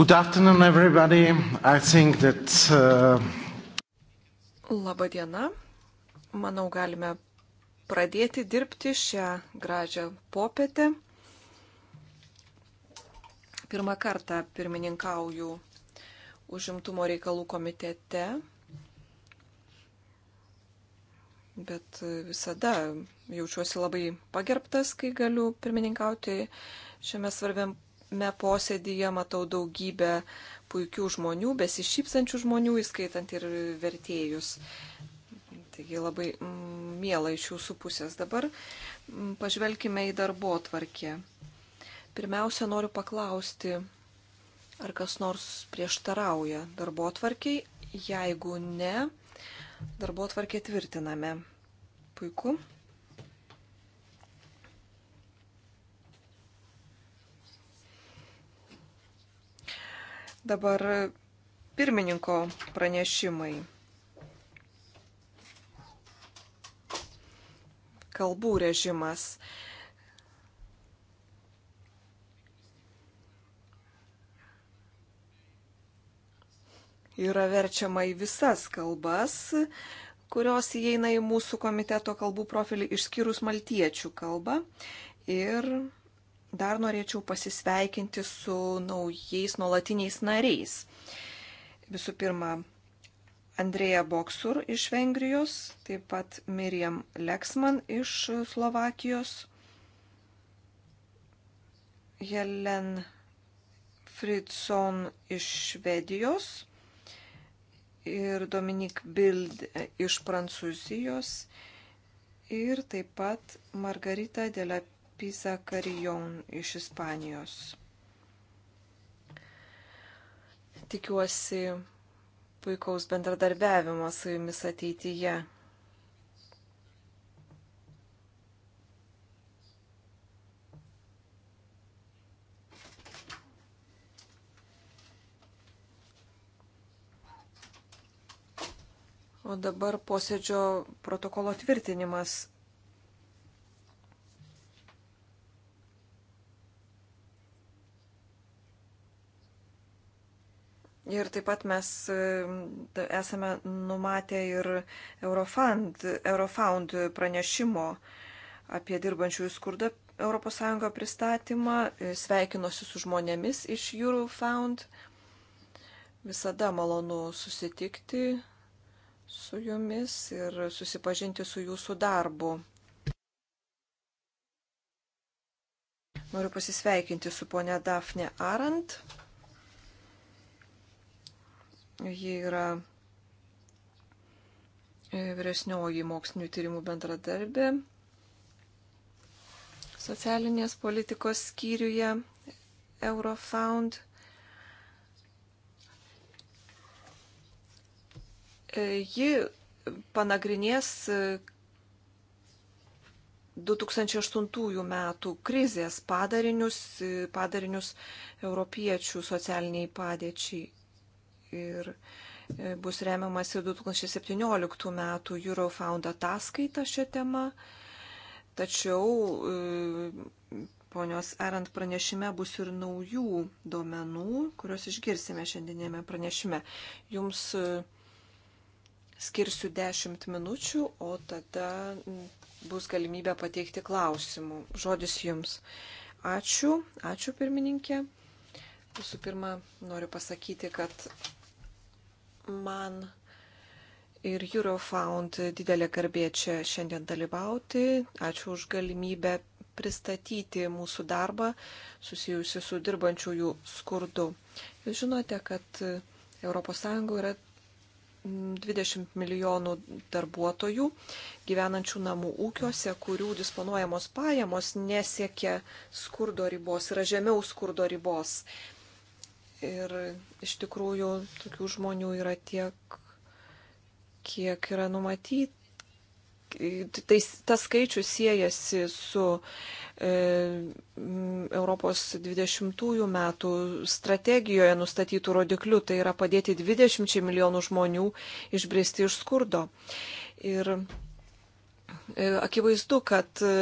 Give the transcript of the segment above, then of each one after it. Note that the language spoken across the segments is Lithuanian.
Good afternoon, everybody. I think that. Uh... Labą dieną. Manau, galime pradėti dirbti šią gražią popietę. Pirmą kartą pirmininkauju užimtumo reikalų komitete, bet visada jaučiuosi labai pagerbtas, kai galiu pirmininkauti šiame svarbiam šiame posėdyje matau daugybę puikių žmonių, besišypsančių žmonių, įskaitant ir vertėjus. Taigi labai mm, miela iš jūsų pusės. Dabar mm, pažvelkime į darbo tvarkę. Pirmiausia, noriu paklausti, ar kas nors prieštarauja darbo tvarkiai. Jeigu ne, darbo tvarkė tvirtiname. Puiku. Dabar pirmininko pranešimai. Kalbų režimas. Yra verčiama į visas kalbas, kurios įeina į mūsų komiteto kalbų profilį, išskyrus maltiečių kalbą. Ir dar norėčiau pasisveikinti su naujais nuolatiniais nariais. Visų pirma, Andrėja Boksur iš Vengrijos, taip pat Miriam Leksman iš Slovakijos, Helen Fridson iš Švedijos ir Dominik Bild iš Prancūzijos ir taip pat Margarita Delap Pisa Carijon iš Ispanijos. Tikiuosi puikaus bendradarbiavimo su jumis ateityje. O dabar posėdžio protokolo tvirtinimas. Ir taip pat mes esame numatę ir Eurofund, Eurofund pranešimo apie dirbančiųjų skurdą ES pristatymą. Sveikinuosi su žmonėmis iš Eurofund. Visada malonu susitikti su jumis ir susipažinti su jūsų darbu. Noriu pasisveikinti su ponia Dafne Arant. Ji yra e, vyresnioji mokslinių tyrimų bendradarbė socialinės politikos skyriuje Eurofound. E, ji panagrinės 2008 e, metų krizės padarinius, padarinius europiečių socialiniai padėčiai ir e, bus remiamasi 2017 metų Eurofound ataskaita šią temą. Tačiau e, ponios Erant pranešime bus ir naujų duomenų, kuriuos išgirsime šiandienėme pranešime. Jums e, skirsiu 10 minučių, o tada bus galimybė pateikti klausimų. Žodis jums. Ačiū, ačiū pirmininkė. Visų pirma, noriu pasakyti, kad Man ir Eurofound didelė garbė čia šiandien dalyvauti. Ačiū už galimybę pristatyti mūsų darbą susijusi su dirbančiųjų skurdu. Jūs žinote, kad ES yra 20 milijonų darbuotojų gyvenančių namų ūkiuose, kurių disponuojamos pajamos nesiekia skurdo ribos, yra žemiau skurdo ribos. Ir iš tikrųjų tokių žmonių yra tiek, kiek yra numatyti. Tai tas skaičius siejasi su e, Europos 20-ųjų metų strategijoje nustatytų rodiklių, tai yra padėti 20 milijonų žmonių išbristi iš skurdo. Ir E, akivaizdu, kad e,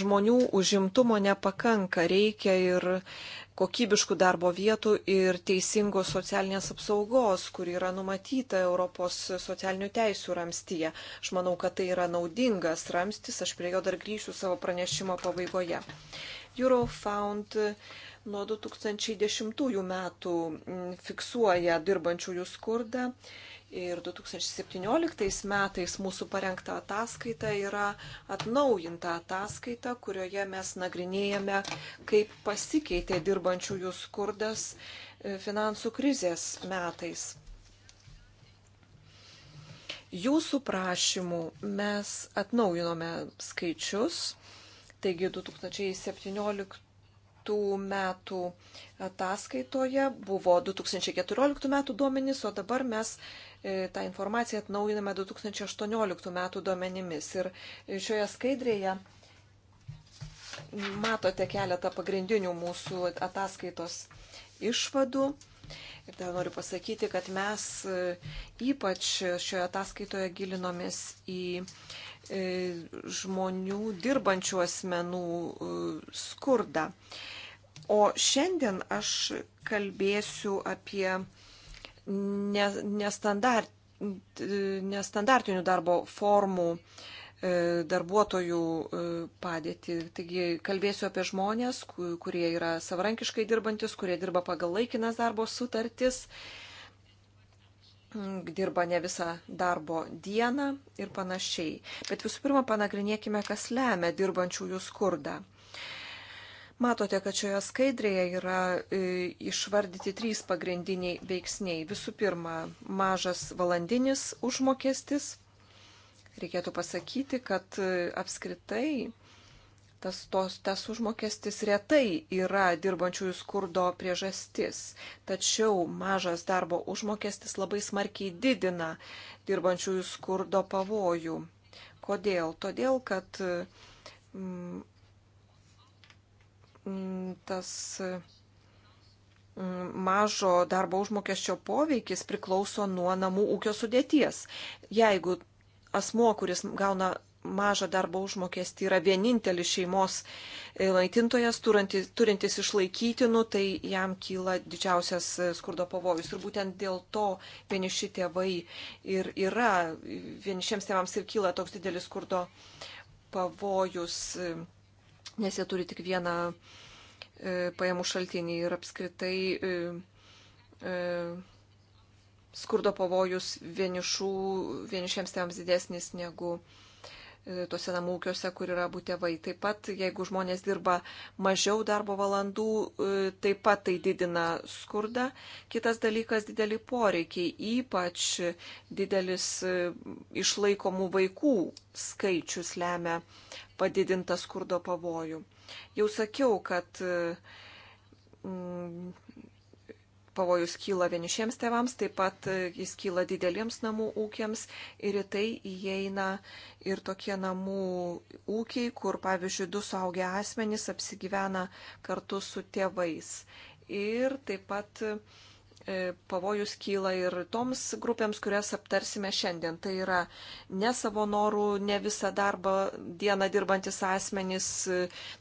žmonių užimtumo nepakanka, reikia ir kokybiškų darbo vietų ir teisingos socialinės apsaugos, kur yra numatyta Europos socialinių teisų ramstyje. Aš manau, kad tai yra naudingas ramstis, aš prie jo dar grįšiu savo pranešimo pabaigoje. Eurofound e, nuo 2010 metų fiksuoja dirbančiųjų skurdą Ir 2017 metais mūsų parengta ataskaita yra atnaujinta ataskaita, kurioje mes nagrinėjame, kaip pasikeitė dirbančiųjų skurdas e, finansų krizės metais. Jūsų prašymų mes atnaujinome skaičius, taigi 2017 metų ataskaitoje buvo 2014 metų duomenys, o dabar mes E, tą informaciją atnaujiname 2018 metų duomenimis. Ir šioje skaidrėje matote keletą pagrindinių mūsų ataskaitos išvadų. Ir dar noriu pasakyti, kad mes e, ypač šioje ataskaitoje gilinomės į e, žmonių dirbančių asmenų skurdą. O šiandien aš kalbėsiu apie nestandart, nestandartinių darbo formų e, darbuotojų e, padėtį. Taigi kalbėsiu apie žmonės, kurie yra savarankiškai dirbantis, kurie dirba pagal laikinas darbo sutartis, dirba ne visą darbo dieną ir panašiai. Bet visų pirma, panagrinėkime, kas lemia dirbančiųjų skurdą. Matote, kad šioje skaidrėje yra e, išvardyti trys pagrindiniai veiksniai. Visų pirma, mažas valandinis užmokestis. Reikėtų pasakyti, kad e, apskritai tas, tos, tas užmokestis retai yra dirbančiųjų skurdo priežastis. Tačiau mažas darbo užmokestis labai smarkiai didina dirbančiųjų skurdo pavojų. Kodėl? Todėl, kad mm, Mm, tas mm, mažo darbo užmokesčio poveikis priklauso nuo namų ūkio sudėties. Jeigu asmuo, kuris gauna mažą darbo užmokestį, yra vienintelis šeimos e, maitintojas, turintis, turintis išlaikytinų, nu, tai jam kyla didžiausias e, skurdo pavojus. Ir būtent dėl to vieniši tėvai ir yra, vienišiems tėvams ir kyla toks didelis skurdo pavojus. E, nes jie turi tik vieną e, pajamų šaltinį ir apskritai e, e, skurdo pavojus vienišų, vienišiems tėvams didesnis negu uh, E, tuose namų ūkiuose, kur yra būtėvai. Taip pat, jeigu žmonės dirba mažiau darbo valandų, e, taip pat tai didina skurdą. Kitas dalykas - dideli poreikiai, ypač didelis e, išlaikomų vaikų skaičius lemia padidintą skurdo pavojų. Jau sakiau, kad mm, pavojus kyla vienišiems tėvams, taip pat e, jis kyla dideliems namų ūkiams ir į tai įeina ir tokie namų ūkiai, kur, pavyzdžiui, du suaugę asmenys apsigyvena kartu su tėvais. Ir taip pat E, pavojus kyla ir toms grupėms, kurias aptarsime šiandien. Tai yra ne savo norų, ne visą darbą dieną dirbantis asmenys, e,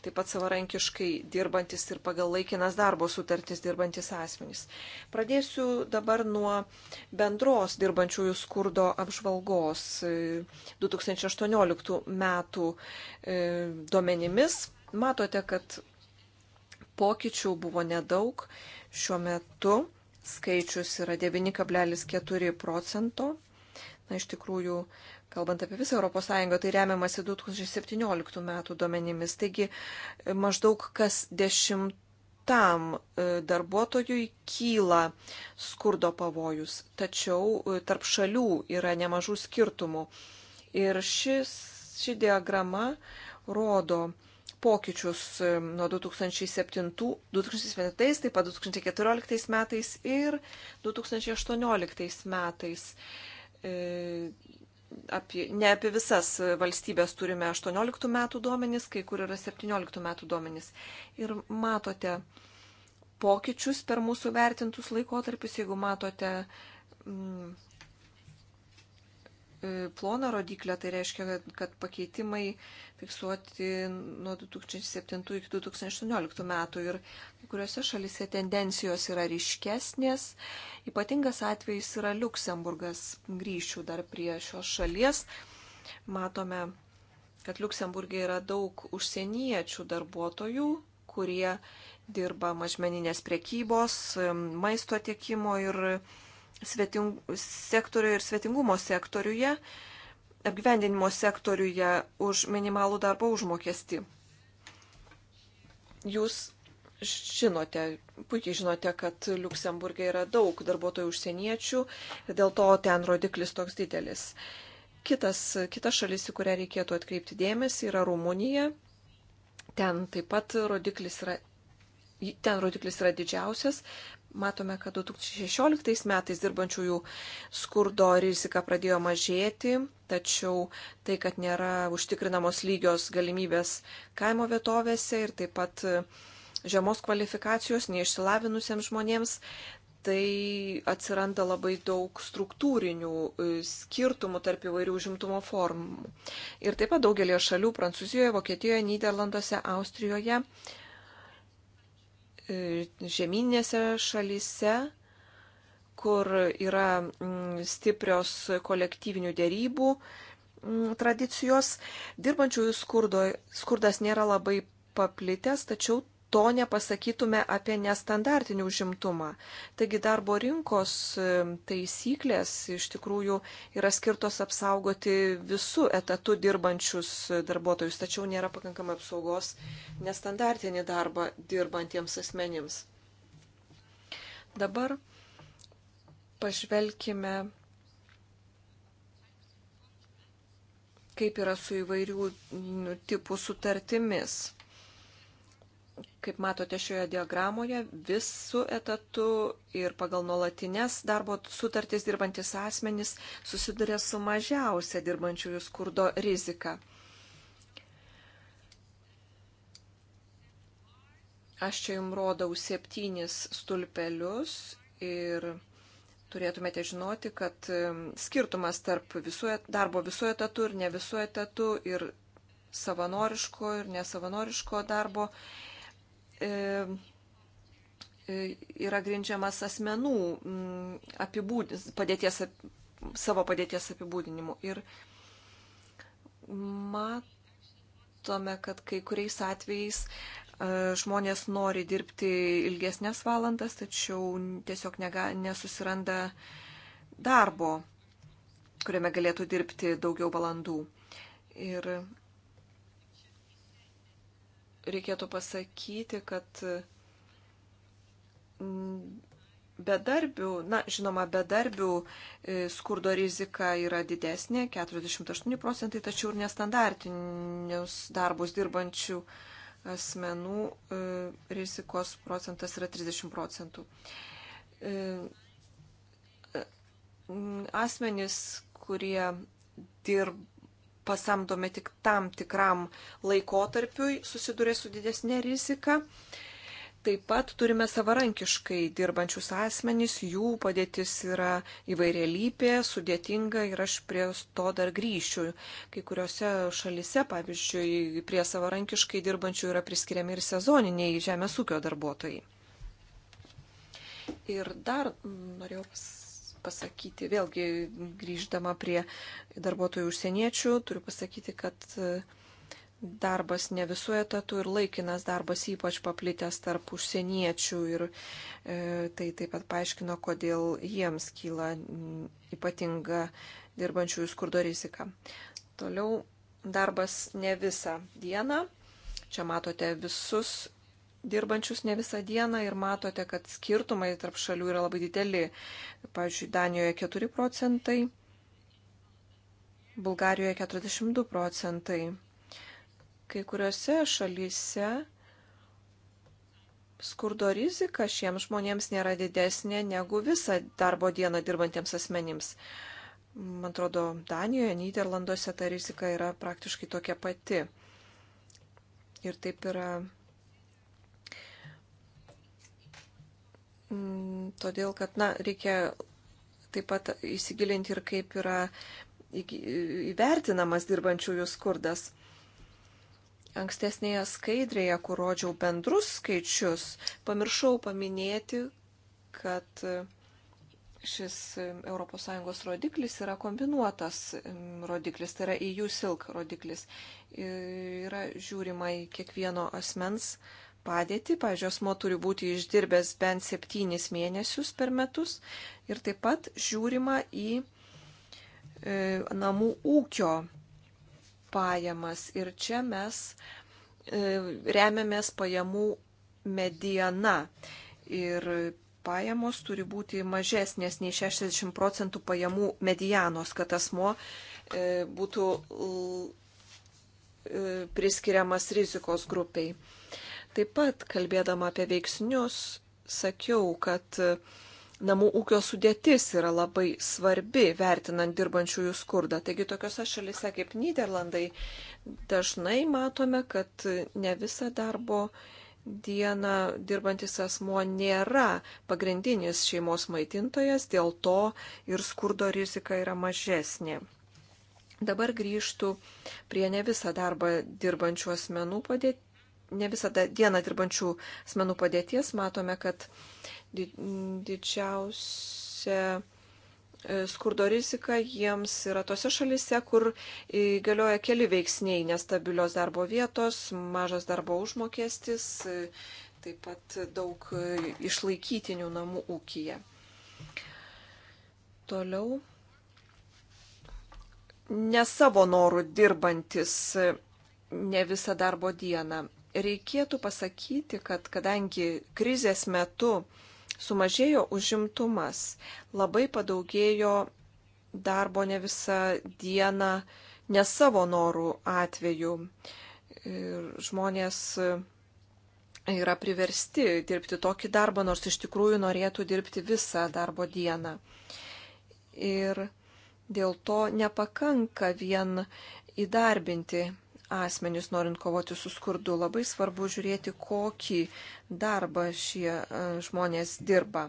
taip pat savarankiškai dirbantis ir pagal laikinas darbo sutartis dirbantis asmenys. Pradėsiu dabar nuo bendros dirbančiųjų skurdo apžvalgos 2018 e, metų duomenimis. Matote, kad pokyčių buvo nedaug šiuo metu skaičius yra 9,4 procento. Na, iš tikrųjų, kalbant apie visą ES, tai remiamasi 2017 metų duomenimis. Taigi maždaug kas dešimtam e, darbuotojui kyla skurdo pavojus. Tačiau e, tarp šalių yra nemažų skirtumų. Ir šis, ši diagrama rodo, pokyčius nuo 2007-2007, taip pat 2014 metais ir 2018 metais. E, apie, ne apie visas valstybės turime 18 metų duomenys, kai kur yra 17 metų duomenys. Ir matote pokyčius per mūsų vertintus laikotarpius, jeigu matote mm, E, ploną rodiklę, tai reiškia, kad pakeitimai fiksuoti nuo 2007 iki 2018 metų ir kai kuriuose šalise tendencijos yra ryškesnės. Ypatingas atvejis yra Luksemburgas. Grįšiu dar prie šios šalies. Matome, kad Luksemburgė yra daug užsieniečių darbuotojų, kurie dirba mažmeninės priekybos, e, maisto tiekimo ir sveting, sektoriuje ir svetingumo sektoriuje, apgyvendinimo sektoriuje už minimalų darbo užmokestį. Jūs žinote, puikiai žinote, kad Luksemburgė yra daug darbuotojų užsieniečių ir dėl to ten rodiklis toks didelis. Kitas, kita šalis, į kurią reikėtų atkreipti dėmesį, yra Rumunija. Ten taip pat rodiklis yra, ten rodiklis yra didžiausias, matome, kad 2016 metais dirbančiųjų skurdo rizika pradėjo mažėti, tačiau tai, kad nėra užtikrinamos lygios galimybės kaimo vietovėse ir taip pat žemos kvalifikacijos neišsilavinusiems žmonėms, tai atsiranda labai daug struktūrinių e, skirtumų tarp įvairių žimtumo formų. Ir taip pat daugelie šalių - Prancūzijoje, Vokietijoje, Niderlanduose, Austrijoje E, žemynėse šalyse, kur yra mm, stiprios kolektyvinių dėrybų mm, tradicijos, dirbančiųjų skurdo, skurdas nėra labai paplitęs, tačiau to nepasakytume apie nestandartinį užimtumą. Taigi darbo rinkos e, taisyklės iš tikrųjų yra skirtos apsaugoti visų etatų dirbančius e, darbuotojus, tačiau nėra pakankamai apsaugos nestandartinį darbą dirbantiems asmenims. Dabar pažvelkime, kaip yra su įvairių nu, tipų sutartimis Kaip matote šioje diagramoje, visų etatų ir pagal nuolatinės darbo sutartys dirbantis asmenys susiduria su mažiausia dirbančiųjų skurdo rizika. Aš čia jums rodau septynis stulpelius ir turėtumėte žinoti, kad skirtumas tarp visu, darbo visų etatų ir ne visų etatų ir savanoriško ir nesavanoriško darbo E, e, yra grindžiamas asmenų mm, apibūdis, padėties, savo padėties apibūdinimu. Ir matome, kad kai kuriais atvejais e, žmonės nori dirbti ilgesnės valandas, tačiau tiesiog nega, nesusiranda darbo, kuriame galėtų dirbti daugiau valandų. Ir reikėtų pasakyti, kad mm, bedarbių, na, žinoma, bedarbių e, skurdo rizika yra didesnė, 48 procentai, tačiau ir nestandartinius darbus dirbančių asmenų e, rizikos procentas yra 30 procentų. E, asmenys, kurie dirba pasamdome tik tam tikram laikotarpiui, susiduria su didesnė rizika. Taip pat turime savarankiškai dirbančius asmenys, jų padėtis yra įvairialypė, sudėtinga ir aš prie to dar grįšiu. Kai kuriuose šalise, pavyzdžiui, prie savarankiškai dirbančių yra priskiriami ir sezoniniai žemės ūkio darbuotojai. Ir dar norėjau pasakyti pasakyti, vėlgi grįždama prie darbuotojų užsieniečių, turiu pasakyti, kad e, darbas ne visų etatų ir laikinas darbas ypač paplitęs tarp užsieniečių ir e, tai taip pat paaiškino, kodėl jiems kyla mm, ypatinga dirbančiųjų skurdo rizika. Toliau darbas ne visą dieną. Čia matote visus dirbančius ne visą dieną ir matote, kad skirtumai tarp šalių yra labai dideli. Pavyzdžiui, Danijoje 4 procentai, Bulgarijoje 42 procentai. Kai kuriuose šalyse skurdo rizika šiems žmonėms nėra didesnė negu visą darbo dieną dirbantiems asmenims. Man atrodo, Danijoje, Niderlanduose ta rizika yra praktiškai tokia pati. Ir taip yra Mm, todėl kad, na, reikia taip pat įsigilinti ir kaip yra įvertinamas dirbančiųjų skurdas. Ankstesnėje skaidrėje, kur rodžiau bendrus skaičius, pamiršau paminėti, kad šis ES rodiklis yra kombinuotas mm, rodiklis, tai yra EU silk rodiklis. Yra žiūrima į kiekvieno asmens uh, padėtį. Pavyzdžiui, asmo turi būti išdirbęs bent septynis mėnesius per metus ir taip pat žiūrima į e, namų ūkio pajamas. Ir čia mes e, remiamės pajamų mediana. Ir pajamos turi būti mažesnės nei 60 procentų pajamų medianos, kad asmo e, būtų e, priskiriamas rizikos grupiai. Taip pat, kalbėdama apie veiksnius, sakiau, kad e, namų ūkio sudėtis yra labai svarbi, vertinant dirbančiųjų skurdą. Taigi tokiuose šalise kaip Niderlandai dažnai matome, kad ne visą darbo dieną dirbantis asmuo nėra pagrindinis šeimos maitintojas, dėl to ir skurdo rizika yra mažesnė. Dabar grįžtų prie ne visą darbą dirbančių asmenų padėti ne visada dieną dirbančių asmenų padėties, matome, kad didžiausia e, skurdo rizika jiems yra tose šalise, kur galioja keli veiksniai - nestabilios darbo vietos, mažas darbo užmokestis, e, taip pat daug e, išlaikytinių namų ūkija. Toliau. Ne savo norų dirbantis ne visą darbo dieną reikėtų pasakyti, kad kadangi krizės metu sumažėjo užimtumas, labai padaugėjo darbo ne visą dieną, ne savo norų atveju. Ir žmonės yra priversti dirbti tokį darbą, nors iš tikrųjų norėtų dirbti visą darbo dieną. Ir dėl to nepakanka vien įdarbinti asmenys, norint kovoti su skurdu. Labai svarbu žiūrėti, kokį darbą šie e, žmonės dirba.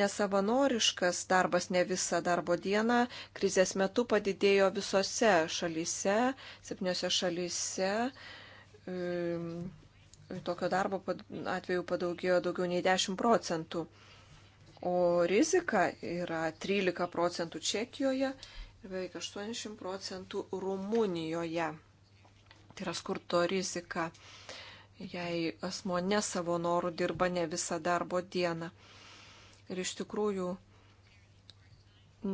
Nesavanoriškas darbas ne visą darbo dieną krizės metu padidėjo visose šalyse, septyniose šalyse. Tokio darbo atveju padaugėjo daugiau nei 10 procentų. O rizika yra 13 procentų Čekijoje ir beveik 80 procentų Rumunijoje tai yra skurto rizika, jei asmo ne savo norų dirba ne visą darbo dieną. Ir iš tikrųjų,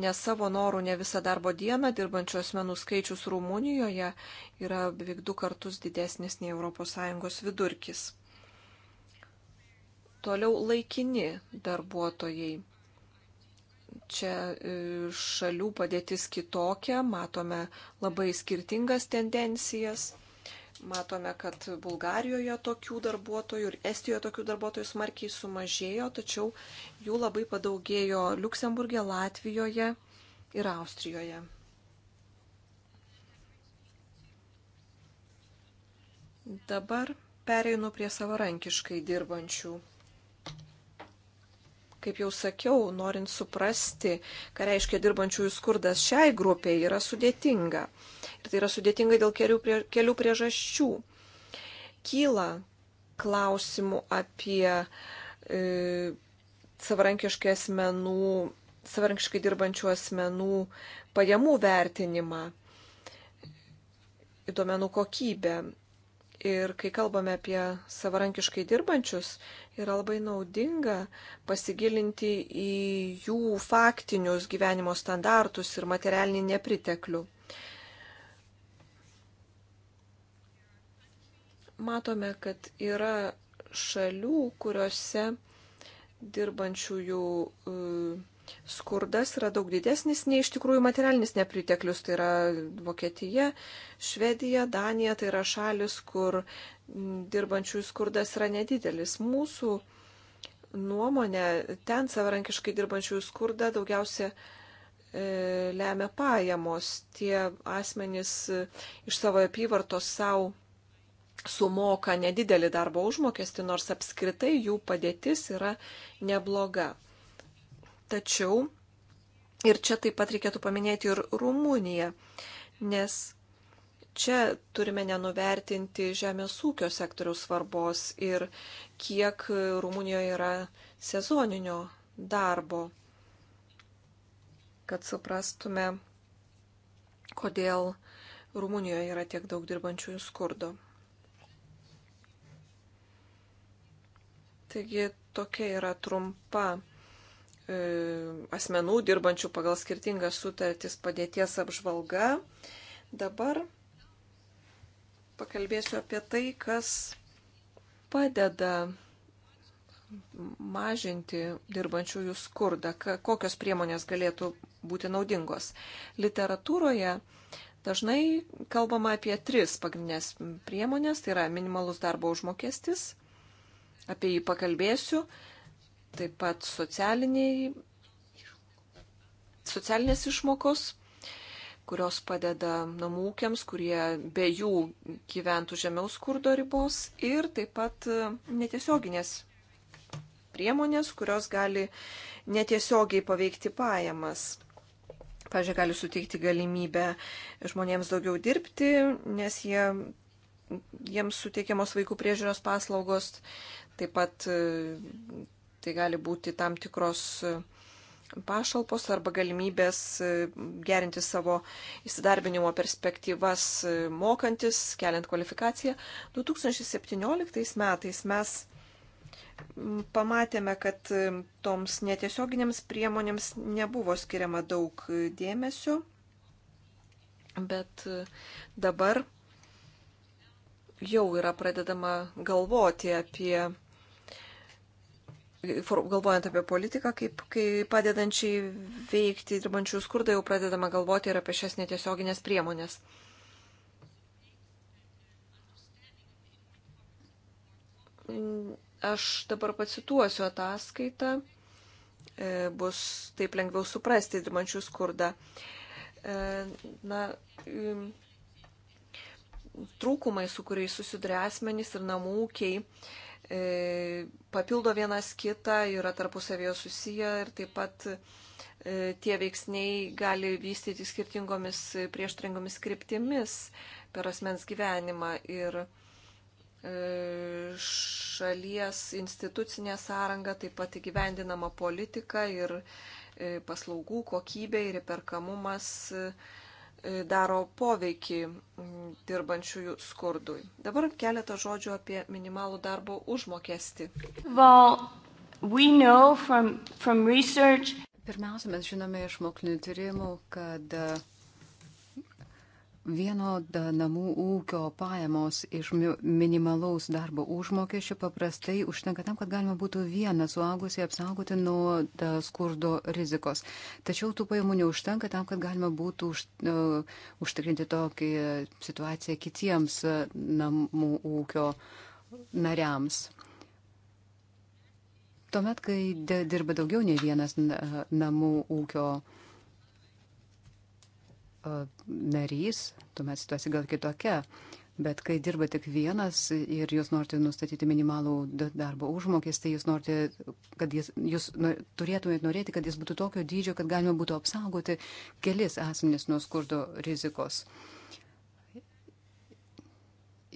ne savo norų ne visą darbo dieną dirbančių asmenų skaičius Rumunijoje yra beveik du kartus didesnis nei ES vidurkis. Toliau laikini darbuotojai. Čia e, šalių padėtis kitokia, matome labai skirtingas tendencijas. Matome, kad Bulgarijoje tokių darbuotojų ir Estijoje tokių darbuotojų smarkiai sumažėjo, tačiau jų labai padaugėjo Luksemburgė, Latvijoje ir Austrijoje. Dabar pereinu prie savarankiškai dirbančių. Kaip jau sakiau, norint suprasti, ką reiškia dirbančiųjų skurdas šiai grupiai, yra sudėtinga. Ir tai yra sudėtinga dėl kelių, prie, kelių priežasčių. Kyla klausimų apie e, savarankiškai asmenų, savarankiškai dirbančių asmenų pajamų vertinimą, duomenų kokybę. Ir kai kalbame apie savarankiškai dirbančius, yra labai naudinga pasigilinti į jų faktinius gyvenimo standartus ir materialinį nepriteklių. matome, kad yra šalių, kuriuose dirbančiųjų e, skurdas yra daug didesnis nei iš tikrųjų materialinis nepriteklius. Tai yra Vokietija, Švedija, Danija, tai yra šalis, kur dirbančiųjų skurdas yra nedidelis. Mūsų nuomonė, ten savarankiškai dirbančiųjų skurdą daugiausia e, lemia pajamos. Tie asmenys e, iš savo apyvartos savo sumoka nedidelį darbo užmokestį, nors apskritai jų padėtis yra nebloga. Tačiau ir čia taip pat reikėtų paminėti ir Rumuniją, nes čia turime nenuvertinti žemės ūkio sektoriaus svarbos ir kiek Rumunijoje yra sezoninio darbo, kad suprastume, kodėl Rumunijoje yra tiek daug dirbančiųjų skurdo. Taigi tokia yra trumpa e, asmenų dirbančių pagal skirtingas sutartis padėties apžvalga. Dabar pakalbėsiu apie tai, kas padeda mažinti dirbančiųjų skurdą, kokios priemonės galėtų būti naudingos. Literatūroje dažnai kalbama apie tris pagrindinės priemonės, tai yra minimalus darbo užmokestis, apie jį pakalbėsiu, taip pat socialinės išmokos, kurios padeda namų ūkiams, kurie be jų gyventų žemiau skurdo ribos ir taip pat e, netiesioginės priemonės, kurios gali netiesiogiai paveikti pajamas. Pavyzdžiui, gali suteikti galimybę žmonėms daugiau dirbti, nes jie jiems suteikiamos vaikų priežiūros paslaugos, taip pat e, tai gali būti tam tikros e, pašalpos arba galimybės e, gerinti savo įsidarbinimo perspektyvas mokantis, keliant kvalifikaciją. 2017 metais mes pamatėme, kad toms netiesioginėms priemonėms nebuvo skiriama daug dėmesio, bet dabar jau yra pradedama galvoti apie, galvojant apie politiką, kaip, kaip padedančiai veikti dirbančių skurdą, jau pradedama galvoti ir apie šias netiesioginės priemonės. Aš dabar pacituosiu ataskaitą, e, bus taip lengviau suprasti dirbančių skurdą. E, na, trūkumai, su kuriais susiduria asmenys ir namų ūkiai, e, papildo vienas kitą, yra tarpusavėje susiję ir taip pat e, tie veiksniai gali vystyti skirtingomis e, prieštaringomis kryptimis per asmens gyvenimą. Ir e, šalies institucinė sąranga, taip pat įgyvendinama politika ir e, paslaugų kokybė ir įperkamumas. E, E, daro poveikį dirbančiųjų skurdui. Dabar keletą žodžių apie minimalų darbo užmokestį. Well, we from, from research... Pirmiausia, mes žinome iš mokslinių tyrimų, kad uh, Vieno namų ūkio pajamos iš minimalaus darbo užmokesčio paprastai užtenka tam, kad galima būtų vieną suaugusį apsaugoti nuo skurdo rizikos. Tačiau tų pajamų neužtenka tam, kad galima būtų už, uh, užtikrinti tokį situaciją kitiems e, namų ūkio nariams. Tuomet, kai dirba daugiau nei vienas e, namų ūkio nariams, narys, tuomet situacija gal kitokia. Bet kai dirba tik vienas ir jūs norite nustatyti minimalų darbo užmokestį, jūs norite, kad jis, jūs turėtumėte norėti, kad jis būtų tokio dydžio, kad galima būtų apsaugoti kelis asmenys nuo skurdo rizikos.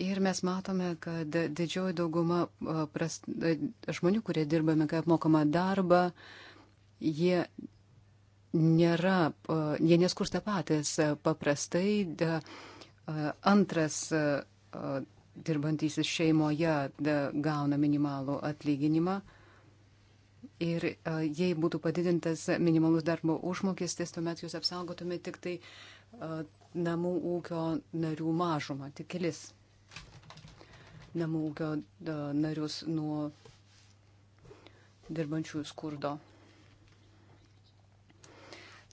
Ir mes matome, kad didžioji dauguma pras, žmonių, kurie dirbame, kai apmokama darba, jie nėra, jie neskursta patys paprastai. De, antras dirbantysis šeimoje de, gauna minimalų atlyginimą. Ir jei būtų padidintas minimalus darbo užmokestis, tuomet jūs apsaugotume tik tai namų ūkio narių mažumą, tik kelis namų ūkio narius nuo dirbančių skurdo.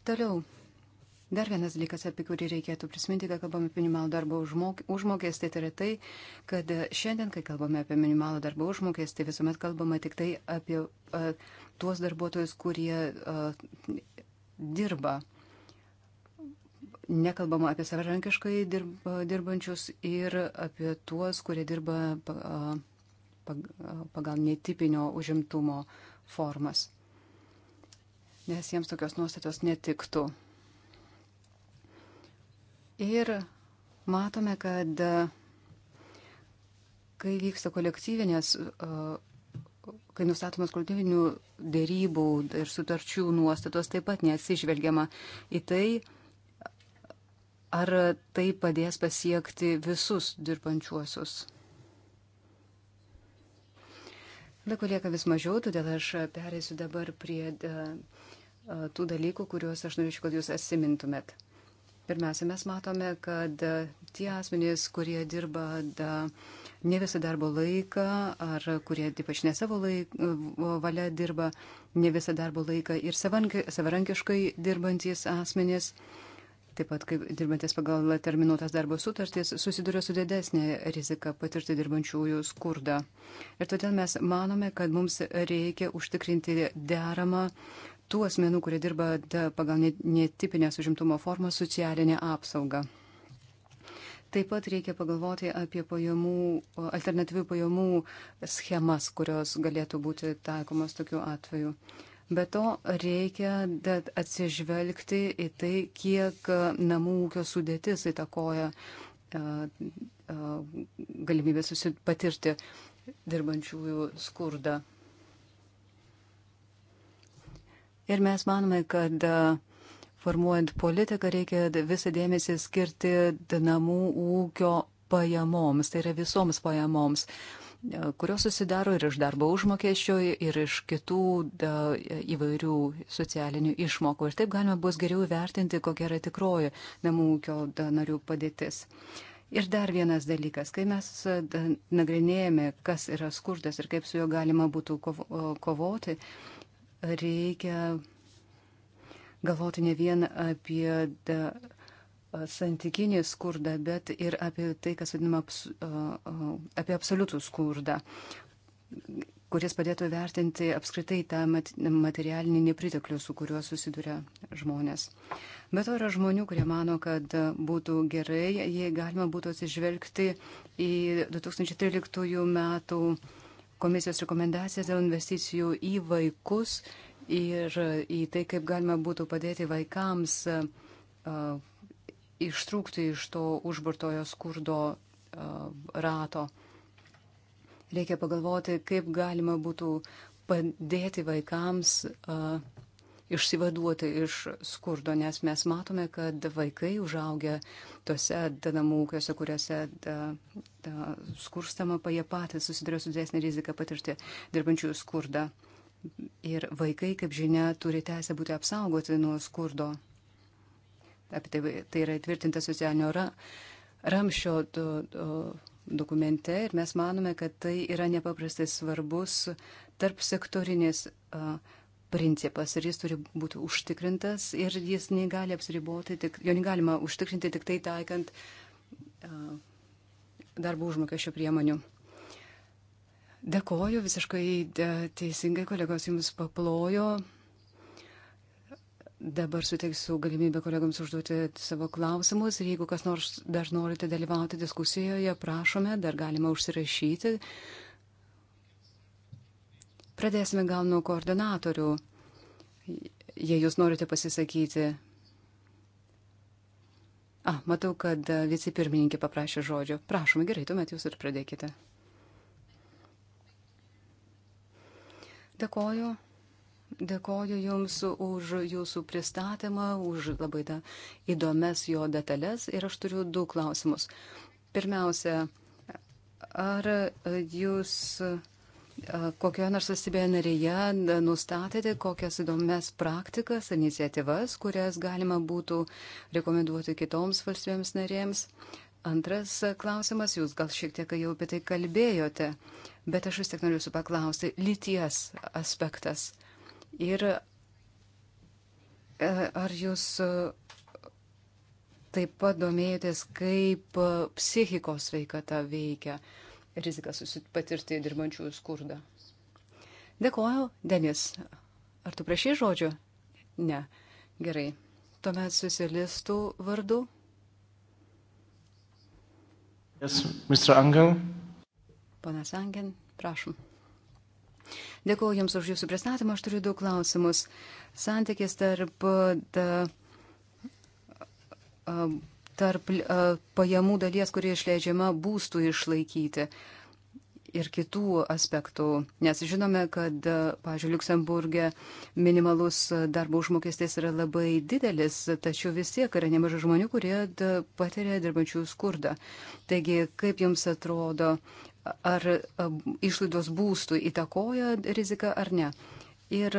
Toliau. Dar vienas dalykas, apie kurį reikėtų prisiminti, kai kalbame apie minimalų darbo užmok, užmokestį, tai yra tai, kad šiandien, kai kalbame apie minimalų darbo užmokestį, visuomet kalbame tik tai apie a, tuos darbuotojus, kurie a, dirba. Nekalbama apie savarankiškai dirba, dirbančius ir apie tuos, kurie dirba a, pag, a, pagal netipinio užimtumo formas nes jiems tokios nuostatos netiktų. Ir matome, kad e, kai vyksta kolektyvinės, e, kai nustatomas kolektyvinių dėrybų ir sutarčių nuostatos, taip pat neatsižvelgiama į tai, ar tai padės pasiekti visus dirbančiuosius. Laiko lieka vis mažiau, todėl aš perėsiu dabar prie e, tų dalykų, kuriuos aš norėčiau, kad jūs atsimintumėt. Pirmiausia, mes matome, kad tie asmenys, kurie dirba da, ne visą darbo laiką ar kurie ypač ne savo laik, valia dirba ne visą darbo laiką ir savarankiškai dirbantys asmenys, taip pat kaip dirbantis pagal terminuotas darbo sutartys, susiduria su didesnė rizika patirti dirbančiųjų skurdą. Ir todėl mes manome, kad mums reikia užtikrinti deramą tų asmenų, kurie dirba pagal netipinės užimtumo formas socialinę apsaugą. Taip pat reikia pagalvoti apie pajamų, alternatyvių pajamų schemas, kurios galėtų būti taikomos tokiu atveju. Be to reikia atsižvelgti į tai, kiek namų ūkio sudėtis įtakoja galimybę patirti dirbančiųjų skurdą. Ir mes manome, kad e, formuojant politiką reikia visą dėmesį skirti namų ūkio pajamoms, tai yra visoms pajamoms e, kurios susidaro ir iš darbo užmokesčio, ir iš kitų da, įvairių socialinių išmokų. Ir taip galima bus geriau vertinti, kokia yra tikroji namų ūkio da, narių padėtis. Ir dar vienas dalykas, kai mes da, nagrinėjame, kas yra skurdas ir kaip su juo galima būtų kovo, kovoti, reikia galvoti ne vien apie da, santykinį skurdą, bet ir apie tai, kas vadinama abs, apie absoliutų skurdą, kuris padėtų vertinti apskritai tą materialinį nepriteklių, su kuriuo susiduria žmonės. Bet to yra žmonių, kurie mano, kad būtų gerai, jei galima būtų atsižvelgti į 2013 metų komisijos rekomendacijas dėl investicijų į vaikus ir į tai, kaip galima būtų padėti vaikams uh, ištrūkti iš to užburtojo skurdo uh, rato. Reikia pagalvoti, kaip galima būtų padėti vaikams uh, išsivaduoti iš skurdo, nes mes matome, kad vaikai užaugia tose namų ūkiuose, kuriuose da, da, skurstama, pa jie patys susiduria su didesnė rizika patirti dirbančiųjų skurdą. Ir vaikai, kaip žinia, turi teisę būti apsaugoti nuo skurdo. Apie tai, tai yra įtvirtinta socialinio ra, ramšio do, do, dokumente ir mes manome, kad tai yra nepaprastai svarbus tarp sektorinis. Uh, principas ir jis turi būti užtikrintas ir jis negali apsiriboti, tik, jo negalima užtikrinti tik tai taikant uh, darbo užmokesčio priemonių. Dėkoju, visiškai teisingai kolegos jums paplojo. Dabar suteiksiu galimybę kolegams užduoti savo klausimus ir jeigu kas nors dar norite dalyvauti diskusijoje, prašome, dar galima užsirašyti. Uh, Pradėsime gal nuo koordinatorių, jei jūs norite pasisakyti. A, matau, kad vicepirmininkė paprašė žodžio. Prašom, gerai, tuomet jūs ir pradėkite. Dėkoju. Dėkoju Jums už Jūsų pristatymą, už labai da, įdomias jo detalės ir aš turiu du klausimus. Pirmiausia, ar Jūs kokioje nors valstybėje narėje nustatėte kokias įdomias praktikas, iniciatyvas, kurias galima būtų rekomenduoti kitoms valstybėms narėms. Antras klausimas, jūs gal šiek tiek jau apie tai kalbėjote, bet aš vis tik noriu jūsų paklausti, lyties aspektas. Ir e, ar jūs e, taip pat domėjotės, kaip e, psichikos veikata veikia? Uh, riziką patirti dirbančiųjų skurdą. Dėkoju, Denis. Ar tu prašai žodžio? Ne. Gerai. Tuomet socialistų vardu. Yes, Mr. Angel. Panas Angel, prašom. Dėkuoju Jums už Jūsų pristatymą. Aš turiu du klausimus. Santykis tarp da, um, tarp pajamų dalies, kurie išleidžiama būstų išlaikyti ir kitų aspektų, nes žinome, kad, pažiūrėjau, Luksemburgė minimalus darbo užmokestis yra labai didelis, tačiau vis tiek yra nemažai žmonių, kurie patiria dirbančių skurdą. Taigi, kaip jums atrodo, ar išlaidos būstų įtakoja riziką ar ne? Ir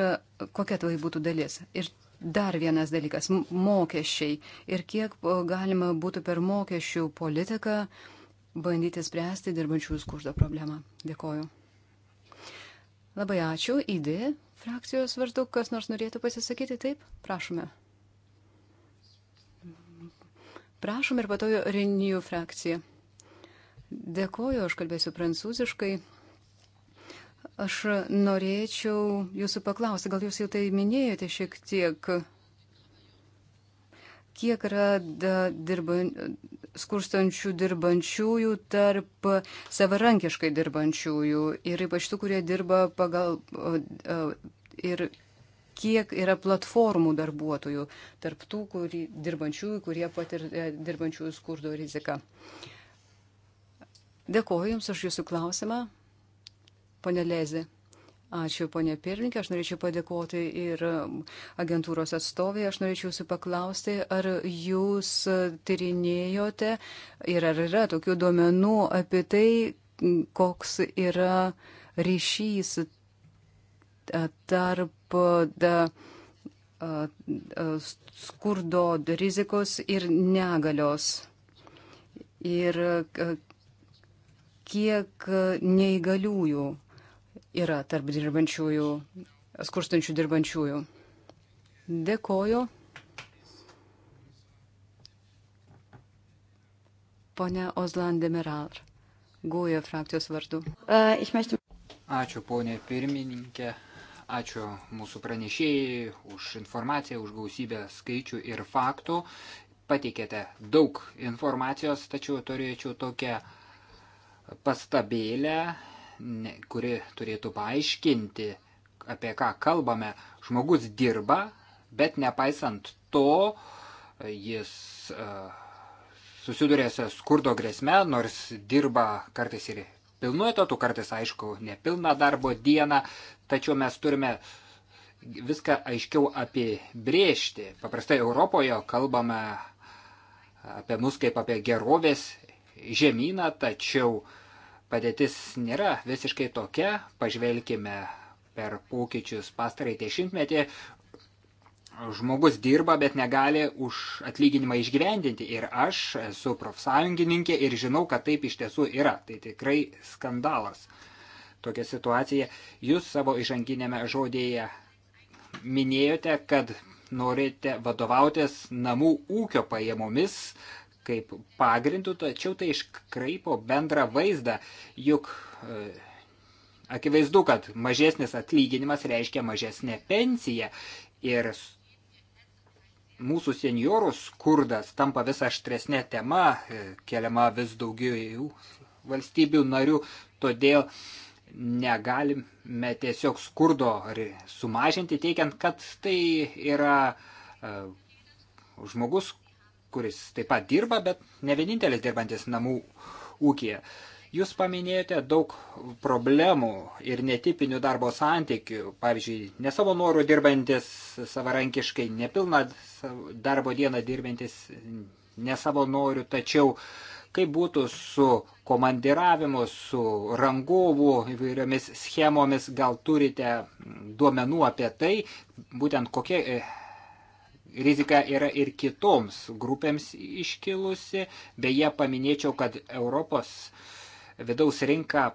kokia tai būtų dalis? Ir Dar vienas dalykas - mokesčiai. Ir kiek galima būtų per mokesčių politiką bandyti spręsti dirbančiųjų skurdo problemą. Dėkoju. Labai ačiū. ID frakcijos vardu, kas nors norėtų pasisakyti, taip? Prašome. Prašom ir patojo Renijų frakciją. Dėkoju, aš kalbėsiu prancūziškai. Aš norėčiau jūsų paklausti, gal jūs jau tai minėjote šiek tiek, kiek yra dirba, skurstančių dirbančiųjų tarp savarankiškai dirbančiųjų ir ypač tų, kurie dirba pagal ir kiek yra platformų darbuotojų tarp tų, kurį, dirbančiųjų, kurie patiria e, dirbančiųjų skurdo riziką. Dėkuoju Jums už Jūsų klausimą. Pone Lezė. Ačiū, ponė Pirlinkė. Aš norėčiau padėkoti ir um, agentūros atstovė. Aš norėčiau jūsų paklausti, ar jūs uh, tyrinėjote ir ar yra tokių duomenų apie tai, koks yra ryšys tarp da, skurdo rizikos ir negalios. Ir kiek neįgaliųjų yra tarp dirbančiųjų, skurstančių dirbančiųjų. Dėkoju. Pone Ozlan Demiral, Gūjo frakcijos vardu. E, Ačiū, ponė pirmininkė. Ačiū mūsų pranešėjai už informaciją, už gausybę skaičių ir faktų. Pateikėte daug informacijos, tačiau turėčiau tokią pastabėlę ne, kuri turėtų paaiškinti, apie ką kalbame. Žmogus dirba, bet nepaisant to, jis uh, susiduria su skurdo grėsme, nors dirba kartais ir pilnu etatu, kartais aišku, nepilna darbo diena, tačiau mes turime viską aiškiau apibriežti. Paprastai Europoje kalbame apie mus kaip apie gerovės žemyną, tačiau uh, padėtis nėra visiškai tokia, pažvelkime per pokyčius pastarąjį dešimtmetį, žmogus dirba, bet negali už atlyginimą išgyvendinti. Ir aš esu profsąjungininkė ir žinau, kad taip iš tiesų yra. Tai tikrai skandalas. Tokia situacija. Jūs savo įžanginėme žodėje minėjote, kad norite vadovautis namų ūkio pajamomis, kaip pagrindų, tačiau tai iškraipo bendrą vaizdą, juk e, akivaizdu, kad mažesnis atlyginimas reiškia mažesnę pensiją ir mūsų seniorų skurdas tampa vis aštresnė tema, e, keliama vis daugiau valstybių narių, todėl negalime tiesiog skurdo sumažinti, teikiant, kad tai yra e, žmogus, kuris taip pat dirba, bet ne vienintelis dirbantis namų ūkija. Jūs paminėjote daug problemų ir netipinių darbo santykių, pavyzdžiui, ne savo norų dirbantis savarankiškai, nepilną darbo dieną dirbantis ne savo norių, tačiau kaip būtų su komandiravimu, su rangovų įvairiomis schemomis, gal turite duomenų apie tai, būtent kokie Rizika yra ir kitoms grupėms iškilusi. Beje, paminėčiau, kad Europos vidaus rinka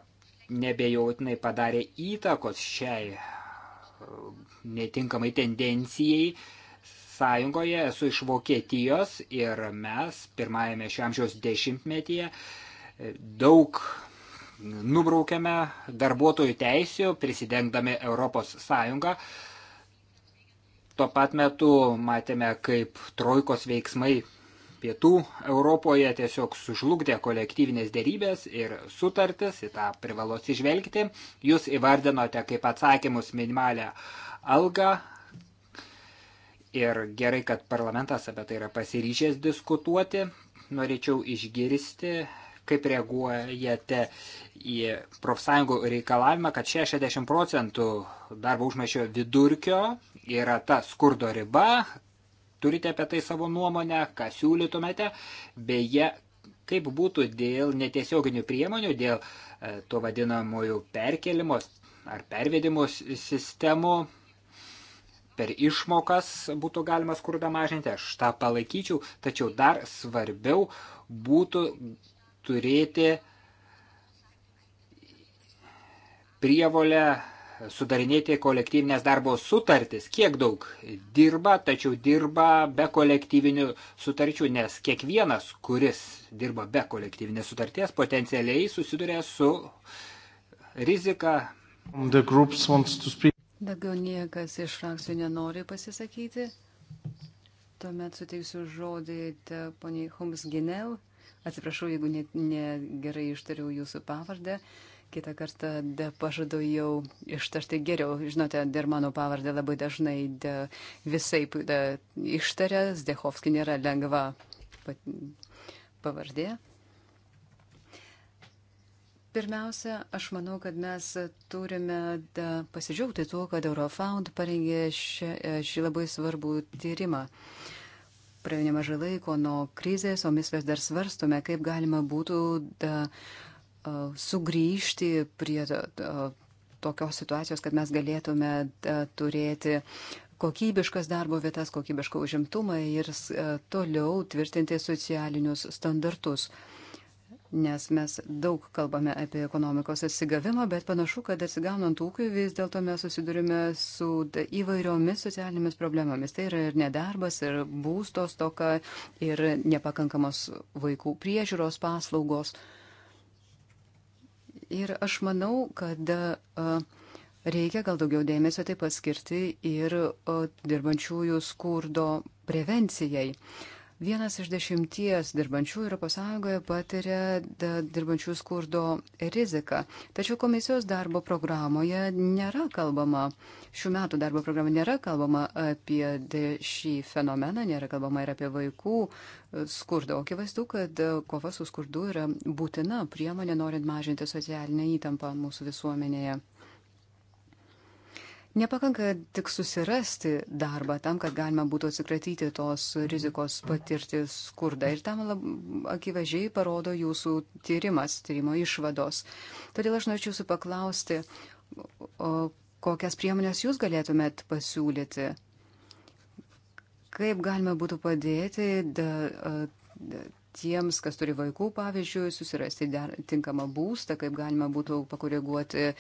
nebejotinai padarė įtakos šiai e, netinkamai tendencijai. Sąjungoje esu iš Vokietijos ir mes pirmajame šio amžiaus dešimtmetyje e, daug nubraukėme darbuotojų teisių prisidengdami Europos Sąjungą. Tuo pat metu matėme, kaip trojkos veiksmai pietų Europoje tiesiog sužlugdė kolektyvinės dėrybės ir sutartis, į tą privalo atsižvelgti. Jūs įvardinote kaip atsakymus minimalę algą ir gerai, kad parlamentas apie tai yra pasiryžęs diskutuoti. Norėčiau išgirsti kaip reaguojate į profsąjungų reikalavimą, kad 60 procentų darbo užmešio vidurkio yra ta skurdo riba, turite apie tai savo nuomonę, ką siūlytumėte, beje, kaip būtų dėl netiesioginių priemonių, dėl e, to vadinamojų perkelimos ar pervedimus sistemų per išmokas būtų galima skurdą mažinti, aš tą palaikyčiau, tačiau dar svarbiau būtų turėti prievolę sudarinėti kolektyvinės darbo sutartis. Kiek daug dirba, tačiau dirba be kolektyvinių sutarčių, nes kiekvienas, kuris dirba be kolektyvinės sutarties, potencialiai susiduria su rizika. Daugiau niekas iš frakcijų nenori pasisakyti. Tuomet suteiksiu žodį poniai Hums Ginel. Atsiprašau, jeigu negerai ne ištariau jūsų pavardę. Kitą kartą pažadu jau ištarti geriau. Žinote, ir mano pavardę labai dažnai de, visai de, ištaria. Zdechovski nėra lengva pavardė. Pirmiausia, aš manau, kad mes turime pasidžiaugti tuo, kad Eurofound parengė šį labai svarbų tyrimą praėjo nemažai laiko nuo krizės, o mes vis dar svarstome, kaip galima būtų da, sugrįžti prie da, da, tokios situacijos, kad mes galėtume da, turėti kokybiškas darbo vietas, kokybišką užimtumą ir a, toliau tvirtinti socialinius standartus. A, nes mes daug kalbame apie ekonomikos atsigavimą, bet panašu, kad atsigaunant ūkiui vis dėlto mes susidurime su įvairiomis socialinėmis problemomis. Tai yra ir nedarbas, ir būsto stoka, ir nepakankamos vaikų priežiūros paslaugos. Ir aš manau, kad reikia gal daugiau dėmesio taip paskirti ir dirbančiųjų skurdo prevencijai. Uh, Vienas iš dešimties dirbančių ES patiria dirbančių skurdo riziką. Tačiau komisijos darbo programoje nėra kalbama, šių metų darbo programoje nėra kalbama apie šį fenomeną, nėra kalbama ir apie vaikų e, skurdą. O akivaizdu, kad e, kova su skurdu yra būtina priemonė norint mažinti socialinę įtampą mūsų visuomenėje. Nepakanka tik susirasti darbą tam, kad galima būtų atsikratyti tos rizikos patirti skurdą. Ir tam lab, akivažiai parodo jūsų tyrimas, tyrimo išvados. Todėl aš norėčiau jūsų paklausti, o, kokias priemonės jūs galėtumėt pasiūlyti, kaip galima būtų padėti. Da, da, tiems, kas turi vaikų, pavyzdžiui, susirasti tinkamą būstą, kaip galima būtų pakoreguoti e,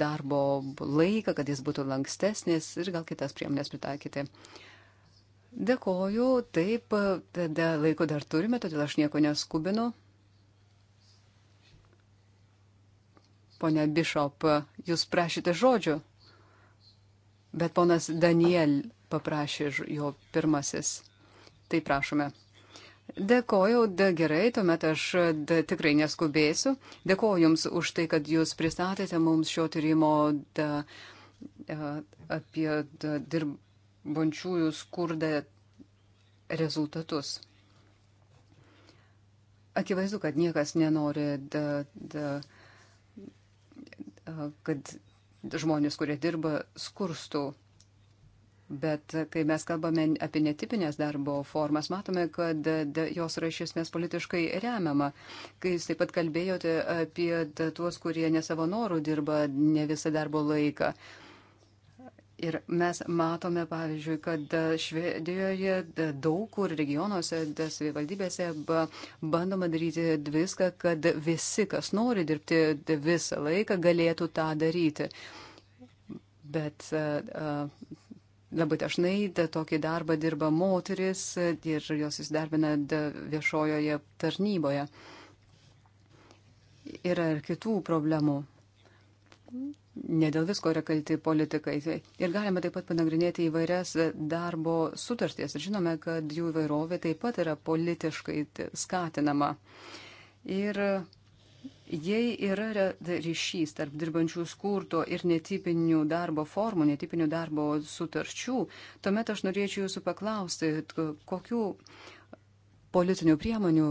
darbo laiką, kad jis būtų lankstesnis ir gal kitas priemonės pritaikyti. Dėkoju, taip, tada laiko dar turime, todėl aš nieko neskubinu. Pone Bishop, jūs prašyte žodžių, bet ponas Daniel paprašė jo pirmasis. Tai prašome. Dėkoju, da gerai, tuomet aš da, tikrai neskubėsiu. Dėkoju Jums už tai, kad Jūs pristatėte mums šio tyrimo da, e, apie da, dirbančiųjų skurdą rezultatus. Akivaizdu, kad niekas nenori, da, da, e, kad žmonės, kurie dirba, skurstų. Bet kai mes kalbame apie netipinės darbo formas, matome, kad jos yra iš esmės politiškai remiama. Kai jūs taip pat kalbėjote apie tuos, kurie ne savo norų dirba ne visą darbo laiką. Ir mes matome, pavyzdžiui, kad Švedijoje daug kur regionuose, savivaldybėse bandoma daryti viską, kad visi, kas nori dirbti visą laiką, galėtų tą daryti. Bet uh, Labai dažnai da, tokį darbą dirba moteris ir jos įsidarbina viešojoje tarnyboje. Yra ir kitų problemų. Ne dėl visko yra kalti politikai. Ir galime taip pat panagrinėti įvairias darbo sutarties. Ir žinome, kad jų įvairovė taip pat yra politiškai skatinama. Ir Jei yra ryšys tarp dirbančių skurto ir netipinių darbo formų, netipinių darbo sutarčių, tuomet aš norėčiau jūsų paklausti, kokiu politinių priemonių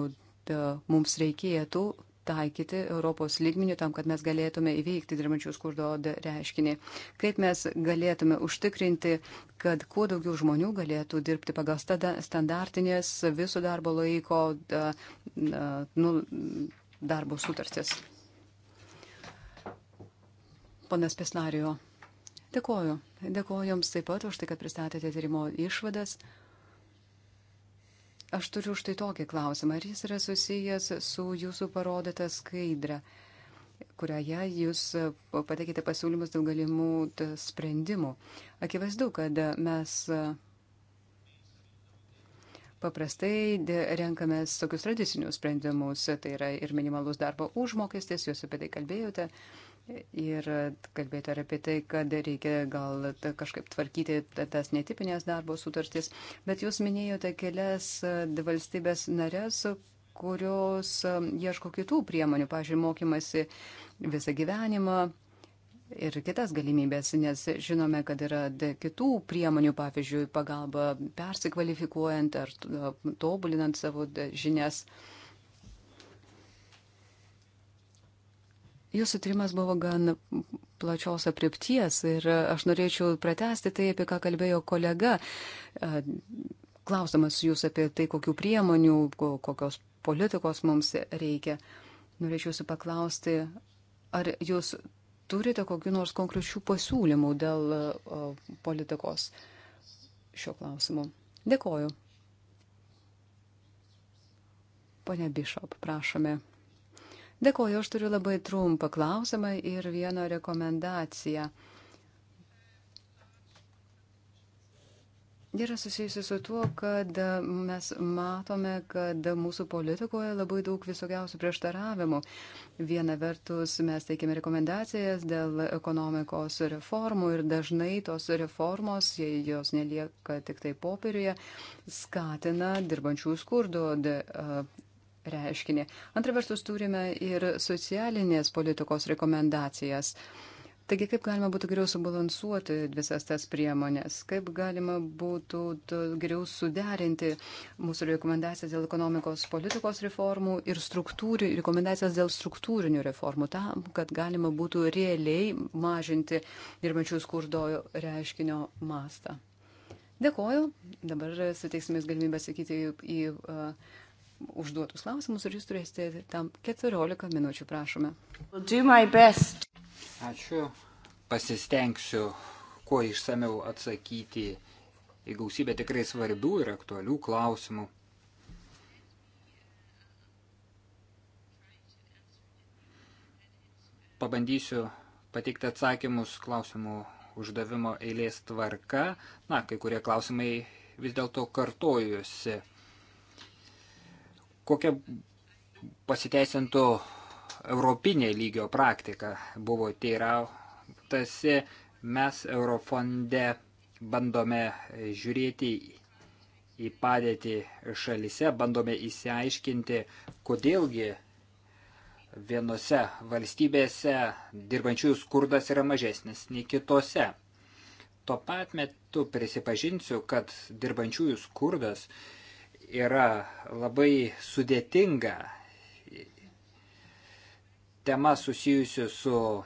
mums reikėtų taikyti Europos lygmenių tam, kad mes galėtume įveikti dirbančių skurdo reiškinį. Kaip mes galėtume užtikrinti, kad kuo daugiau žmonių galėtų dirbti pagal standartinės viso darbo laiko nu, darbo sutartis. Ponas Pesnario, dėkoju. Dėkoju Jums taip pat už tai, kad pristatėte tyrimo išvadas. Aš turiu štai tokį klausimą. Ar jis yra susijęs su jūsų parodyta skaidra, kurioje jūs pateikite pasiūlymus dėl galimų sprendimų? Akivaizdu, kad mes paprastai renkamės tokius tradicinius sprendimus, tai yra ir minimalus darbo užmokestis, jūs apie tai kalbėjote. Ir kalbėti ar apie tai, kad reikia gal kažkaip tvarkyti tas netipinės darbo sutartys. Bet jūs minėjote kelias e, valstybės narės, kurios e, ieško kitų priemonių, pažiūrėjau, mokymasi visą gyvenimą, ir kitas galimybės, nes žinome, kad yra kitų priemonių, pavyzdžiui, pagalba persikvalifikuojant ar tobulinant savo žinias. Jūsų tyrimas buvo gan plačios apriepties ir aš norėčiau pratesti tai, apie ką kalbėjo kolega, klausimas jūs apie tai, kokių priemonių, kokios politikos mums reikia. Norėčiau jūsų paklausti, ar jūs turite kokiu nors konkrečių pasiūlymų dėl e, politikos šio klausimu. Dėkoju. Pane Bišop, prašome. Dėkoju, aš turiu labai trumpą klausimą ir vieną rekomendaciją. yra susijusi su tuo, kad mes matome, kad mūsų politikoje labai daug visokiausių prieštaravimų. Viena vertus, mes teikiame rekomendacijas dėl ekonomikos reformų ir dažnai tos reformos, jei jos nelieka tik tai popieriuje, skatina dirbančių skurdo reiškinį. Antra vertus, turime ir socialinės politikos rekomendacijas. Uh, Taigi, kaip galima būtų geriau subalansuoti visas tas priemonės, kaip galima būtų geriau suderinti mūsų rekomendacijas dėl ekonomikos politikos reformų ir struktūri, rekomendacijas dėl struktūrinių reformų, tam, kad galima būtų realiai mažinti dirbančių skurdo reiškinio mastą. Dėkoju, dabar suteiksime galimybę sakyti į uh, užduotus klausimus ir jūs turėsite tam 14 minučių, prašome. Ačiū. Pasistengsiu kuo išsameu atsakyti į gausybę tikrai svarbių ir aktualių klausimų. Pabandysiu pateikti atsakymus klausimų uždavimo eilės tvarka. Na, kai kurie klausimai vis dėlto kartojusi. Kokia pasiteisintų europinė lygio praktika buvo teirautasi. Mes Eurofonde bandome žiūrėti į padėtį šalise, bandome įsiaiškinti, kodėlgi vienose valstybėse dirbančiųjų skurdas yra mažesnis nei kitose. Tuo pat metu prisipažinsiu, kad dirbančiųjų skurdas yra labai sudėtinga tema susijusi su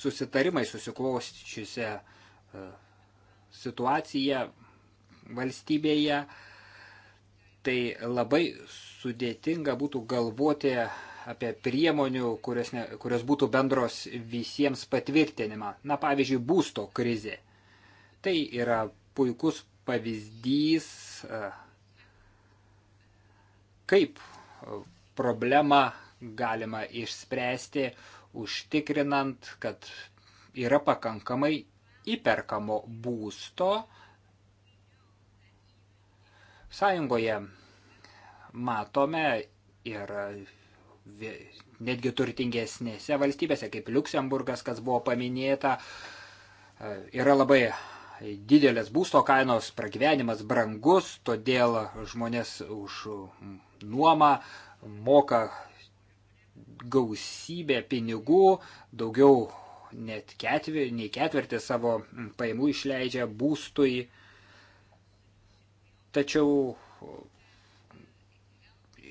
susitarimai susikloščiusią e, situaciją valstybėje, tai labai sudėtinga būtų galvoti apie priemonių, kurios, ne, kurios būtų bendros visiems patvirtinimą. Na, pavyzdžiui, būsto krizė. Tai yra puikus pavyzdys, e, kaip e, problemą galima išspręsti, užtikrinant, kad yra pakankamai įperkamo būsto sąjungoje. Matome ir netgi turtingesnėse valstybėse, kaip Luksemburgas, kas buvo paminėta, e, yra labai didelės būsto kainos, pragyvenimas brangus, todėl žmonės už nuomą moka gausybę pinigų, daugiau net ketvir, nei ketvirtį savo mm, paimų išleidžia būstui. Tačiau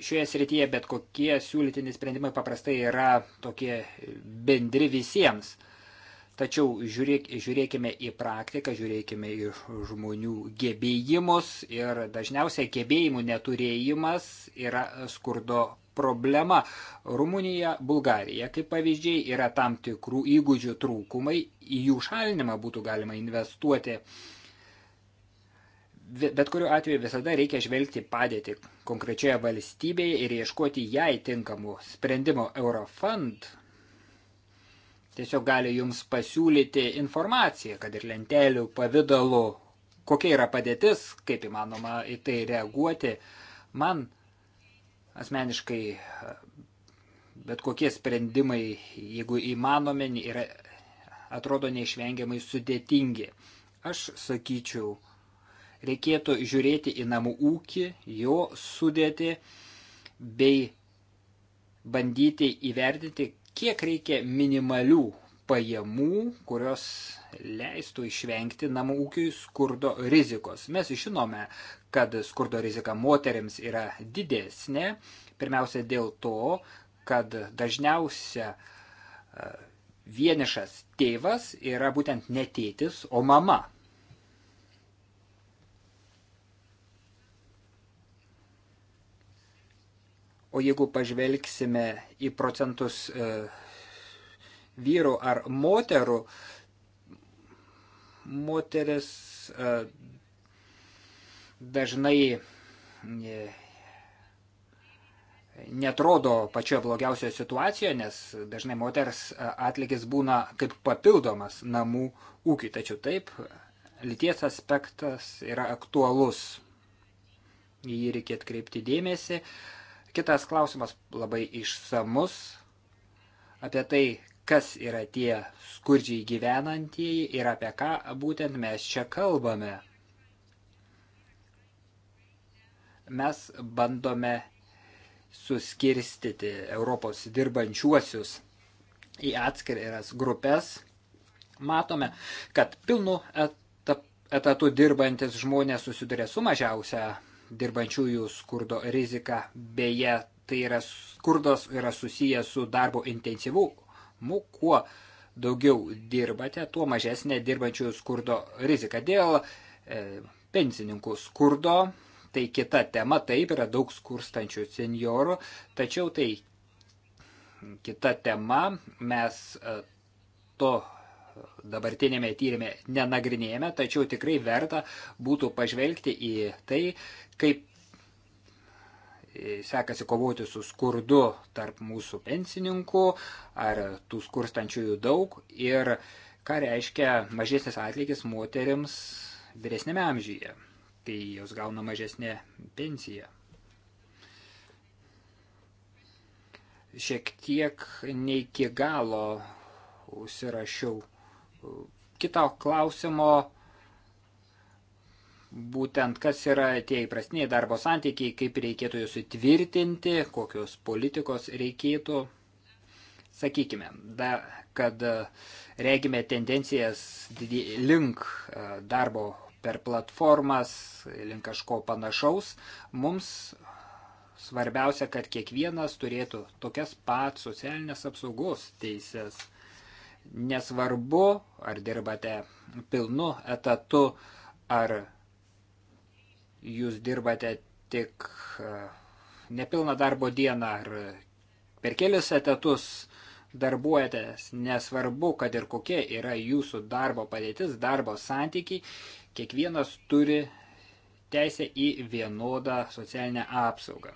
šioje srityje bet kokie siūlytini sprendimai paprastai yra tokie bendri visiems. Tačiau žiūrėk, žiūrėkime į praktiką, žiūrėkime į žmonių gebėjimus ir dažniausiai gebėjimų neturėjimas yra skurdo problema. Rumunija, Bulgarija, kaip pavyzdžiai, yra tam tikrų įgūdžių trūkumai, į jų šalinimą būtų galima investuoti. Bet kuriuo atveju visada reikia žvelgti padėti konkrečioje valstybėje ir ieškoti jai tinkamų sprendimo Eurofund. Tiesiog gali jums pasiūlyti informaciją, kad ir lentelių pavydalu, kokia yra padėtis, kaip įmanoma į tai reaguoti. Man Asmeniškai bet kokie sprendimai, jeigu įmanomi, yra, atrodo neišvengiamai sudėtingi. Aš sakyčiau, reikėtų žiūrėti į namų ūkį, jo sudėti bei bandyti įvertinti, kiek reikia minimalių pajamų, kurios leistų išvengti namų ūkiui skurdo rizikos. Mes žinome, kad skurdo rizika moteriams yra didesnė, pirmiausia dėl to, kad dažniausia e, vienišas tėvas yra būtent ne tėtis, o mama. O jeigu pažvelgsime į procentus e, vyrų ar moterų, moteris e, dažnai e, netrodo pačioje blogiausioje situacijoje, nes dažnai moters e, atlygis būna kaip papildomas namų ūkiui, tačiau taip, lyties aspektas yra aktualus. Į jį reikėtų kreipti dėmesį. Kitas klausimas labai išsamus apie tai, kas yra tie skurdžiai gyvenantieji ir apie ką būtent mes čia kalbame. mes bandome suskirstyti Europos dirbančiuosius į atskiras grupės. Matome, kad pilnu etatu dirbantis žmonės susiduria su mažiausia dirbančiųjų skurdo rizika. Beje, tai yra skurdas yra susijęs su darbo intensyvumu, kuo daugiau dirbate, tuo mažesnė dirbančiųjų skurdo rizika. Dėl e, pensininkų skurdo tai kita tema, taip yra daug skurstančių senjorų, tačiau tai kita tema, mes e, to dabartinėme tyrimė nenagrinėjame, tačiau tikrai verta būtų pažvelgti į tai, kaip e, sekasi kovoti su skurdu tarp mūsų pensininkų ar tų skurstančiųjų daug ir ką reiškia mažesnis atlygis moteriams vyresnėme amžyje kai jos gauna mažesnę pensiją. Šiek tiek ne iki galo užsirašiau kito klausimo, būtent kas yra tie įprastiniai darbo santykiai, kaip reikėtų juos įtvirtinti, kokios politikos reikėtų. Sakykime, da, kad regime tendencijas link e, darbo per platformas link kažko panašaus. Mums svarbiausia, kad kiekvienas turėtų tokias pat socialinės apsaugos teises. Nesvarbu, ar dirbate pilnu etatu, ar jūs dirbate tik e, nepilną darbo dieną, ar per kelius etatus darbuojatės, nesvarbu, kad ir kokia yra jūsų darbo padėtis, darbo santykiai, Kiekvienas turi teisę į vienodą socialinę apsaugą.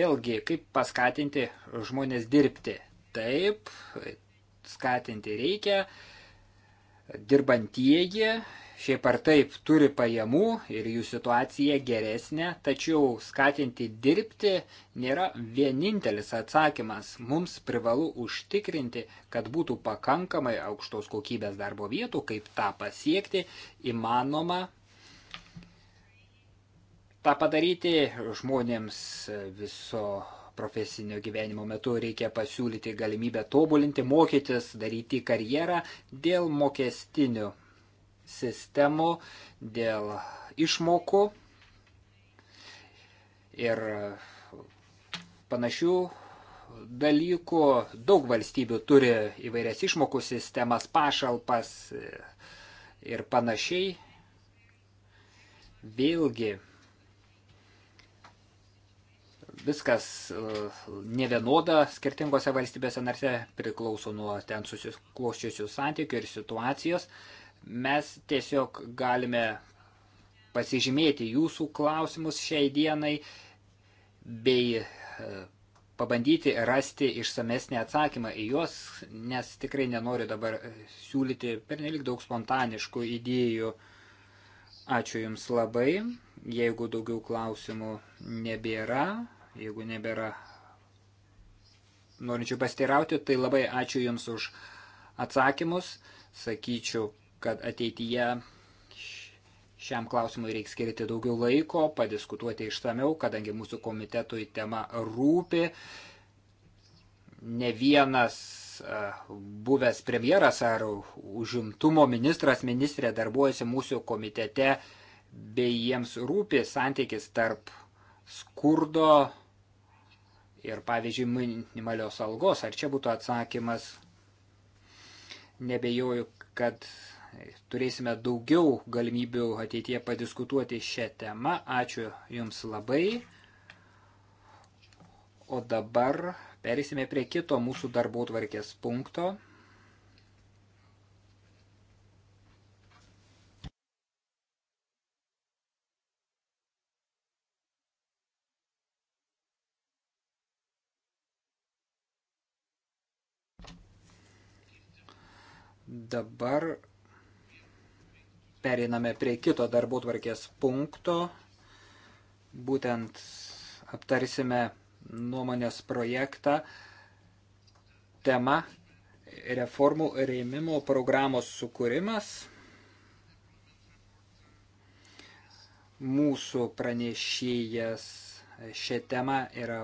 Vėlgi, kaip paskatinti žmonės dirbti? Taip, skatinti reikia. Dirbantieji šiaip ar taip turi pajamų ir jų situacija geresnė, tačiau skatinti dirbti nėra vienintelis atsakymas. Mums privalu užtikrinti, kad būtų pakankamai aukštos kokybės darbo vietų, kaip tą pasiekti, įmanoma. Ta padaryti žmonėms viso profesinio gyvenimo metu reikia pasiūlyti galimybę tobulinti, mokytis, daryti karjerą dėl mokestinių sistemų, dėl išmokų ir panašių dalykų. Daug valstybių turi įvairias išmokų sistemas, pašalpas ir panašiai. Vėlgi, viskas e, nevienoda skirtingose valstybėse narse priklauso nuo ten susiklosčiusių santykių ir situacijos. Mes tiesiog galime pasižymėti jūsų klausimus šiai dienai bei e, pabandyti rasti išsamesnį atsakymą į juos, nes tikrai nenoriu dabar e, siūlyti pernelik daug spontaniškų idėjų. Ačiū Jums labai. Jeigu daugiau klausimų nebėra, jeigu nebėra norinčių pasteirauti, tai labai ačiū Jums už atsakymus. Sakyčiau, kad ateityje šiam klausimui reikia skirti daugiau laiko, padiskutuoti išsameu, kadangi mūsų komitetui tema rūpi. Ne vienas e, buvęs premjeras ar užimtumo ministras, ministrė darbuojasi mūsų komitete, bei jiems rūpi santykis tarp skurdo ir, pavyzdžiui, minimalios algos. Ar čia būtų atsakymas? Nebejoju, kad turėsime daugiau galimybių ateityje padiskutuoti šią temą. Ačiū Jums labai. O dabar perėsime prie kito mūsų darbų tvarkės punkto. dabar Pereiname prie kito darbų tvarkės punkto. Būtent aptarsime nuomonės projektą tema reformų reimimo programos sukūrimas. Mūsų pranešėjas šią temą yra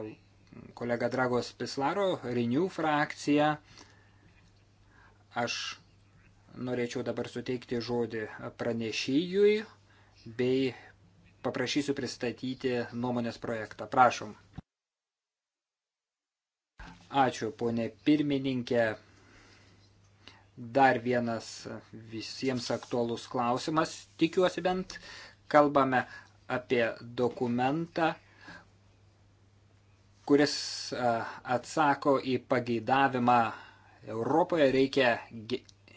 kolega Dragos Pislaro, Rinių frakcija. Aš Norėčiau dabar suteikti žodį pranešėjui bei paprašysiu pristatyti nuomonės projektą. Prašom. Ačiū, ponė pirmininkė. Dar vienas visiems aktuolus klausimas, tikiuosi bent, kalbame apie dokumentą, kuris atsako į pageidavimą Europoje reikia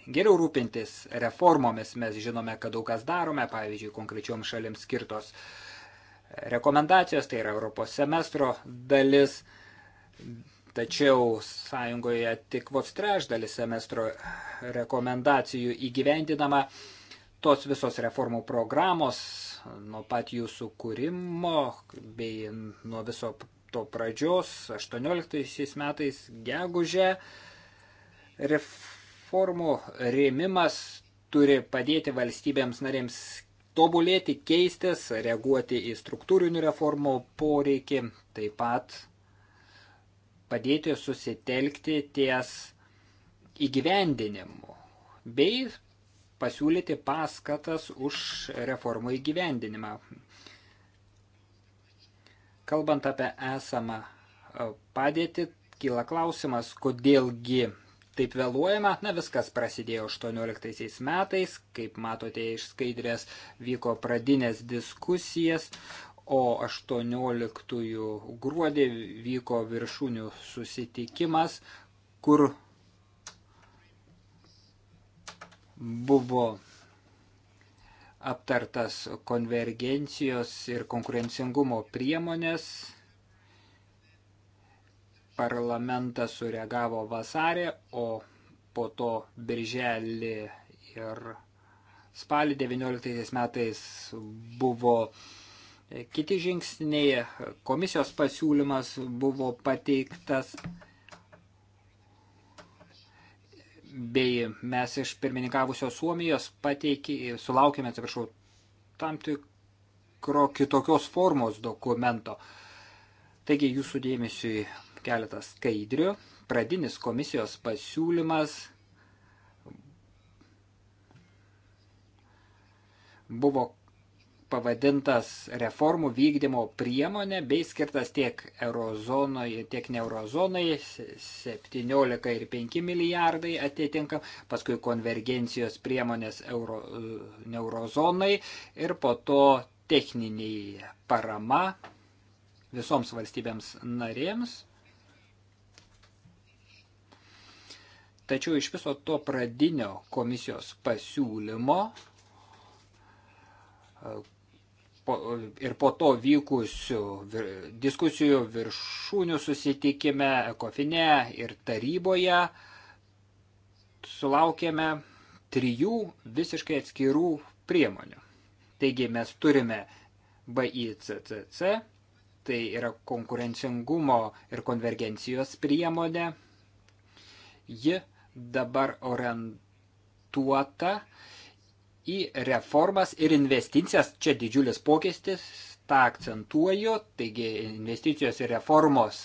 geriau rūpintis reformomis. Mes žinome, kad daug kas darome, pavyzdžiui, konkrečioms šalims skirtos rekomendacijos, tai yra Europos semestro dalis, tačiau sąjungoje tik vos trešdalis semestro rekomendacijų įgyvendinama. Tos visos reformų programos nuo pat jų sukūrimo bei nuo viso to pradžios 18 metais gegužė ref reformų rėmimas turi padėti valstybėms narėms tobulėti, keistis, reaguoti į struktūrinių reformų poreikį, taip pat padėti susitelkti ties įgyvendinimu bei pasiūlyti paskatas už reformų įgyvendinimą. Kalbant apie esamą padėtį, kyla klausimas, kodėlgi taip vėluojama. Na, viskas prasidėjo 18 metais, kaip matote iš skaidrės, vyko pradinės diskusijas, o 18 gruodį vyko viršūnių susitikimas, kur buvo aptartas konvergencijos ir konkurencingumo priemonės parlamentas sureagavo vasarį, o po to birželį ir spalį 19 metais buvo kiti žingsniai. Komisijos pasiūlymas buvo pateiktas bei mes iš pirmininkavusios Suomijos pateikė, sulaukėme, atsiprašau, tam tikro kitokios formos dokumento. Taigi jūsų dėmesiui keletą skaidrių. Pradinis komisijos pasiūlymas buvo pavadintas reformų vykdymo priemonė bei skirtas tiek eurozonoje, tiek neurozonoje 17 ir 5 milijardai atitinka, paskui konvergencijos priemonės euro, neurozonai ir po to techniniai parama visoms valstybėms narėms Tačiau iš viso to pradinio komisijos pasiūlymo ir po to vykusių diskusijų viršūnių susitikime, kofine ir taryboje sulaukėme trijų visiškai atskirų priemonių. Taigi mes turime BICCC, tai yra konkurencingumo ir konvergencijos priemonė. Ji dabar orientuota į reformas ir investicijas. Čia didžiulis pokestis, tą akcentuoju, taigi investicijos ir reformos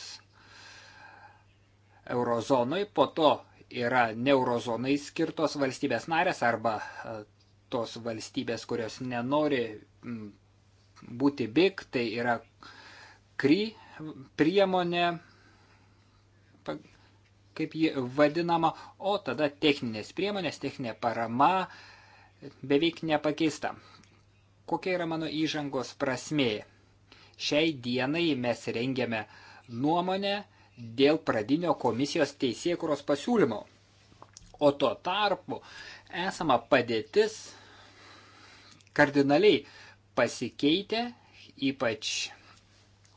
eurozonui, po to yra neurozonai skirtos valstybės narės arba e, tos valstybės, kurios nenori būti big, tai yra kry priemonė kaip ji vadinama, o tada techninės priemonės, techninė parama beveik nepakeista. Kokia yra mano įžangos prasmė? Šiai dienai mes rengiame nuomonę dėl pradinio komisijos teisėkuros pasiūlymo. O tuo tarpu esama padėtis kardinaliai pasikeitė, ypač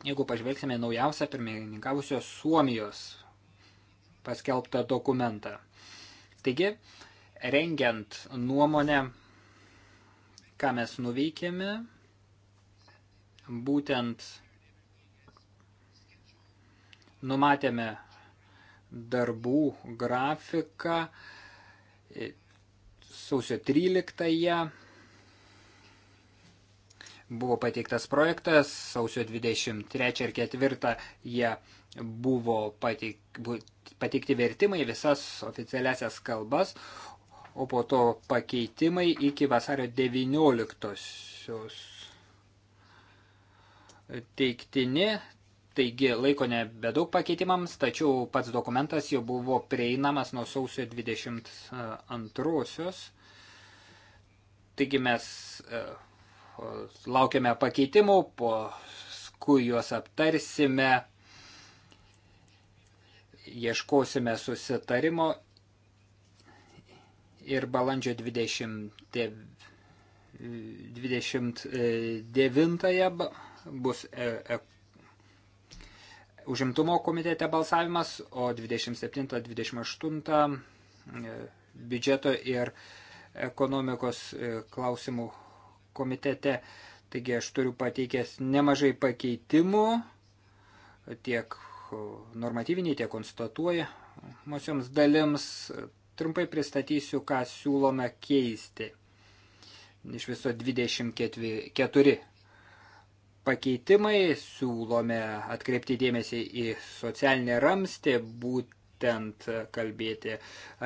jeigu pažvelgsime naujausią pirmininkavusios Suomijos paskelbtą dokumentą. Taigi, rengiant nuomonę, ką mes nuveikėme, būtent numatėme darbų grafiką e, sausio 13-ąją. Buvo pateiktas projektas, sausio 23 ir 4 jie buvo pateik, pateikti vertimai visas oficialiasias kalbas, o po to pakeitimai iki vasario 19-osios teiktini, taigi laiko nebedaug pakeitimams, tačiau pats dokumentas jau buvo prieinamas nuo sausio 22-osios. Taigi mes e, laukiame pakeitimų, paskui juos aptarsime ieškosime susitarimo ir balandžio 20, 29 e, bus e, e, užimtumo komitete balsavimas, o 27-28 e, biudžeto ir ekonomikos e, klausimų komitete. Taigi aš turiu pateikęs nemažai pakeitimų tiek normatyviniai, tiek konstatuojamosioms dalims. Trumpai pristatysiu, ką siūlome keisti. Iš viso 24 pakeitimai siūlome atkreipti dėmesį į socialinę ramstį, būtent kalbėti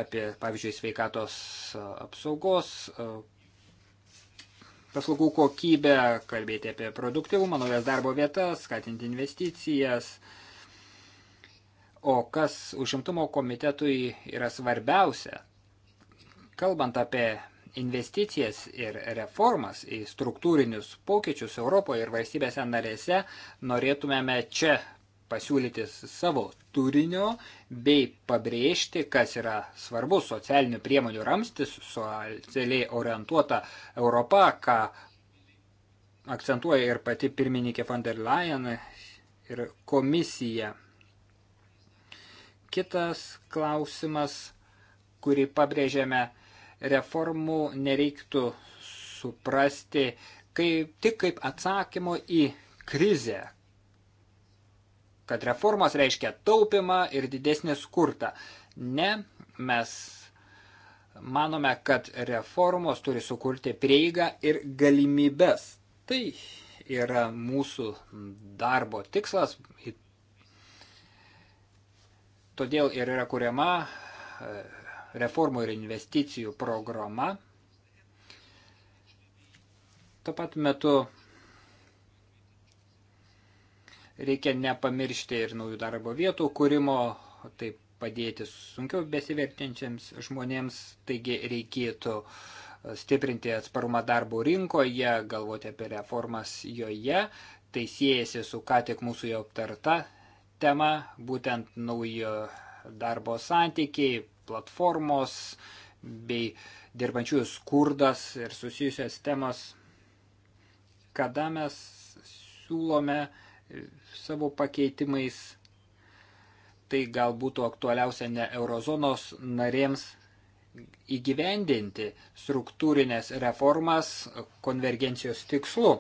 apie, pavyzdžiui, sveikatos apsaugos e, paslaugų kokybę, kalbėti apie produktivumą, naujas darbo vietas, skatinti investicijas, uh, O kas užimtumo komitetui yra svarbiausia, kalbant apie investicijas ir reformas į struktūrinius pokyčius Europoje ir valstybėse narėse, norėtumėme čia pasiūlyti savo turinio bei pabrėžti, kas yra svarbus socialinių priemonių ramstis, socialiai orientuota Europa, ką akcentuoja ir pati pirmininkė von der Leyen ir komisija. Kitas klausimas, kurį pabrėžėme, reformų nereiktų suprasti kaip, tik kaip atsakymo į krizę, kad reformos reiškia taupimą ir didesnį skurtą. Ne, mes manome, kad reformos turi sukurti prieigą ir galimybes. Tai yra mūsų darbo tikslas, į Todėl ir yra kuriama e, reformų ir investicijų programa. Tuo pat metu reikia nepamiršti ir naujų darbo vietų kūrimo, taip padėti sunkiau besivertinčiams žmonėms, taigi reikėtų stiprinti atsparumą darbo rinkoje, galvoti apie reformas joje, tai siejasi su ką tik mūsų jau aptarta tema, būtent naujo darbo santykiai, platformos bei dirbančiųjų skurdas ir susijusios temos, kada mes siūlome savo pakeitimais, tai gal būtų aktualiausia ne eurozonos narėms įgyvendinti struktūrinės reformas konvergencijos tikslu.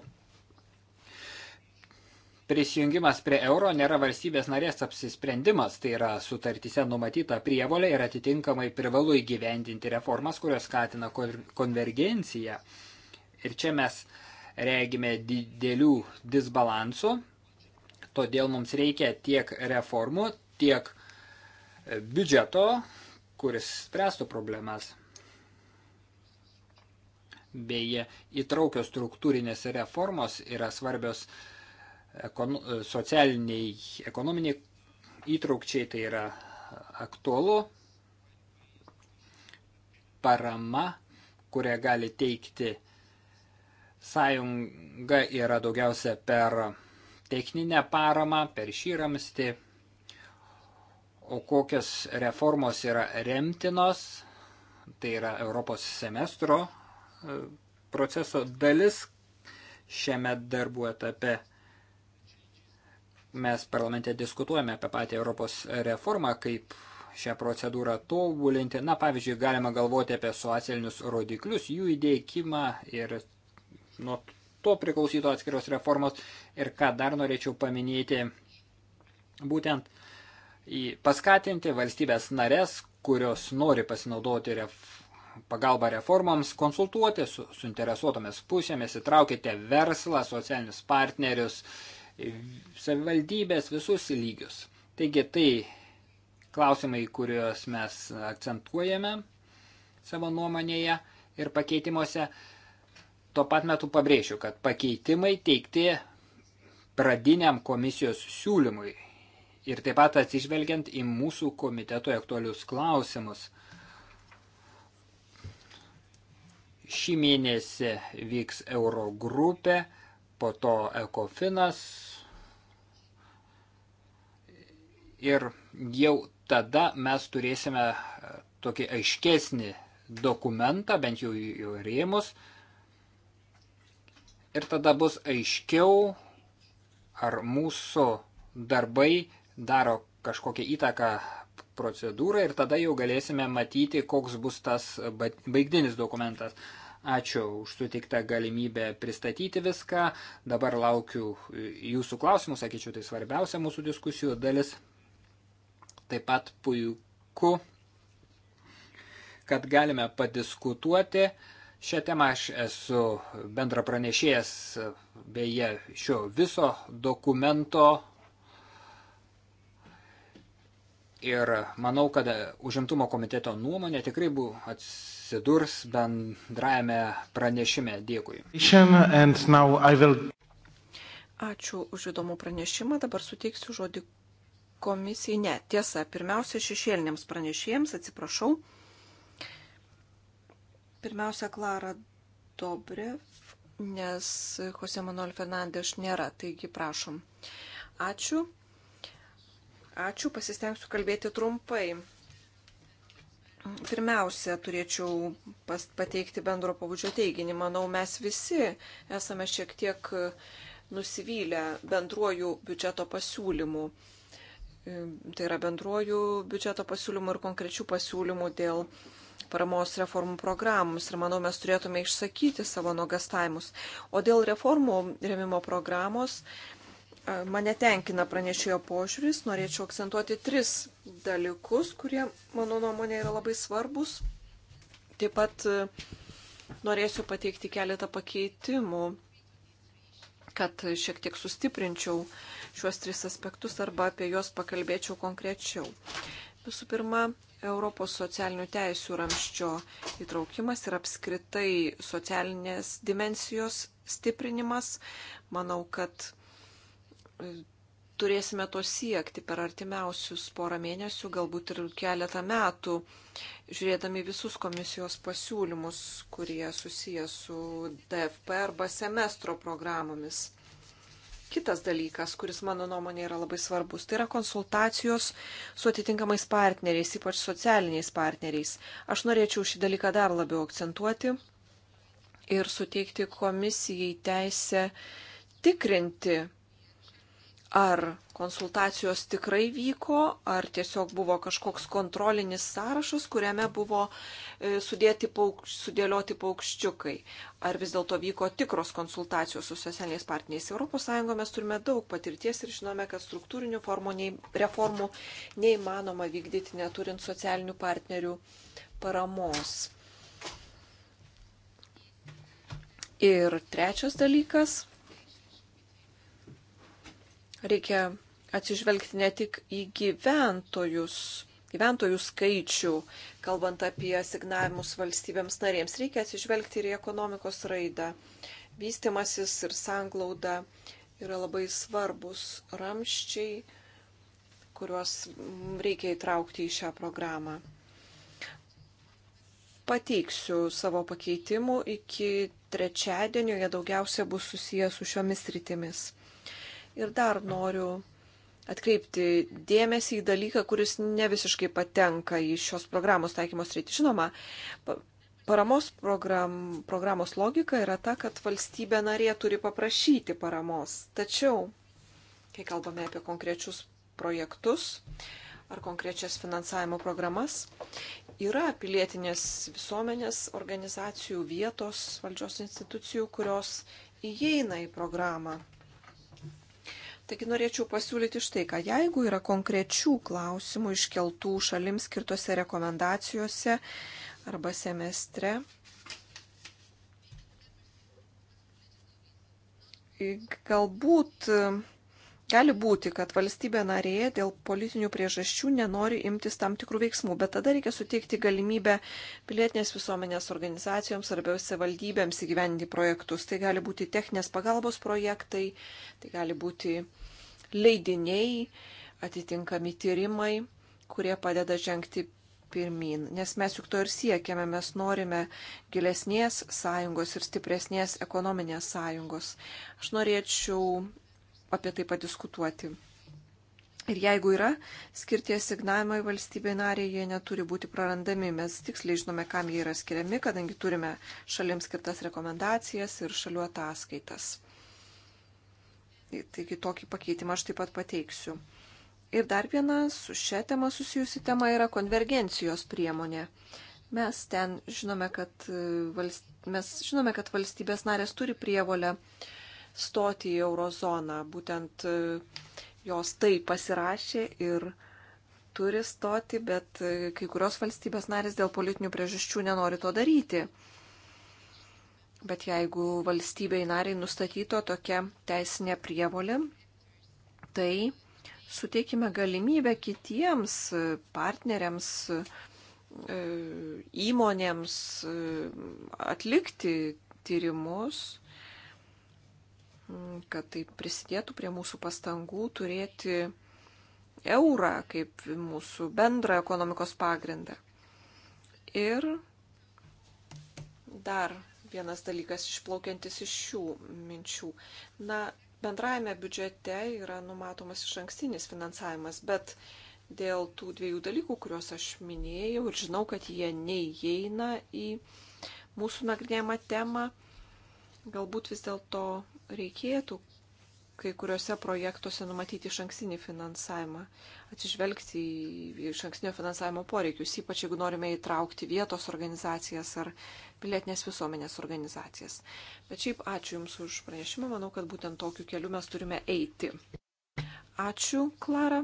Prisijungimas prie euro nėra valstybės narės apsisprendimas, tai yra sutartyse numatyta prievolė ir atitinkamai privalu įgyvendinti reformas, kurios skatina konvergenciją. Ir čia mes regime didelių disbalansų, todėl mums reikia tiek reformų, tiek biudžeto, kuris spręstų problemas. Beje, įtraukios struktūrinės reformos yra svarbios reformos ekon, socialiniai, ekonominiai įtraukčiai tai yra aktualu. Parama, kurią gali teikti sąjunga, yra daugiausia per techninę paramą, per šį ramstį. O kokios reformos yra remtinos, tai yra Europos semestro e, proceso dalis šiame darbų etape Mes parlamente diskutuojame apie patį Europos reformą, kaip šią procedūrą tobulinti. Na, pavyzdžiui, galima galvoti apie socialinius rodiklius, jų įdėkimą ir nuo to priklausytų atskiros reformos. Ir ką dar norėčiau paminėti, būtent paskatinti valstybės narės, kurios nori pasinaudoti ref, pagalbą reformoms, konsultuoti su suinteresuotomis pusėmis, įtraukite verslą, socialinius partnerius, uh, savivaldybės visus lygius. Taigi tai klausimai, kuriuos mes akcentuojame savo nuomonėje ir pakeitimuose. Tuo pat metu pabrėšiu, kad pakeitimai teikti pradiniam komisijos siūlymui ir taip pat atsižvelgiant į mūsų komiteto aktualius klausimus. Šį mėnesį vyks Eurogrupė, po to ekofinas ir jau tada mes turėsime e, tokį aiškesnį dokumentą, bent jau jų rėmus. Ir tada bus aiškiau, ar mūsų darbai daro kažkokią įtaką procedūrai ir tada jau galėsime matyti, koks bus tas baigtinis dokumentas. Ačiū už suteiktą galimybę pristatyti viską. Dabar laukiu jūsų klausimų, sakyčiau, tai svarbiausia mūsų diskusijų dalis. Taip pat puiku, kad galime padiskutuoti. Šią temą aš esu bendra pranešėjas beje šio viso dokumento ir manau, kad užimtumo komiteto nuomonė tikrai buvo atsitikta atsidurs bendrajame pranešime. Dėkui. Ačiū už įdomų pranešimą. Dabar suteiksiu žodį komisijai. Ne, tiesa, pirmiausia šešėliniams pranešėjams, atsiprašau. Pirmiausia, Klara Dobrev, nes Jose Manuel Fernandeš nėra, taigi prašom. Ačiū. Ačiū, pasistengsiu kalbėti trumpai. Pirmiausia, turėčiau pateikti bendro pabudžio teiginį. Manau, mes visi esame šiek tiek nusivylę bendruoju biudžeto pasiūlymu. Tai yra bendruoju biudžeto pasiūlymu ir konkrečių pasiūlymų dėl paramos reformų programus. Ir manau, mes turėtume išsakyti savo nuogastavimus. O dėl reformų remimo programos Mane tenkina pranešėjo požiūris, norėčiau akcentuoti tris dalykus, kurie mano nuomonė yra labai svarbus. Taip pat e, norėsiu pateikti keletą pakeitimų, kad šiek tiek sustiprinčiau šiuos tris aspektus arba apie juos pakalbėčiau konkrečiau. Visų pirma, Europos socialinių teisų ramščio įtraukimas ir apskritai socialinės dimensijos stiprinimas. Manau, kad turėsime to siekti per artimiausius porą mėnesių, galbūt ir keletą metų, žiūrėdami visus komisijos pasiūlymus, kurie susiję su DFP arba semestro programomis. Kitas dalykas, kuris mano nuomonė yra labai svarbus, tai yra konsultacijos su atitinkamais partneriais, ypač socialiniais partneriais. Aš norėčiau šį dalyką dar labiau akcentuoti ir suteikti komisijai teisę tikrinti ar konsultacijos tikrai vyko, ar tiesiog buvo kažkoks kontrolinis sąrašas, kuriame buvo e, sudėti pauk, sudėlioti paukščiukai, ar vis dėlto vyko tikros konsultacijos su socialiniais partneriais. ES mes turime daug patirties ir žinome, kad struktūrinių nei, reformų neįmanoma vykdyti neturint socialinių partnerių paramos. Ir trečias dalykas Reikia atsižvelgti ne tik į gyventojus, gyventojų skaičių, kalbant apie signavimus valstybėms narėms, reikia atsižvelgti ir į ekonomikos raidą. Vystimasis ir sanglauda yra labai svarbus ramščiai, kuriuos reikia įtraukti į šią programą. Pateiksiu savo pakeitimų iki trečiadienio, jie daugiausia bus susijęs su šiomis rytimis. Ir dar noriu atkreipti dėmesį į dalyką, kuris ne visiškai patenka į šios programos taikymos rytį. Žinoma, paramos program, programos logika yra ta, kad valstybė narė turi paprašyti paramos. Tačiau, kai kalbame apie konkrečius projektus ar konkrečias finansavimo programas, yra pilietinės visuomenės organizacijų, vietos valdžios institucijų, kurios įeina į programą Taigi norėčiau pasiūlyti štai ką. Jeigu yra konkrečių klausimų iškeltų šalims skirtose rekomendacijose arba semestre, galbūt Gali būti, kad valstybė narėje dėl politinių priežasčių nenori imtis tam tikrų veiksmų, bet tada reikia suteikti galimybę pilietinės visuomenės organizacijoms arba savivaldybėms įgyvendinti projektus. Tai gali būti techninės pagalbos projektai, tai gali būti leidiniai, atitinkami tyrimai, kurie padeda žengti pirmin. Nes mes juk to ir siekiame, mes norime gilesnės sąjungos ir stipresnės ekonominės sąjungos. Aš norėčiau apie tai padiskutuoti. Ir jeigu yra skirti asignavimai valstybei nariai, jie neturi būti prarandami. Mes tiksliai žinome, kam jie yra skiriami, kadangi turime šalims skirtas rekomendacijas ir šalių ataskaitas. Tai, taigi tokį pakeitimą aš taip pat pateiksiu. Ir dar viena su šia tema susijusi tema yra konvergencijos priemonė. Mes ten žinome, kad, valst... Mes žinome, kad valstybės narės turi prievolę uh, stoti į eurozoną. Būtent e, jos tai pasirašė ir turi stoti, bet e, kai kurios valstybės narės dėl politinių priežasčių nenori to daryti. Bet jeigu valstybei nariai nustatyto tokia teisinė prievolė, tai suteikime galimybę kitiems e, partneriams, įmonėms atlikti tyrimus Mm, kad tai prisidėtų prie mūsų pastangų turėti eurą kaip mūsų bendrą ekonomikos pagrindą. Ir dar vienas dalykas išplaukiantis iš šių minčių. Na, bendrajame biudžete yra numatomas iš ankstinis finansavimas, bet dėl tų dviejų dalykų, kuriuos aš minėjau ir žinau, kad jie neįeina į mūsų nagrinėjimą temą, galbūt vis dėlto reikėtų kai kuriuose projektuose numatyti iš ankstinį finansavimą, atsižvelgti į iš ankstinio finansavimo poreikius, ypač jeigu norime įtraukti vietos organizacijas ar pilietinės visuomenės organizacijas. Bet šiaip ačiū Jums už pranešimą, manau, kad būtent tokiu keliu mes turime eiti. Ačiū, Klara.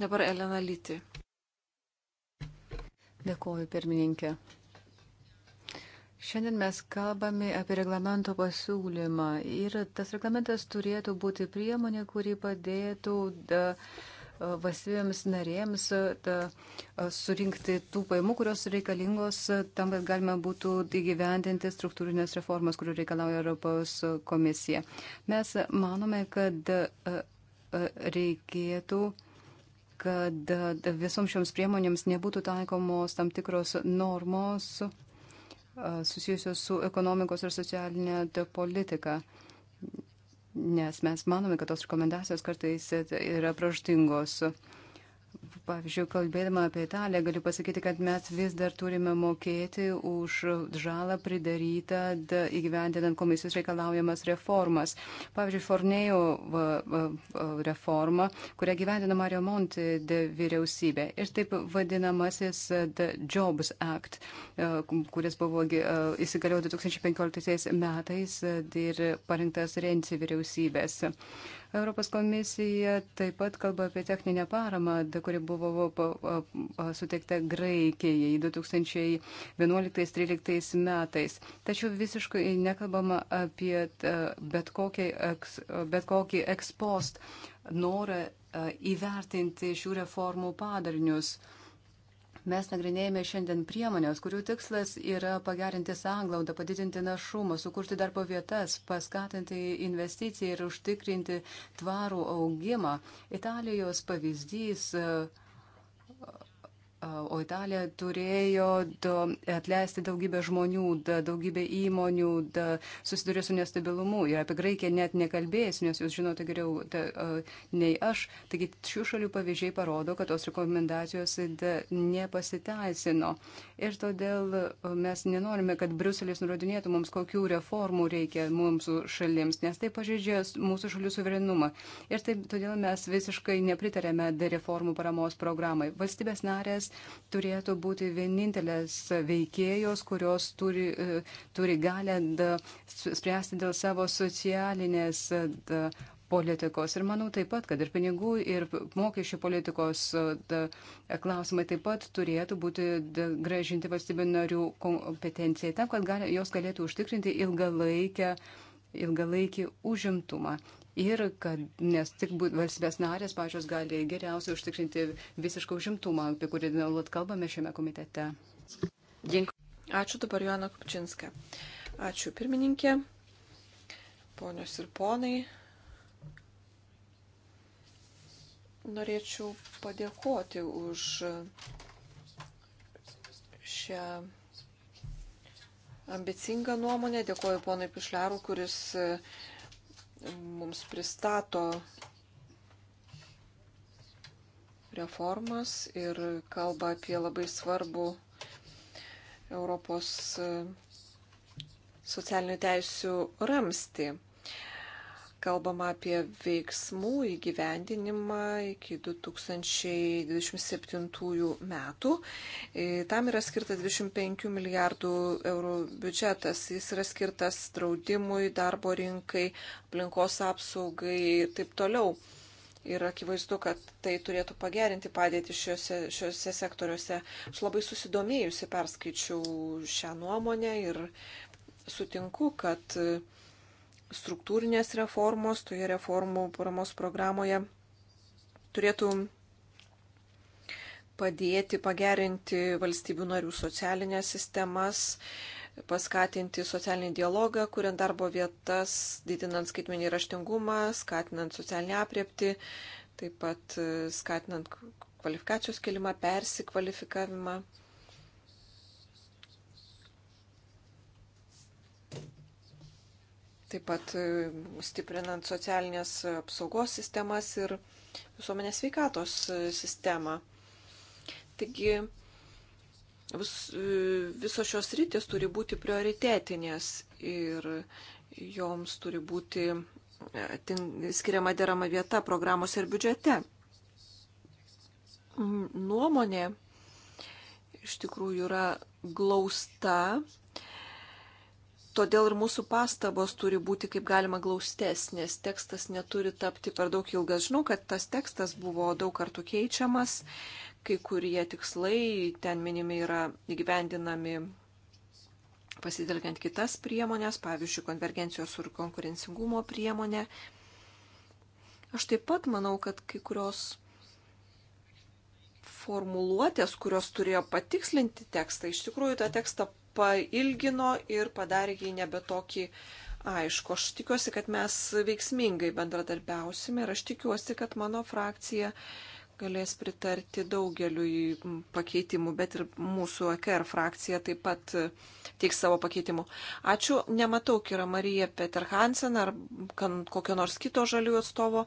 Dabar Elena Lyti. Dėkuoju, pirmininkė. Šiandien mes kalbame apie reglamento pasiūlymą ir tas reglamentas turėtų būti priemonė, kuri padėtų da, valstybėms narėms da, surinkti tų paimų, kurios reikalingos tam, kad galima būtų įgyvendinti struktūrinės reformas, kurių reikalauja Europos komisija. Mes manome, kad reikėtų kad visoms šioms priemonėms nebūtų taikomos tam tikros normos susijusios su ekonomikos ir socialinė politika. Nes mes manome, kad tos rekomendacijos kartais e, yra praštingos pavyzdžiui, kalbėdama apie Italiją, galiu pasakyti, kad mes vis dar turime mokėti už žalą pridarytą įgyvendinant komisijos reikalaujamas reformas. Pavyzdžiui, Fornėjo reforma, kurią gyvendino Mario Monti vyriausybė. Ir taip vadinamasis The Jobs Act, kuris buvo įsigaliojo 2015 metais ir parinktas Renci vyriausybės. Europos komisija taip pat kalba apie techninę paramą, kuri buvo suteikta Graikijai 2011-2013 metais. Tačiau visiškai nekalbama apie bet kokį, bet kokį ekspost norą įvertinti šių reformų padarinius. Uh, Mes nagrinėjame šiandien priemonės, kurių tikslas yra pagerinti sąnglaudą, padidinti našumą, sukurti darbo vietas, paskatinti investiciją ir užtikrinti tvarų augimą. Italijos pavyzdys. Uh, O Italija turėjo atleisti daugybę žmonių, daugybę įmonių, susidurė su nestabilumu. Ir apie Graikiją net nekalbėsiu, nes jūs žinote geriau da, nei aš. Taigi šių šalių pavyzdžiai parodo, kad tos rekomendacijos da, nepasiteisino. Ir todėl mes nenorime, kad Bruselis nurodinėtų mums, kokių reformų reikia mūsų šalims, nes tai pažeidžia mūsų šalių suverenumą. Ir taip, todėl mes visiškai nepritarėme reformų paramos programai. Valstybės narės turėtų būti vienintelės veikėjos, kurios turi, e, turi galę spręsti dėl savo socialinės e, da, politikos. Ir manau taip pat, kad ir pinigų, ir mokesčių politikos e, da, klausimai taip pat turėtų būti da, gražinti valstybių narių kompetencijai, tam, kad gali, jos galėtų užtikrinti ilgalaikę ilgalaikį užimtumą ir kad, nes tik valstybės narės pačios gali geriausiai užtikrinti visišką užimtumą, apie kurį nuolat kalbame šiame komitete. Ačiū dabar Joana Kupčinska. Ačiū pirmininkė, ponios ir ponai. Norėčiau padėkoti už šią ambicingą nuomonę. Dėkoju ponui Pišlerų, kuris uh, mums pristato reformas ir kalba apie labai svarbų Europos e, socialinių teisių ramstį kalbama apie veiksmų įgyvendinimą iki 2027 metų. E, tam yra skirtas 25 milijardų eurų biudžetas. Jis yra skirtas draudimui, darbo rinkai, aplinkos apsaugai ir taip toliau. Ir akivaizdu, kad tai turėtų pagerinti padėtį šiuose, šiuose sektoriuose. Aš labai susidomėjusi perskaičiau šią nuomonę ir sutinku, kad uh, struktūrinės reformos toje reformų paramos programoje turėtų padėti pagerinti valstybių narių socialinės sistemas, paskatinti socialinį dialogą, kuriant darbo vietas, didinant skaitmenį raštingumą, skatinant socialinį apriepti, taip pat e, skatinant kvalifikacijos kelimą, persikvalifikavimą. taip pat e, stiprinant socialinės apsaugos sistemas ir visuomenės veikatos e, sistemą. Taigi vis, e, visos šios rytis turi būti prioritetinės ir joms turi būti skiriama derama vieta programuose ir biudžete. Nuomonė iš tikrųjų yra glausta Todėl ir mūsų pastabos turi būti kaip galima glaustesnės. Tekstas neturi tapti per daug ilgas. Žinau, kad tas tekstas buvo daug kartų keičiamas, kai kurie tikslai ten minimi yra įgyvendinami pasitelkiant kitas priemonės, pavyzdžiui, konvergencijos ir konkurencingumo priemonė. Aš taip pat manau, kad kai kurios formuluotės, kurios turėjo patikslinti tekstą, iš tikrųjų tą tekstą pailgino ir padarė jį nebe tokį aišku. Aš tikiuosi, kad mes veiksmingai bendradarbiausime ir aš tikiuosi, kad mano frakcija galės pritarti daugeliu pakeitimų, bet ir mūsų EKR frakcija taip pat teiks savo pakeitimų. Ačiū, nematau, yra Marija Peter Hansen ar kokio nors kito žaliųjų atstovo.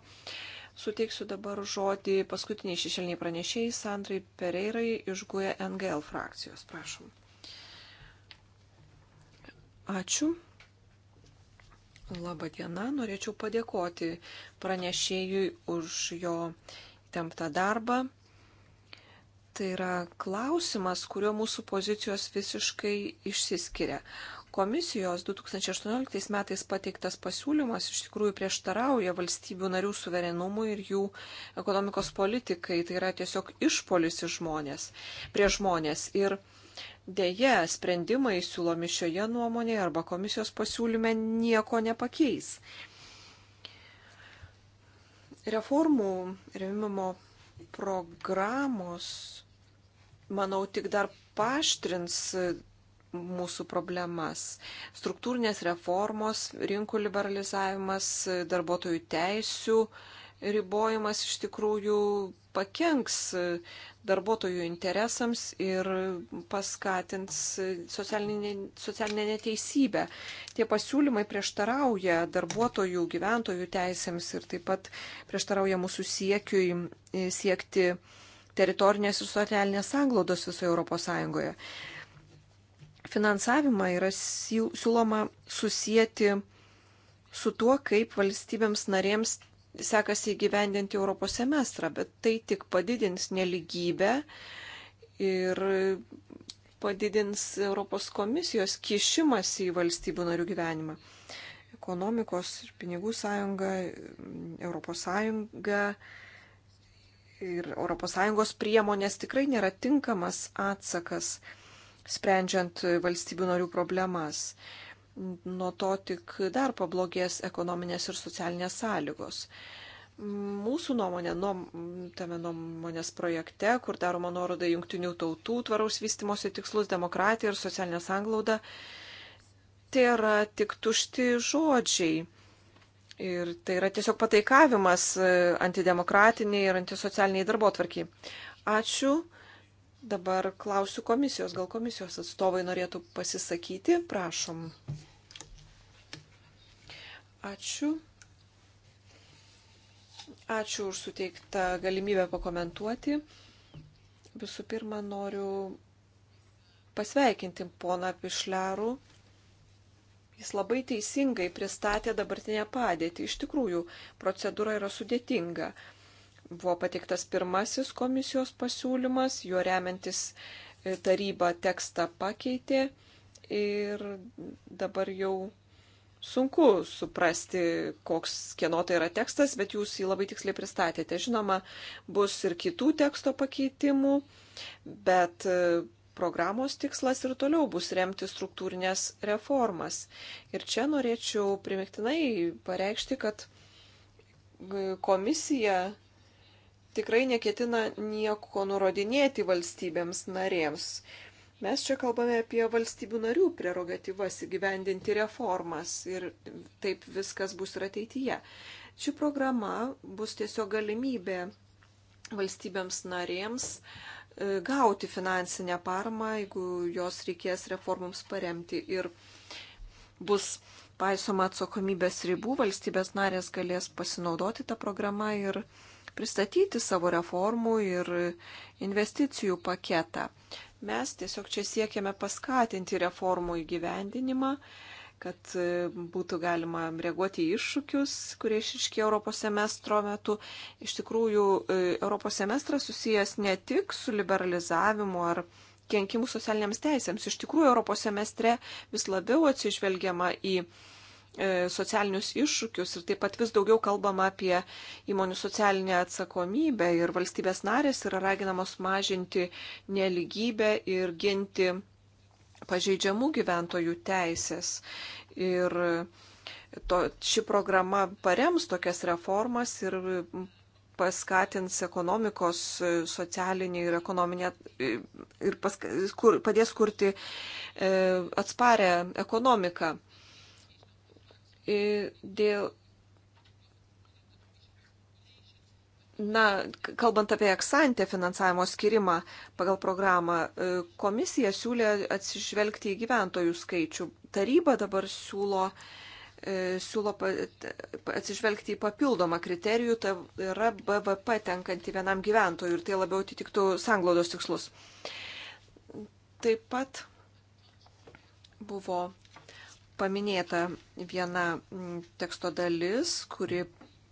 Suteiksiu dabar žodį paskutiniai šešėliniai pranešėjai Sandrai Pereirai iš GUE NGL frakcijos. Prašom. Ačiū. Labą dieną. Norėčiau padėkoti pranešėjui už jo temptą darbą. Tai yra klausimas, kurio mūsų pozicijos visiškai išsiskiria. Komisijos 2018 metais pateiktas pasiūlymas iš tikrųjų prieštarauja valstybių narių suverenumui ir jų ekonomikos politikai. Tai yra tiesiog išpolis iš žmonės, prie žmonės. Ir Deja, sprendimai siūlomi šioje nuomonėje arba komisijos pasiūlyme nieko nepakeis. Reformų remimo programos, manau, tik dar paštrins mūsų problemas. Struktūrinės reformos, rinkų liberalizavimas, darbuotojų teisių, uh, ribojimas iš tikrųjų pakenks darbuotojų interesams ir paskatins socialinę, socialinę neteisybę. Tie pasiūlymai prieštarauja darbuotojų, gyventojų teisėms ir taip pat prieštarauja mūsų siekiui e, siekti teritorinės ir socialinės sanglaudos visoje Europos Sąjungoje. Finansavimą yra siūloma susijęti su tuo, kaip valstybėms narėms sekasi įgyvendinti Europos semestrą, bet tai tik padidins neligybę ir padidins Europos komisijos kišimas į valstybių narių gyvenimą. Ekonomikos ir pinigų sąjunga, Europos sąjunga ir Europos sąjungos priemonės tikrai nėra tinkamas atsakas sprendžiant valstybių narių problemas nuo to tik dar pablogės ekonominės ir socialinės sąlygos. Mūsų nuomonė, nuo, tame nuomonės projekte, kur daroma nuoroda jungtinių tautų tvaraus vystimosi tikslus, demokratija ir socialinė sanglauda, tai yra tik tušti žodžiai. Ir tai yra tiesiog pataikavimas e, antidemokratiniai ir antisocialiniai darbo tvarkiai. Ačiū. Dabar klausiu komisijos. Gal komisijos atstovai norėtų pasisakyti? Prašom. Ačiū. Ačiū už suteiktą galimybę pakomentuoti. Visų pirma, noriu pasveikinti poną Pišlerų. Jis labai teisingai pristatė dabartinę padėtį. Iš tikrųjų, procedūra yra sudėtinga. Buvo pateiktas pirmasis komisijos pasiūlymas, juo remiantis e, taryba tekstą pakeitė ir dabar jau sunku suprasti, koks kieno tai yra tekstas, bet jūs jį labai tiksliai pristatėte. Žinoma, bus ir kitų teksto pakeitimų, bet e, programos tikslas ir toliau bus remti struktūrinės reformas. Ir čia norėčiau primiktinai pareikšti, kad e, komisija tikrai neketina nieko nurodinėti valstybėms narėms. Mes čia kalbame apie valstybių narių prerogatyvas įgyvendinti reformas ir taip viskas bus ir ateityje. Ši programa bus tiesiog galimybė valstybėms narėms e, gauti finansinę paramą, jeigu jos reikės reformoms paremti ir bus paisoma atsakomybės ribų, valstybės narės galės pasinaudoti tą programą ir pristatyti savo reformų ir investicijų paketą. Mes tiesiog čia siekiame paskatinti reformų įgyvendinimą, kad e, būtų galima reaguoti į iššūkius, kurie išiškė Europos semestro metu. Iš tikrųjų, e, Europos semestras susijęs ne tik su liberalizavimu ar kenkimu socialiniams teisėms. Iš tikrųjų, Europos semestre vis labiau atsižvelgiama į E, socialinius iššūkius ir taip pat vis daugiau kalbama apie įmonių socialinę atsakomybę ir valstybės narės yra raginamos mažinti neligybę ir ginti pažeidžiamų gyventojų teisės. Ir to, ši programa parems tokias reformas ir paskatins ekonomikos, e, socialinį ir ekonominę e, ir paska, kur, padės kurti e, atsparę ekonomiką dėl. Na, kalbant apie eksantę finansavimo skirimą pagal programą, e, komisija siūlė atsižvelgti į gyventojų skaičių. Taryba dabar siūlo, e, siūlo atsižvelgti į papildomą kriterijų, tai yra BVP tenkantį vienam gyventojui ir tai labiau atitiktų sanglaudos tikslus. Taip pat buvo paminėta viena mm, teksto dalis, kuri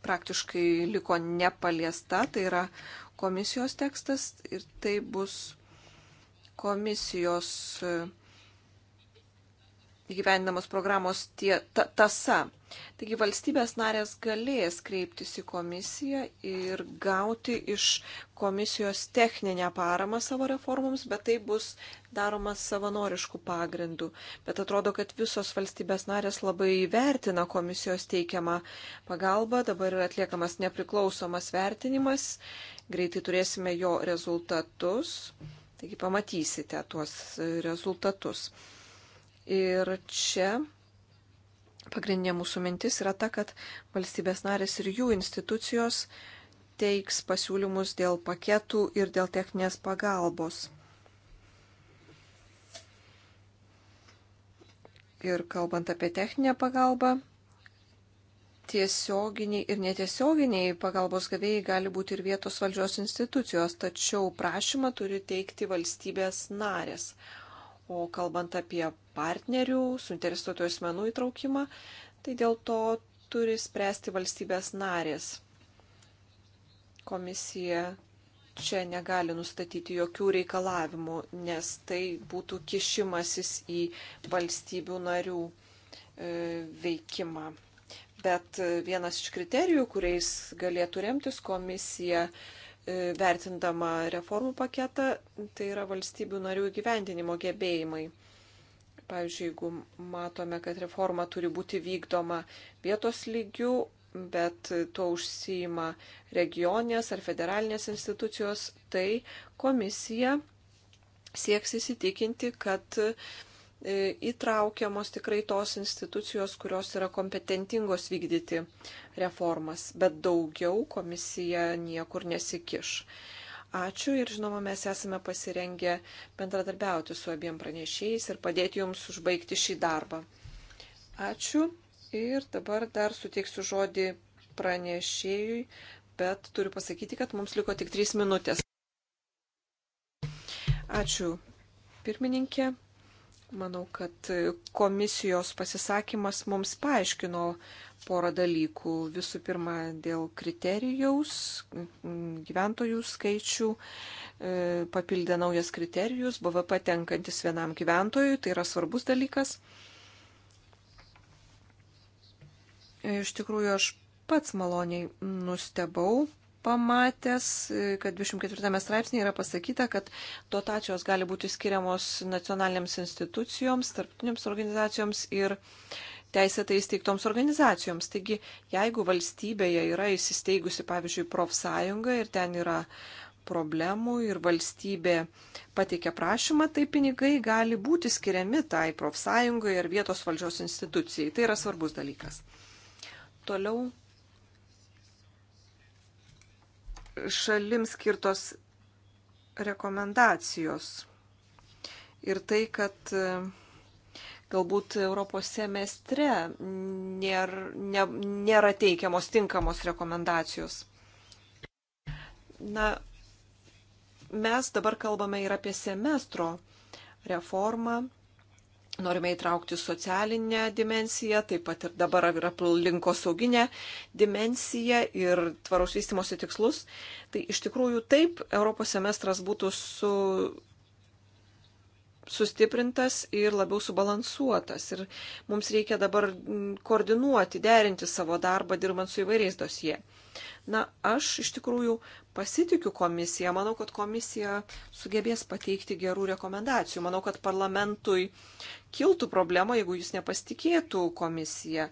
praktiškai liko nepaliesta, tai yra komisijos tekstas ir tai bus komisijos e, įgyvendinamos programos tie, ta, tasa. Taigi valstybės narės galės kreiptis į komisiją ir gauti iš komisijos techninę paramą savo reformoms, bet tai bus daroma savanoriškų pagrindų. Bet atrodo, kad visos valstybės narės labai vertina komisijos teikiamą pagalbą. Dabar yra atliekamas nepriklausomas vertinimas. Greitai turėsime jo rezultatus. Taigi pamatysite tuos rezultatus. Ir čia pagrindinė mūsų mintis yra ta, kad valstybės narės ir jų institucijos teiks pasiūlymus dėl paketų ir dėl techninės pagalbos. Ir kalbant apie techninę pagalbą, tiesioginiai ir netiesioginiai pagalbos gavėjai gali būti ir vietos valdžios institucijos, tačiau prašymą turi teikti valstybės narės. O kalbant apie partnerių, suinteresuotų asmenų įtraukimą, tai dėl to turi spręsti valstybės narės. Komisija čia negali nustatyti jokių reikalavimų, nes tai būtų kišimasis į valstybių narių e, veikimą. Bet vienas iš kriterijų, kuriais galėtų remtis komisija, e, E, vertindama reformų paketą, tai yra valstybių narių gyvendinimo gebėjimai. Pavyzdžiui, jeigu matome, kad reforma turi būti vykdoma vietos lygių, bet tuo užsijima regioninės ar federalinės institucijos, tai komisija sieks įsitikinti, kad E, įtraukiamos tikrai tos institucijos, kurios yra kompetentingos vykdyti reformas, bet daugiau komisija niekur nesikiš. Ačiū ir žinoma, mes esame pasirengę bendradarbiauti su abiem pranešėjais ir padėti jums užbaigti šį darbą. Ačiū ir dabar dar suteiksiu žodį pranešėjui, bet turiu pasakyti, kad mums liko tik trys minutės. Ačiū pirmininkė. Manau, kad komisijos pasisakymas mums paaiškino porą dalykų. Visų pirma, dėl kriterijaus, gyventojų skaičių, e, papildė naujas kriterijus, BVP tenkantis vienam gyventojui, tai yra svarbus dalykas. Iš tikrųjų, aš pats maloniai nustebau pamatęs, kad 24 straipsnėje yra pasakyta, kad dotacijos gali būti skiriamos nacionalinėms institucijoms, tarptautinėms organizacijoms ir teisėtai įsteigtoms organizacijoms. Taigi, jeigu valstybėje yra įsisteigusi, pavyzdžiui, profsąjunga ir ten yra problemų ir valstybė pateikia prašymą, tai pinigai gali būti skiriami tai profsąjungai ar vietos valdžios institucijai. Tai yra svarbus dalykas. Toliau šalims skirtos rekomendacijos ir tai, kad e, galbūt Europos semestre nėra, nė, nėra teikiamos tinkamos rekomendacijos. Na, mes dabar kalbame ir apie semestro reformą, Norime įtraukti socialinę dimensiją, taip pat ir dabar yra linko sauginė dimensija ir tvaraus vystimosi tikslus. Tai iš tikrųjų taip Europos semestras būtų su sustiprintas ir labiau subalansuotas. Ir mums reikia dabar mm, koordinuoti, derinti savo darbą, dirbant su įvairiais dosie. Na, aš iš tikrųjų pasitikiu komisiją. Manau, kad komisija sugebės pateikti gerų rekomendacijų. Manau, kad parlamentui kiltų problema, jeigu jis nepasitikėtų komisiją.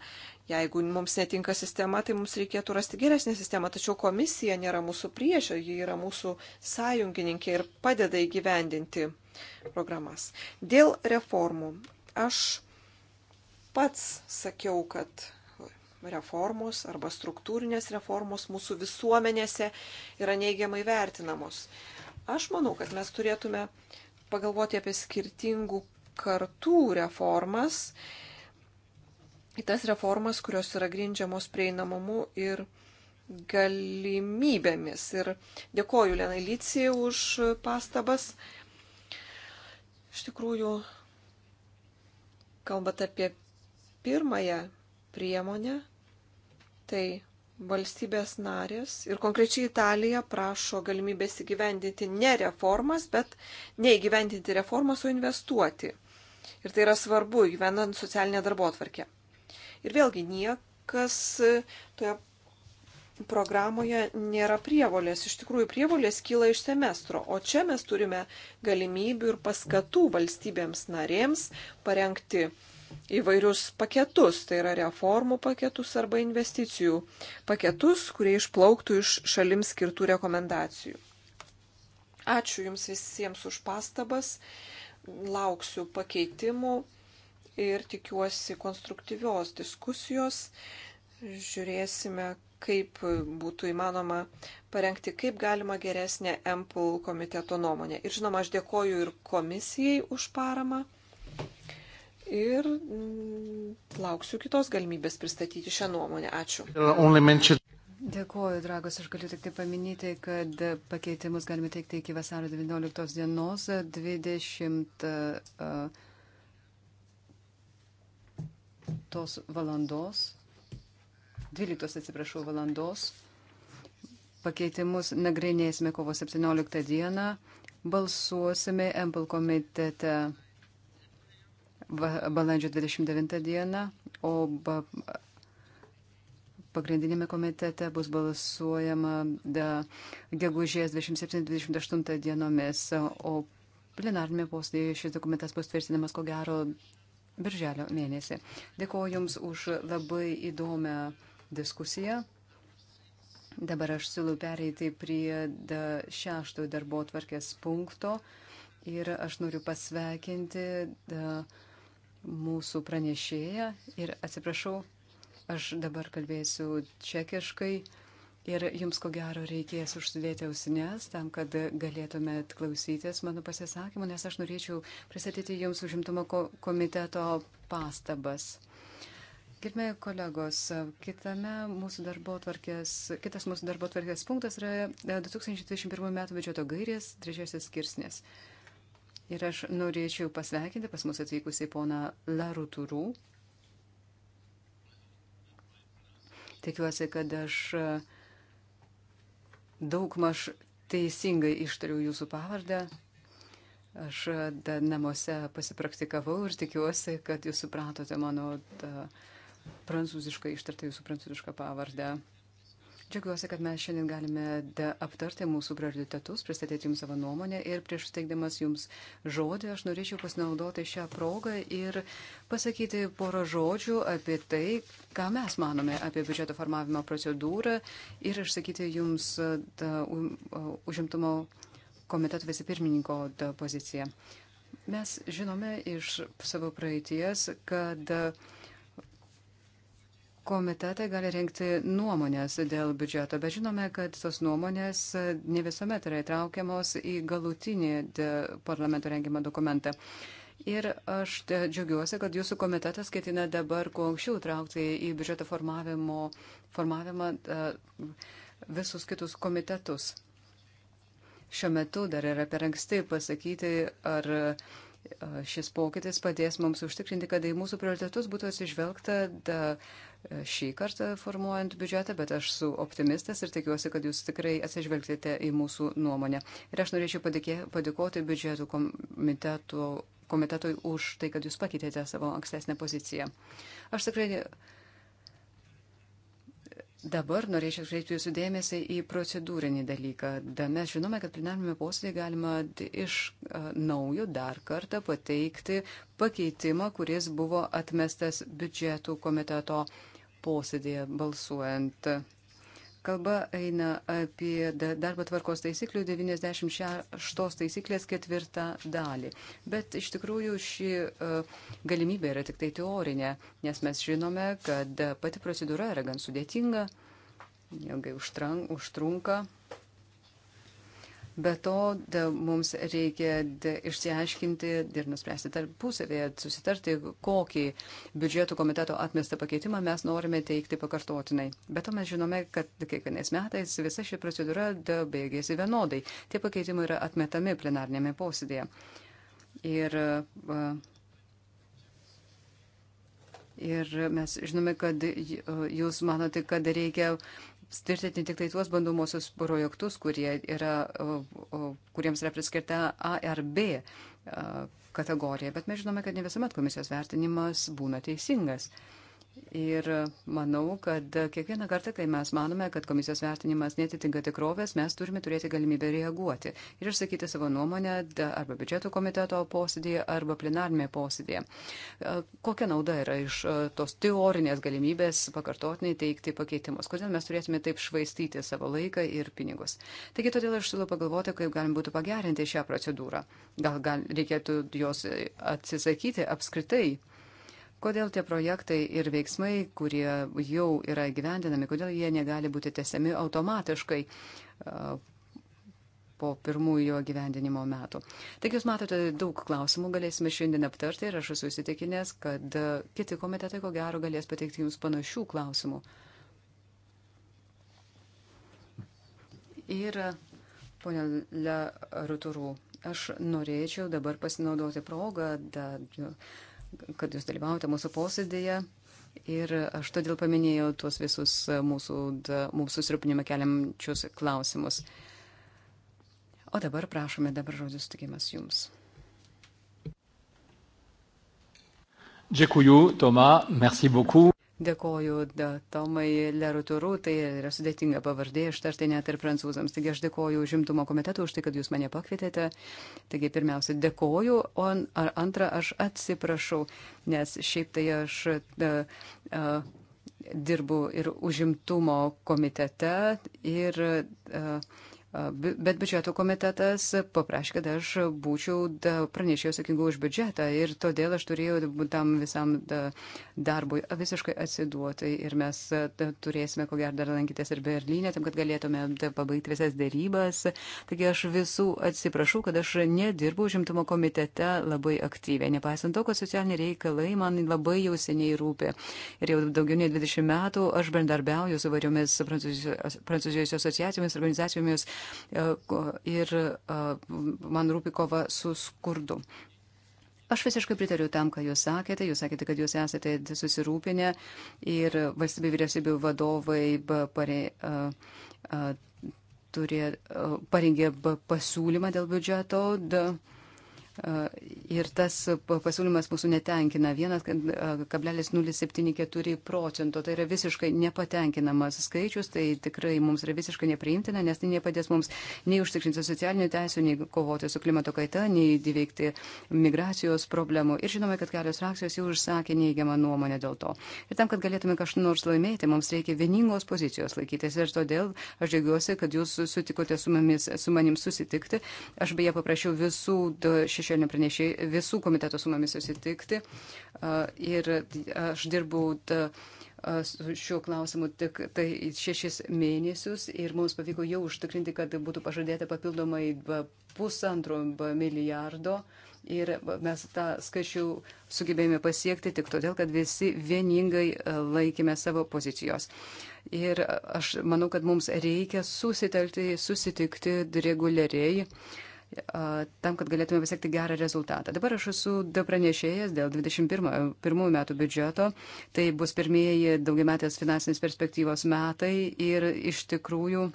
Jeigu mums netinka sistema, tai mums reikėtų rasti geresnę sistemą. Tačiau komisija nėra mūsų priešė, ji yra mūsų sąjungininkė ir padeda įgyvendinti programas. Dėl reformų. Aš pats sakiau, kad reformos arba struktūrinės reformos mūsų visuomenėse yra neigiamai vertinamos. Aš manau, kad mes turėtume pagalvoti apie skirtingų kartų reformas, į tas reformas, kurios yra grindžiamos prieinamumu ir galimybėmis. Ir dėkoju Lenai Lycijai už pastabas. Iš tikrųjų, kalbant apie pirmąją priemonę, tai valstybės narės ir konkrečiai Italija prašo galimybės įgyvendinti ne reformas, bet neįgyvendinti reformas, o investuoti. Ir tai yra svarbu, įgyvendant socialinę darbo atvarkę. Ir vėlgi niekas toje programoje nėra prievolės. Iš tikrųjų, prievolės kyla iš semestro, o čia mes turime galimybių ir paskatų valstybėms narėms parengti įvairius paketus, tai yra reformų paketus arba investicijų paketus, kurie išplauktų iš šalims skirtų rekomendacijų. Ačiū Jums visiems už pastabas, lauksiu pakeitimų ir tikiuosi konstruktyvios diskusijos. Žiūrėsime, kaip būtų įmanoma parengti, kaip galima geresnė MPL komiteto nuomonė. Ir žinoma, aš dėkoju ir komisijai už paramą. Ir mm, lauksiu kitos galimybės pristatyti šią nuomonę. Ačiū. Dėkuoju, dragos. Aš galiu tik tai paminyti, kad pakeitimus galime teikti iki vasario 19 dienos 20 uh, e, e, tos valandos. 12 atsiprašau, valandos. Pakeitimus nagrinėsime kovo 17 dieną. Balsuosime MPL komitete balandžio 29 dieną, o pagrindinėme komitete bus balsuojama gegužės 27-28 dienomis, o plenarnėme posėdėje šis dokumentas bus tvirtinamas ko gero birželio mėnesį. Dėkuoju Jums už labai įdomią diskusiją. Dabar aš siūlau pereiti prie da šešto darbo tvarkės punkto ir aš noriu pasveikinti da mūsų pranešėją ir atsiprašau, aš dabar kalbėsiu čekiškai. Ir jums ko gero reikės užsidėti ausinės tam, kad galėtumėt klausytis mano pasisakymų, nes aš norėčiau pristatyti jums užimtumo komiteto pastabas. Gerbėjai kolegos, kitame mūsų darbo tvarkės, kitas mūsų darbo tvarkės punktas yra 2021 e, m. biudžeto gairės, trečiasis skirsnis. Ir aš norėčiau pasveikinti pas mus atvykusiai poną Laruturų. Tikiuosi, kad aš e, daugmaž teisingai ištariu jūsų pavardę. Aš e, namuose pasipraktikavau ir tikiuosi, kad jūs supratote mano da, uh, prancūziškai ištartą jūsų prancūzišką pavardę. Džiaugiuosi, kad mes šiandien galime aptarti mūsų prioritetus, pristatyti jums savo nuomonę ir prieš steigdamas jums žodį, aš norėčiau pasinaudoti šią progą ir pasakyti porą žodžių apie tai, ką mes manome apie biudžeto formavimo procedūrą ir išsakyti jums da, užimtumo komiteto visipirmininko poziciją. Mes žinome iš savo praeities, kad da, komitetai gali renkti nuomonės dėl biudžeto, bet žinome, kad tos nuomonės ne visuomet yra įtraukiamos į galutinį e, parlamento rengimą dokumentą. Ir aš e, džiaugiuosi, kad jūsų komitetas ketina dabar kuo anksčiau traukti į biudžeto formavimo, formavimą e, visus kitus komitetus. Šiuo metu dar yra per anksti pasakyti, ar šis pokytis padės mums užtikrinti, kad į mūsų prioritetus būtų atsižvelgta da, E, šį kartą formuojant biudžetą, bet aš su optimistas ir tikiuosi, kad jūs tikrai atsižvelgsite į mūsų nuomonę. Ir aš norėčiau padėkė, padėkoti biudžetų komiteto, komitetui už tai, kad jūs pakeitėte savo ankstesnę poziciją. Aš tikrai dabar norėčiau kreipti jūsų dėmesį į procedūrinį dalyką. Da, mes žinome, kad plenarinėme posėdėje galima iš uh, naujo dar kartą pateikti pakeitimą, kuris buvo atmestas biudžetų komiteto uh, posėdėje balsuojant. Kalba eina apie darbo tvarkos taisyklių 96 taisyklės ketvirtą dalį. Bet iš tikrųjų ši e, galimybė yra tik tai teorinė, nes mes žinome, kad pati procedūra yra gan sudėtinga, ilgai užtrunka. Be to, da, mums reikia da, išsiaiškinti ir nuspręsti tarpusavėje, susitarti, kokį biudžeto komiteto atmestą pakeitimą mes norime teikti pakartotinai. Bet to mes žinome, kad kiekvienais metais visa ši procedūra da, baigėsi vienodai. Tie pakeitimai yra atmetami plenarnėme posėdėje. Ir, ir mes žinome, kad jūs manote, kad reikia tvirtinti tik tai tuos bandomosius projektus, kurie yra, kuriems yra priskirta A ar B kategorija, bet mes žinome, kad ne visuomet komisijos vertinimas būna teisingas. Uh, Ir manau, kad kiekvieną kartą, kai mes manome, kad komisijos vertinimas netitinka tikrovės, mes turime turėti galimybę reaguoti ir išsakyti savo nuomonę arba biudžeto komiteto posėdėje, arba plenarmė posėdėje. E, kokia nauda yra iš e, tos teorinės galimybės pakartotinai teikti pakeitimus? Kodėl mes turėtume taip švaistyti savo laiką ir pinigus? Taigi todėl aš siūlau pagalvoti, kaip galim būtų pagerinti šią procedūrą. Gal, gal reikėtų jos e, atsisakyti apskritai? Kodėl tie projektai ir veiksmai, kurie jau yra gyvendinami, kodėl jie negali būti tesiami automatiškai po pirmųjų gyvendinimo metų. Taigi jūs matote, daug klausimų galėsime šiandien aptarti ir aš esu įsitikinęs, kad kiti komitetai ko gero galės pateikti jums panašių klausimų. Ir, ponia Le Ruturų, aš norėčiau dabar pasinaudoti progą, da, kad jūs dalyvaujate mūsų posėdėje. Ir aš todėl paminėjau tuos visus mūsų, mūsų susirūpinimą keliančius klausimus. O dabar prašome, dabar žodis sutikimas jums. Dėkuoju, Toma, merci beaucoup. Dėkoju da, Tomai Leruturu, tai yra sudėtinga pavardė ištarti net ir prancūzams. Taigi aš dėkoju žimtumo komitetu už tai, kad jūs mane pakvietėte. Taigi pirmiausia, dėkoju, o antra, aš atsiprašau, nes šiaip tai aš da, a, dirbu ir užimtumo komitete ir a, Bet biudžeto komitetas paprašė, kad aš būčiau pranešėjęs atsakingų už biudžetą ir todėl aš turėjau tam visam darbui visiškai atsiduoti. Ir mes turėsime, ko gero, dar lankytis ir Berlyne, tam, kad galėtume pabaigti visas dėrybas. Taigi aš visų atsiprašau, kad aš nedirbu užimtumo komitete labai aktyviai, nepaisant to, kad socialiniai reikalai man labai jau seniai rūpi. Ir jau daugiau nei 20 metų aš bendarbiauju su variomis prancūzijos asociacijomis, organizacijomis E, ir e, man rūpi kova su skurdu. Aš visiškai pritariu tam, ką jūs sakėte. Jūs sakėte, kad jūs esate susirūpinę ir valstybių vyriausybių vadovai pare, a, e, a, turė, a, parengė pasiūlymą dėl biudžeto. Da, E, ir tas pasiūlymas mūsų netenkina. 1,074 e, procento. Tai yra visiškai nepatenkinamas skaičius. Tai tikrai mums yra visiškai nepriimtina, nes tai nepadės mums nei užtikrinti socialinių teisų, nei kovoti su klimato kaita, nei įveikti migracijos problemų. Ir žinome, kad kelios frakcijos jau užsakė neįgiamą nuomonę dėl to. Ir tam, kad galėtume kažką nors laimėti, mums reikia vieningos pozicijos laikytis. Ir todėl aš džiaugiuosi, kad jūs sutikote su, mumis, su manim susitikti. Aš beje paprašiau visų šešių šešėlinių pranešėjų visų komitetų su mumis susitikti. Ir aš dirbau su šiuo klausimu tik tai šešis mėnesius ir mums pavyko jau užtikrinti, kad būtų pažadėta papildomai pusantro milijardo. Ir mes tą skaičių sugebėjome pasiekti tik todėl, kad visi vieningai laikėme savo pozicijos. Ir aš manau, kad mums reikia susitelti, susitikti reguliariai. Uh, tam, kad galėtume pasiekti gerą rezultatą. Dabar aš esu pranešėjas dėl 21 metų biudžeto. Tai bus pirmieji daugiametės finansinės perspektyvos metai ir iš tikrųjų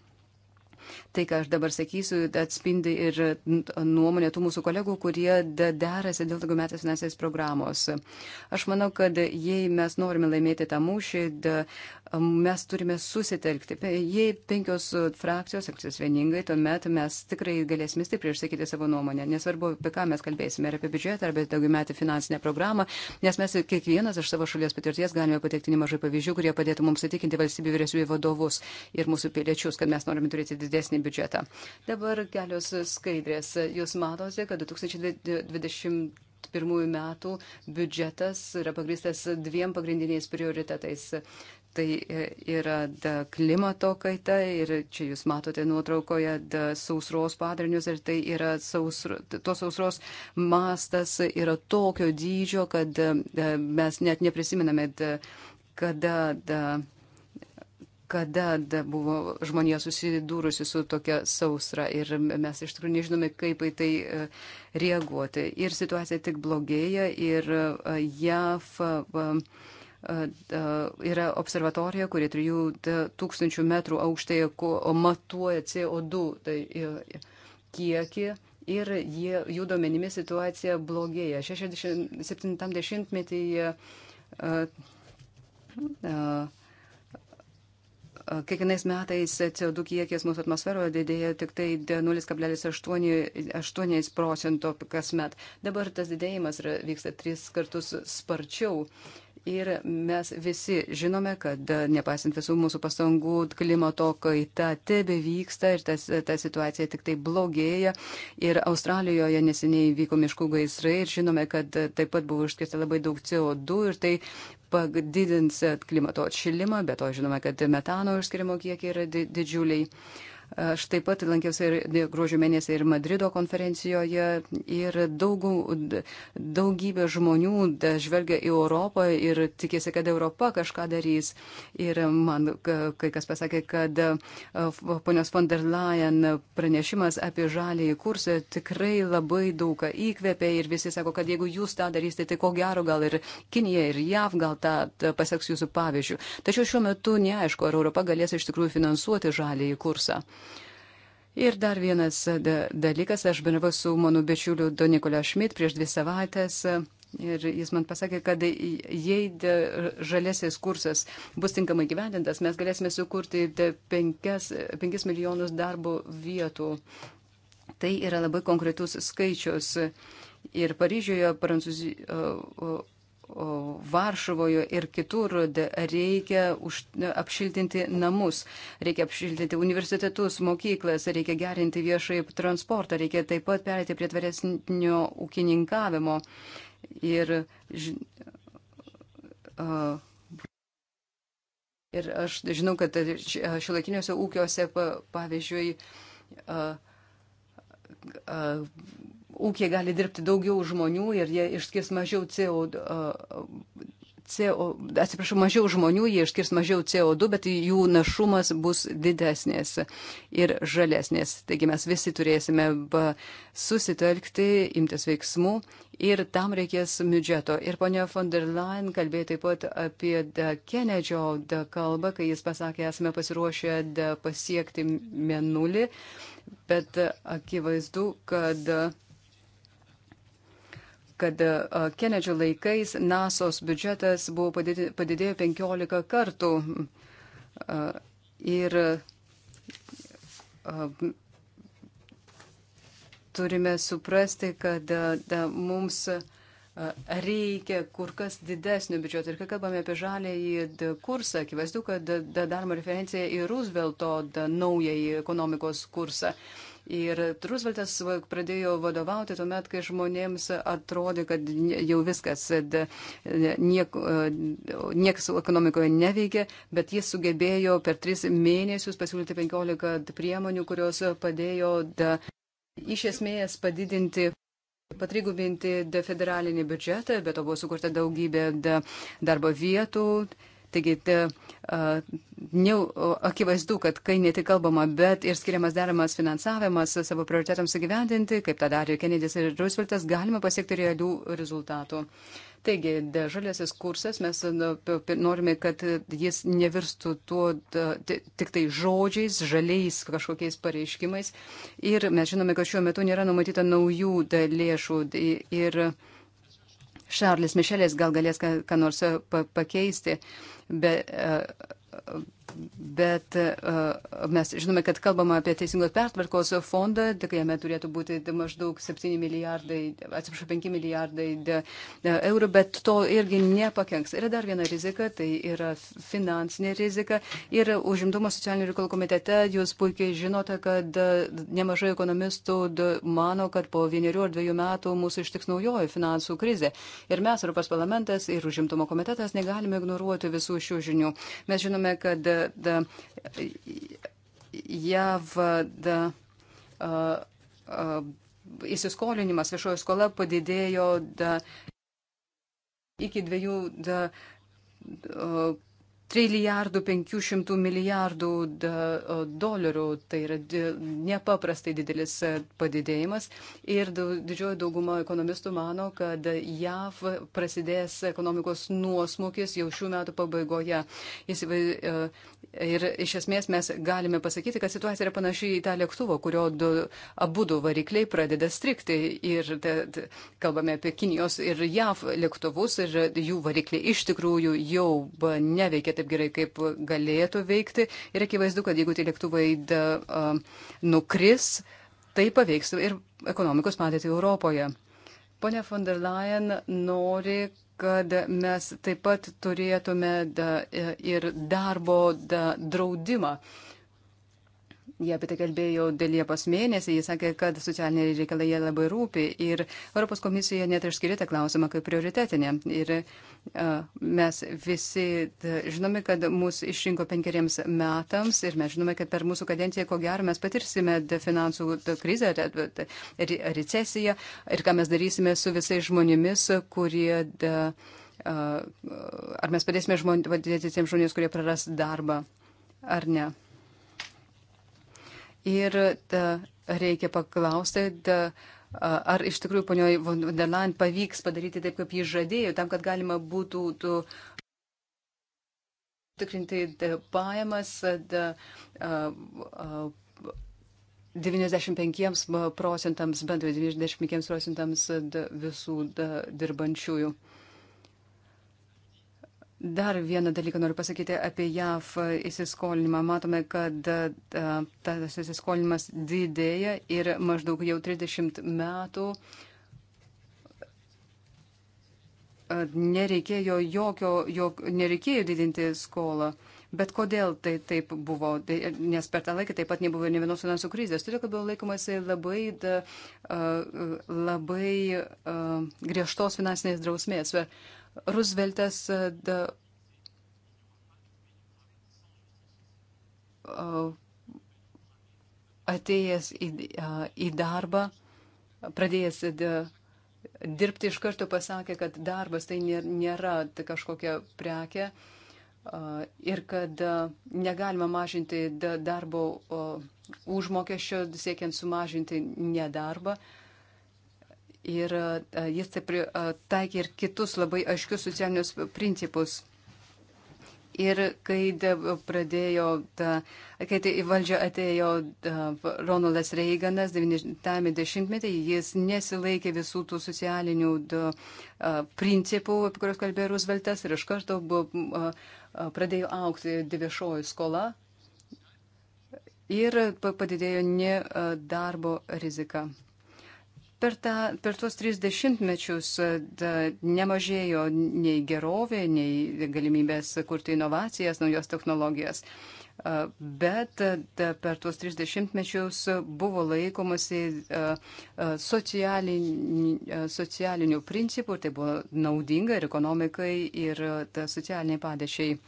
Tai, ką aš dabar sakysiu, atspindi ir nuomonė tų mūsų kolegų, kurie derasi dėl daugiametės finansinės programos. Aš manau, kad jei mes norime laimėti tą mūšį, mes turime susitelkti. Jei penkios frakcijos akcijos vieningai, tuomet mes tikrai galėsime stipriai išsakyti savo nuomonę. Nesvarbu, apie ką mes kalbėsime, ar apie biudžetą, ar apie daugiametę finansinę programą, nes mes kiekvienas iš savo šalies patirties galime patekti nemažai pavyzdžių, kurie padėtų mums įtikinti valstybių vyriausybių vadovus ir mūsų piliečius, kad mes norime turėti didesnį didesnį biudžetą. Dabar kelios skaidrės. Jūs matote, kad 2020 pirmųjų metų biudžetas yra pagristas dviem pagrindiniais prioritetais. Tai e, yra klimato kaita ir čia jūs matote nuotraukoje sausros padarinius ir tai yra sausro, tos sausros mastas yra tokio dydžio, kad mes net neprisiminame, kada. Da, kada buvo žmonija susidūrusi su tokia sausra ir mes iš tikrųjų nežinome, kaip į tai e, reaguoti. Ir situacija tik blogėja ir e, JAV e, yra observatorija, kuri 3000 metrų aukštėje matuoja CO2 tai, kiekį. Ir jie, jų duomenimis situacija blogėja. 60-70 metyje uh, uh, Kiekvienais metais CO2 kiekis mūsų atmosferoje didėja tik tai 0,8 procento kasmet. Dabar tas didėjimas yra, vyksta tris kartus sparčiau. Uh, Ir mes visi žinome, kad e, nepaisant visų mūsų pastangų, klimato kaita tebe vyksta ir tas, ta situacija tik tai blogėja. Ir Australijoje neseniai vyko miškų gaisrai ir žinome, kad e, taip pat buvo iškirsta labai daug CO2 ir tai padidins e, klimato atšilimą, bet to žinome, kad metano išskirimo kiekiai yra didžiuliai. Uh, Aš taip pat lankiausi ir gruožio mėnesį ir Madrido konferencijoje ir daug, daugybė žmonių žvelgia į Europą ir tikėsi, kad Europa kažką darys. Ir man kai kas pasakė, kad ponios von der Leyen pranešimas apie žalį kursą tikrai labai daugą įkvėpė ir visi sako, kad jeigu jūs tą darysite, tai ko gero gal ir Kinija ir JAV gal tą paseks jūsų pavyzdžių. Tačiau šiuo metu neaišku, ar Europa galės iš tikrųjų finansuoti žalį kursą. Ir dar vienas e, dalykas, aš bendravau su mano bičiuliu Donikola Šmit prieš dvi savaitės. E, ir jis man pasakė, kad jei žalėsis kursas bus tinkamai gyvendintas, mes galėsime sukurti 5 milijonus darbo vietų. Tai yra labai konkretus skaičius. Ir Paryžioje, Prancūzijoje Varšuvoje ir kitur reikia už, apšiltinti namus, reikia apšiltinti universitetus, mokyklas, reikia gerinti viešai transportą, reikia taip pat perėti prie tvaresnio ūkininkavimo. Ir, ir aš žinau, kad šilakiniuose ūkiuose, pavyzdžiui, ūkiai gali dirbti daugiau žmonių ir jie išskirs mažiau CO2. Uh, CO, atsiprašau, mažiau žmonių, jie iškirs mažiau CO2, bet jų našumas bus didesnės ir žalesnės. Taigi mes visi turėsime susitelkti, imtis veiksmų ir tam reikės biudžeto. Ir ponia von der Leyen kalbėjo taip pat apie Kenedžio kalbą, kai jis pasakė, esame pasiruošę pasiekti mėnulį, bet akivaizdu, kad kad Kenedžio laikais NASOS biudžetas buvo padidėjo 15 kartų. Ir turime suprasti, kad da, mums reikia kur kas didesnio biudžeto. Ir kai kalbame apie žalėjį kursą, akivaizdu, kad da, daroma referencija į Roosevelto da, naująjį ekonomikos kursą. Uh, Ir Rooseveltas pradėjo vadovauti tuomet, kai žmonėms atrodė, kad jau viskas, niek, niekas ekonomikoje neveikia, bet jis sugebėjo per tris mėnesius pasiūlyti 15 priemonių, kurios padėjo da, iš esmės padidinti. Patrigubinti federalinį biudžetą, bet to buvo sukurta daugybė darbo vietų, Taigi, te, ne, akivaizdu, kad kai ne tik kalbama, bet ir skiriamas deramas finansavimas savo prioritetams įgyvendinti, kaip tą darė Kenedis ir Rooseveltas, galima pasiekti realių rezultatų. Taigi, žaliasis kursas, mes nu, norime, kad jis nevirstų tuo tik tai žodžiais, žaliais kažkokiais pareiškimais. Ir mes žinome, kad šiuo metu nėra numatyta naujų lėšų. Ir, ir Šarlis Mišelis gal galės ką, ką nors e, pakeisti, bet, e, Bet e, mes žinome, kad kalbama apie teisingos pertvarkos fondą, tik jame turėtų būti maždaug 7 milijardai, atsiprašau, 5 milijardai e, eurų, bet to irgi nepakenks. Yra dar viena rizika, tai yra finansinė rizika. Ir užimtumo socialinių reikalų komitete jūs puikiai žinote, kad e, nemažai ekonomistų mano, kad po vienerių ar dviejų metų mūsų ištiks naujoji finansų krizė. Ir mes, Europos parlamentas ir užimtumo komitetas, negalime ignoruoti visų šių žinių. Mes žinome, kad da, JAV da, a, a, įsiskolinimas, viešojo skola padidėjo da, iki dviejų da, trilijardų 500 milijardų dolerių. Tai yra nepaprastai didelis e, padidėjimas. Ir didžioji dauguma ekonomistų mano, kad JAV prasidės ekonomikos nuosmukis jau šių metų pabaigoje. E, ir iš esmės mes galime pasakyti, kad situacija yra panašiai į tą lėktuvą, kurio abu du varikliai pradeda strikti. Ir ta, ta, kalbame apie Kinijos ir JAV lėktuvus ir jų varikliai iš tikrųjų jau neveikia taip gerai, kaip galėtų veikti. Ir akivaizdu, kad jeigu tie lėktuvai da, a, nukris, tai paveiks ir ekonomikos padėtį Europoje. Pone von der Leyen nori, kad mes taip pat turėtume da, ir darbo da, draudimą. A, Jie apie tai kalbėjo dėl Liepos mėnesį, jis sakė, kad socialiniai reikalai jie labai rūpi ir Europos komisija net išskiria tą klausimą kaip prioritetinę. Ir mes visi žinome, kad mus išrinko penkeriems metams ir mes žinome, kad per mūsų kadenciją, ko gero, mes patirsime finansų krizę, recesiją ir ką mes darysime su visais žmonėmis, kurie. Ar mes padėsime žmonėms, tiems žmonėms, kurie praras darbą, ar ne? Ir da, reikia paklausti, da, ar iš tikrųjų ponioj von der Leyen pavyks padaryti taip, kaip jis žadėjo, tam, kad galima būtų tų, tikrinti da, pajamas da, a, a, 95 procentams, bent 95 procentams da, visų da, dirbančiųjų. Dar vieną dalyką noriu pasakyti apie JAV įsiskolinimą. Matome, kad e, tas įsiskolinimas didėja ir maždaug jau 30 metų e, nereikėjo, jokio, jok, nereikėjo didinti skolą. Bet kodėl tai taip buvo? Tai, nes per tą laiką taip pat nebuvo ne vienos finansų krizės. Todėl, kad buvo laikomasi labai, da, e, labai griežtos finansinės drausmės. Ruzveltas da, uh, uh, atėjęs į, uh, į darbą, pradėjęs dirbti iš karto pasakė, kad darbas tai nėra tai kažkokia prekė ir kad negalima mažinti darbo užmokesčio siekiant sumažinti nedarbą. Ir e, jis taip e, taikė ir kitus labai aiškius socialinius principus. Ir kai pradėjo, da, kai tai į valdžią atėjo da, e, Ronaldas Reiganas 90-metį, jis nesilaikė visų tų socialinių da, principų, apie kuriuos kalbėjo Rooseveltas, ir iš karto buvo, pradėjo aukti dviešoji skola ir padidėjo nedarbo rizika. Per, ta, per tuos tris dešimtmečius e, da, nemažėjo nei gerovė, nei galimybės kurti inovacijas, naujos technologijas. E, bet e, da, per tuos tris dešimtmečius buvo laikomasi socialin, socialinių principų, tai buvo naudinga ir ekonomikai, ir da, socialiniai padėčiai.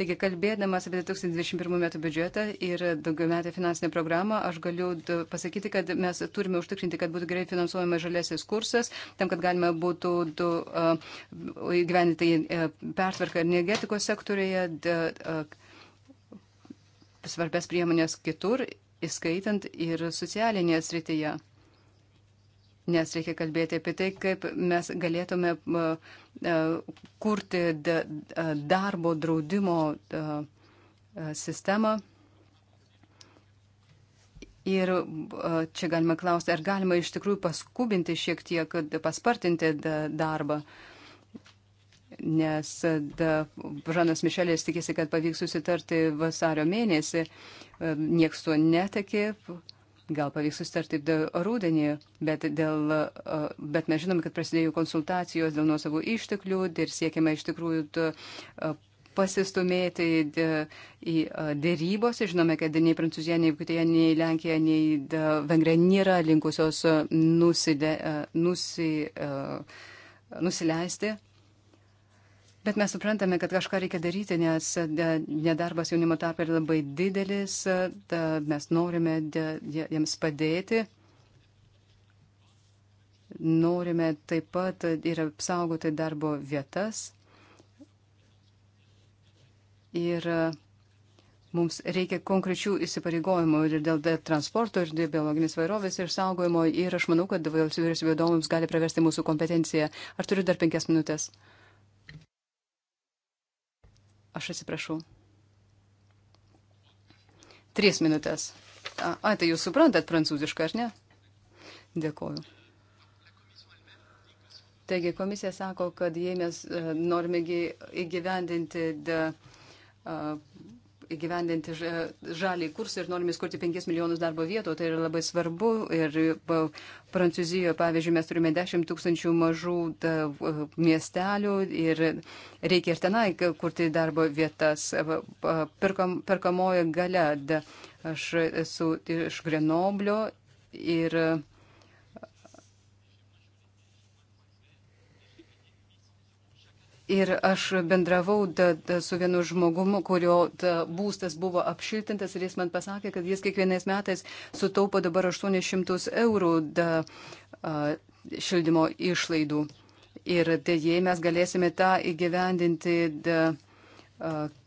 Taigi, kalbėdamas apie 2021 metų biudžetą ir daugiametę finansinę programą, aš galiu pasakyti, kad mes turime užtikrinti, kad būtų gerai finansuojama žalėsis kursas, tam, kad galima būtų įgyveninti uh, e, pertvarką energetikos sektorėje, uh, svarbės priemonės kitur, įskaitant ir socialinėje srityje nes reikia kalbėti apie tai, kaip mes galėtume kurti darbo draudimo sistemą. Ir čia galima klausti, ar galima iš tikrųjų paskubinti šiek tiek, paspartinti darbą nes Žanas Mišelis tikisi, kad pavyks susitarti vasario mėnesį. Niekas tuo netikė. Gal pavyks sustarti rūdienį, bet, dėl, bet mes žinome, kad prasidėjo konsultacijos dėl nuosavų išteklių ir siekiame iš tikrųjų pasistumėti į dėrybos. Žinome, kad nei Prancūzija, nei Vokietija, nei Lenkija, nei Vengrija nėra linkusios nusile, nusi, nusileisti. Bet mes suprantame, kad kažką reikia daryti, nes e, nedarbas jaunimo tarp yra labai didelis, e, mes norime jiems padėti. Norime taip pat ir apsaugoti darbo vietas. Ir e, mums reikia konkrečių įsipareigojimų ir dėl transporto, ir dėl biologinės vairovės, ir saugojimo. Ir aš manau, kad valstybės vadovams gali praversti mūsų kompetenciją. Ar turiu dar penkias minutės? Uh, Aš atsiprašau. Tris minutės. A, a, tai jūs suprantat prancūzišką, ar ne? Dėkoju. Taigi komisija sako, kad jei mes uh, norime įgyvendinti de, uh, įgyvendinti žalį kursą ir norime skurti 5 milijonus darbo vietų, tai yra labai svarbu. Ir Prancūzijoje, pavyzdžiui, mes turime 10 tūkstančių mažų da, miestelių ir reikia ir tenai kurti darbo vietas. Perkam, perkamojo gale, da, aš esu iš Grenoblio ir. Uh, Ir aš bendravau da, da, su vienu žmogumu, kurio da, būstas buvo apšiltintas ir jis man pasakė, kad jis kiekvienais metais sutaupo dabar 800 eurų da, a, šildymo išlaidų. Ir tai, jei mes galėsime tą įgyvendinti. Da,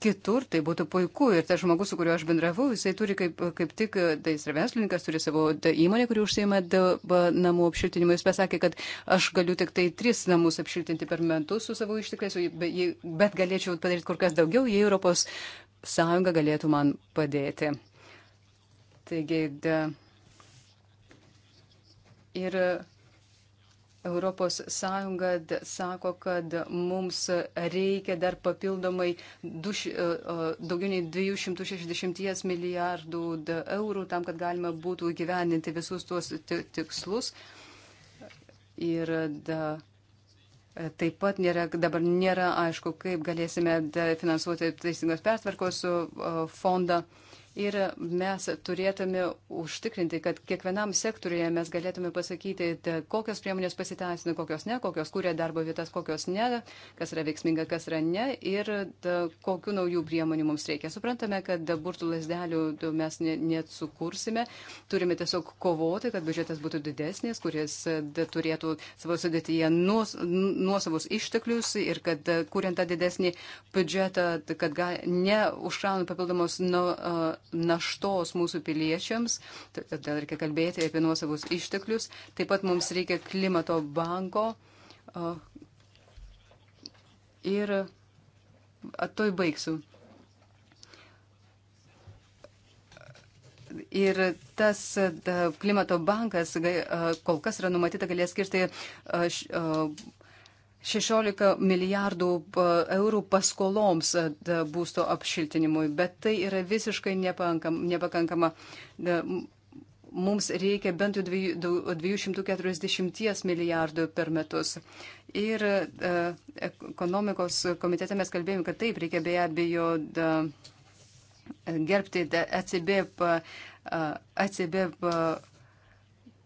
kitur, tai būtų puiku. Ir tas žmogus, su kuriuo aš bendravau, jisai turi kaip, kaip tik, tai jis yra verslininkas, turi savo įmonę, kuri užsieima namų apšiltinimu. Jis pasakė, kad aš galiu tik tai tris namus apšiltinti per metus su savo ištikliais, bet galėčiau padaryti kur kas daugiau, jei Europos Sąjunga galėtų man padėti. Taigi, da, ir Europos Sąjunga sako, kad mums reikia dar papildomai duš, e, e, daugiau nei 260 milijardų eurų tam, kad galima būtų įgyveninti visus tuos tikslus. Ir da, e, taip pat nėra, dabar nėra aišku, kaip galėsime finansuoti teisingos pertvarkos fondą. Uh, Ir mes turėtume užtikrinti, kad kiekvienam sektoriuje mes galėtume pasakyti, kokios priemonės pasiteisina, kokios ne, kokios kūrė darbo vietas, kokios ne, kas yra veiksminga, kas yra ne ir da, kokiu naujų priemonių mums reikia. Suprantame, kad burtų lasdelių mes net sukursime, turime tiesiog kovoti, kad biudžetas būtų didesnis, kuris da, turėtų savo sudėtyje nuos, nuosavus išteklius ir kad da, kuriant tą didesnį biudžetą, kad ga, neužkraunant papildomos. Nu, uh, naštos mūsų piliečiams, todėl reikia kalbėti apie nuosavus išteklius, taip pat mums reikia klimato banko ir toj baigsiu. Ir tas klimato bankas kol kas yra numatyta galės skirti 16 milijardų e, eurų paskoloms e, būsto apšiltinimui, bet tai yra visiškai nepakankama. E, mums reikia bent jau 240 milijardų per metus. Ir ekonomikos komitete mes kalbėjome, kad taip reikia be abejo gerbti ECB, ECB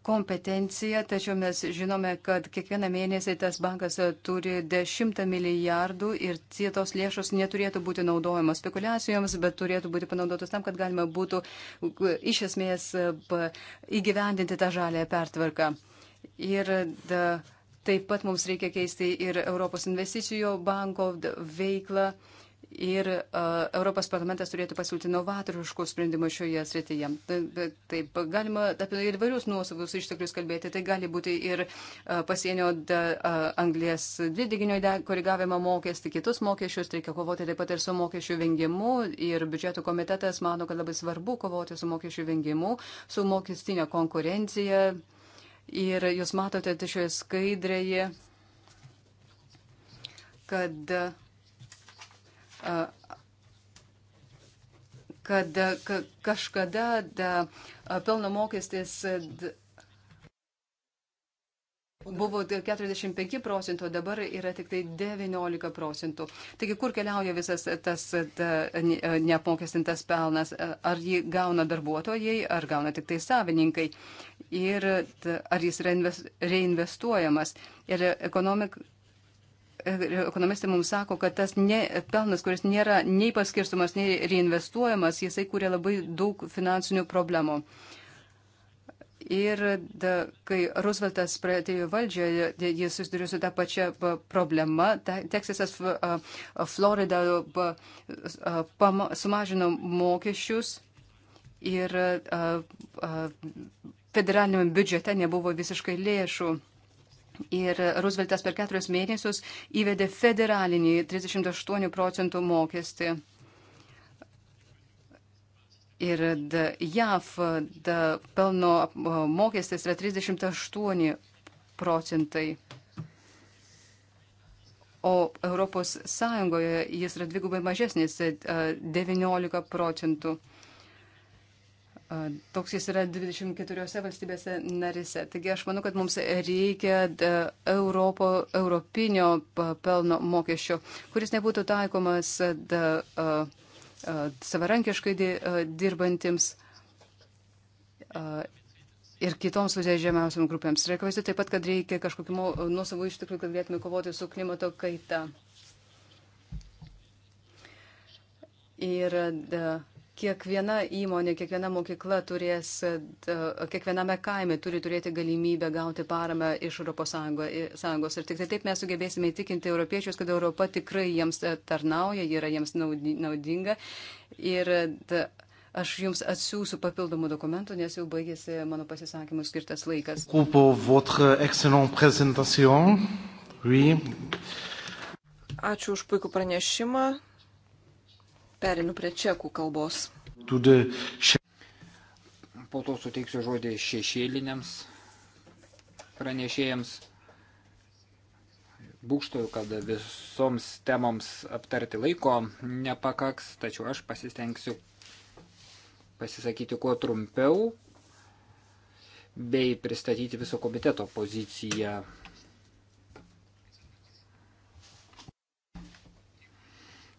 kompetencija, tačiau mes žinome, kad kiekvieną mėnesį tas bankas turi 10 milijardų ir tos lėšos neturėtų būti naudojamos spekulacijoms, bet turėtų būti panaudotos tam, kad galima būtų uh, iš esmės uh, įgyvendinti tą žalę pertvarką. Ir da, taip pat mums reikia keisti ir Europos investicijų banko veiklą. Da, Ir uh, Europos parlamentas turėtų pasiūlyti novatoriškų sprendimų šioje srityje. Taip, galima apie įvairius nuosavus išteklius kalbėti. Tai gali būti ir uh, pasienio da, uh, anglės dvideginio korigavimo mokestį, kitus mokesčius. Reikia kovoti taip pat ir su mokesčių vengimu. Ir biudžeto komitetas mano, kad labai svarbu kovoti su mokesčių vengimu, su mokestinė konkurencija. Ir jūs matote tai šioje skaidrėje, kad. Uh, kad kažkada da, pelno mokestis da, buvo 45 procentų, dabar yra tik tai 19 procentų. Taigi, kur keliauja visas tas ta, neapmokestintas pelnas? Ar jį gauna darbuotojai, ar gauna tik tai savininkai? Ir ta, ar jis yra reinvestuojamas? Ir ekonomika ekonomistai mums sako, kad tas ne, pelnas, kuris nėra nei paskirstumas, nei reinvestuojamas, jisai kūrė labai daug finansinių problemų. Ir da, kai Rooseveltas pradėjo valdžią, jis susidurė su tą pačią problemą. Teksasas, Florida sumažino mokesčius ir federalinėme biudžete nebuvo visiškai lėšų. Ir Rooseveltas per keturius mėnesius įvedė federalinį 38 procentų mokestį. Ir da, JAV da, pelno mokestis yra 38 procentai. O Europos Sąjungoje jis yra dvigubai mažesnis - 19 procentų. Toks jis yra 24 valstybėse narise. Taigi aš manau, kad mums reikia Europo, europinio pelno mokesčio, kuris nebūtų taikomas da, a, a, savarankiškai di, a, dirbantiems ir kitoms žemiausiam grupėms. Ir akivaizdu taip pat, kad reikia kažkokių nuosavų išteklių, kad galėtume kovoti su klimato kaita. Ir da, kiekviena įmonė, kiekviena mokykla turės, e, kiekviename kaime turi turėti galimybę gauti paramą iš ES. Ir tik tai taip mes sugebėsime įtikinti europiečius, kad Europa tikrai jiems e, tarnauja, yra jiems naudinga. Ir e, aš jums atsiųsiu papildomų dokumentų, nes jau baigėsi mano pasisakymų skirtas laikas. Oui. Ačiū už puikų pranešimą. Perinu prie čekų kalbos. Po to suteiksiu žodį šešėliniams pranešėjams. Būkštoju, kad visoms temoms aptarti laiko nepakaks, tačiau aš pasistengsiu pasisakyti kuo trumpiau bei pristatyti viso komiteto poziciją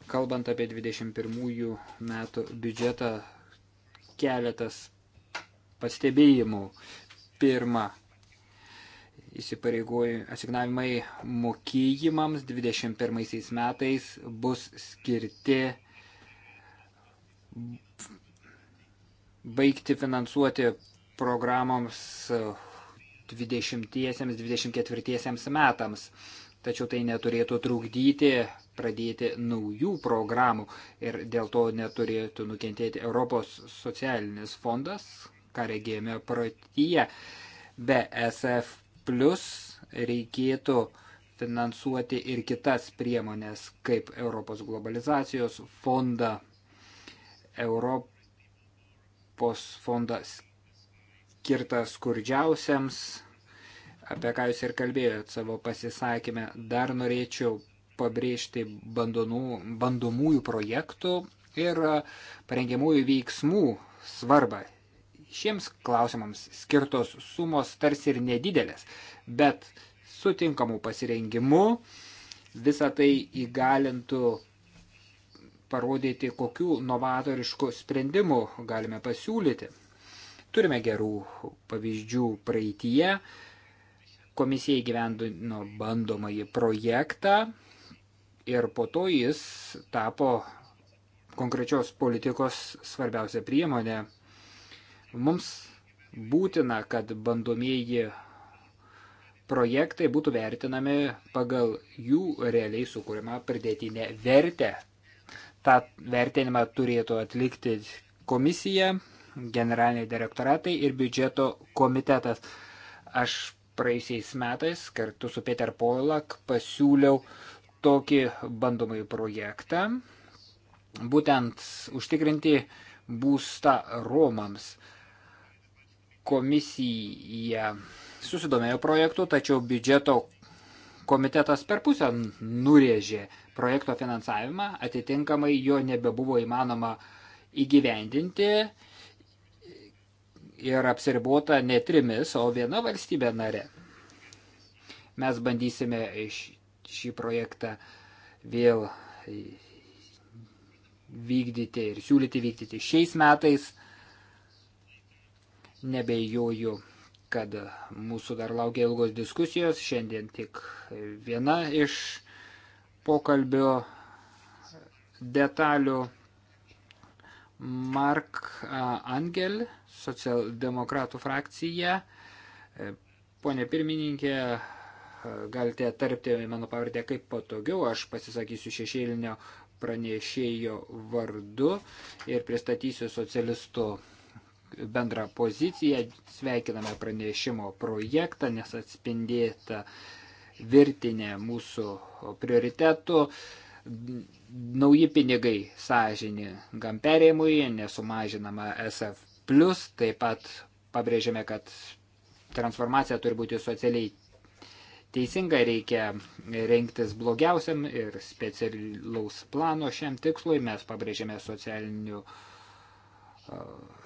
Kalbant apie 21 metų biudžetą, keletas pastebėjimų. Pirma, asignavimai mokėjimams 21 metais bus skirti baigti finansuoti programoms 20-24 metams. Tačiau tai neturėtų trukdyti pradėti naujų programų ir dėl to neturėtų nukentėti Europos socialinis fondas, ką regėjome pratyje. Be SF plus reikėtų finansuoti ir kitas priemonės, kaip Europos globalizacijos fondą, Europos fondas skirtas skurdžiausiams, apie ką jūs ir kalbėjote savo pasisakymę. Dar norėčiau pabrėžti bandonų, bandomųjų projektų ir e, parengiamųjų veiksmų svarbą. Šiems klausimams skirtos sumos tarsi ir nedidelės, bet su tinkamu pasirengimu visą tai įgalintų parodyti, kokių novatoriškų sprendimų galime pasiūlyti. Turime gerų pavyzdžių praeitie. Komisija įgyvendino bandomąjį projektą, ir po to jis tapo konkrečios politikos svarbiausia priemonė. Mums būtina, kad bandomieji projektai būtų vertinami pagal jų realiai sukūrimą pridėtinę vertę. Ta vertinimą turėtų atlikti komisija, generaliniai direktoratai ir biudžeto komitetas. Aš praeisiais metais kartu su Peter Poilak pasiūliau tokį bandomąjį projektą, būtent užtikrinti būstą Romams. Komisija susidomėjo projektu, tačiau biudžeto komitetas per pusę nurėžė projekto finansavimą, atitinkamai jo nebebuvo įmanoma įgyvendinti ir apsiribuota ne trimis, o viena valstybė nare. Mes bandysime iš šį projektą vėl vykdyti ir siūlyti vykdyti šiais metais. Nebejoju, kad mūsų dar laukia ilgos diskusijos. Šiandien tik viena iš pokalbio detalių. Mark Angel, socialdemokratų frakcija. Pone pirmininkė, galite tarpti mano pavardę kaip patogiau, aš pasisakysiu šešėlinio pranešėjo vardu ir pristatysiu socialistų bendrą poziciją. Sveikiname pranešimo projektą, nes atspindėta virtinė mūsų prioritetų. Nauji pinigai sąžiningam perėjimui, nesumažinama SF, taip pat pabrėžiame, kad transformacija turi būti socialiai teisinga reikia rinktis blogiausiam ir specialaus plano šiam tikslui. Mes pabrėžėme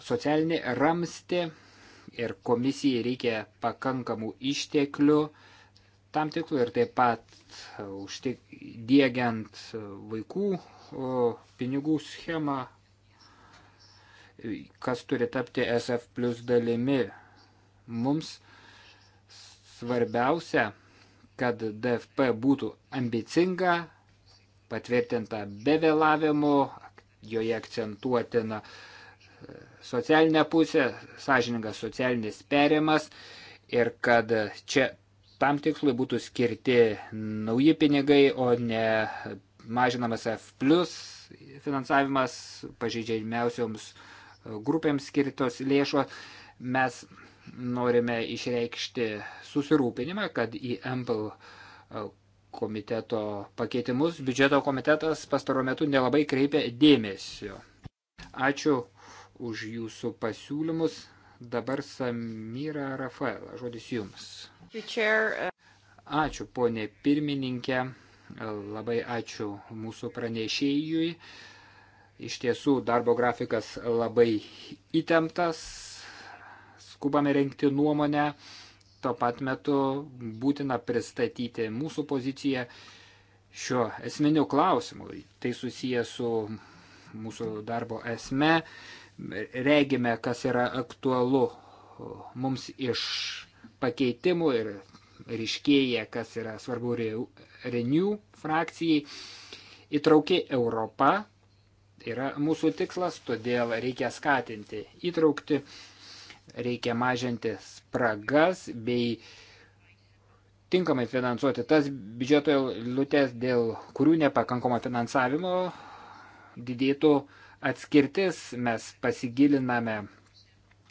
socialinį ramstį ir komisijai reikia pakankamų išteklių tam tikslui ir taip pat užtik, dėgiant vaikų pinigų schemą, kas turi tapti SF plus dalimi. Mums svarbiausia kad DFP būtų ambicinga, patvirtinta be vėlavimų, joje akcentuotina e, socialinė pusė, sąžiningas socialinis perimas ir kad čia tam tikslui būtų skirti nauji pinigai, o ne mažinamas F plus finansavimas pažeidžiamiausioms grupėms skirtos lėšos. Mes norime išreikšti susirūpinimą, kad į MPL e, komiteto pakeitimus biudžeto komitetas pastaruo metu nelabai kreipia dėmesio. Ačiū už jūsų pasiūlymus. Dabar Samyra Rafaela, žodis jums. Ačiū, ponė pirmininkė. Labai ačiū mūsų pranešėjui. Iš tiesų, darbo grafikas labai įtemptas skubame renkti nuomonę, tuo pat metu būtina pristatyti mūsų poziciją šiuo esminiu klausimu. Tai susiję su mūsų darbo esme, regime, kas yra aktualu mums iš pakeitimų ir ryškėja, kas yra svarbu Renew frakcijai. Įtraukė Europa yra mūsų tikslas, todėl reikia skatinti įtraukti Reikia mažinti spragas bei tinkamai finansuoti tas biudžeto lūtės, dėl kurių nepakankamo finansavimo didėtų atskirtis. Mes pasigiliname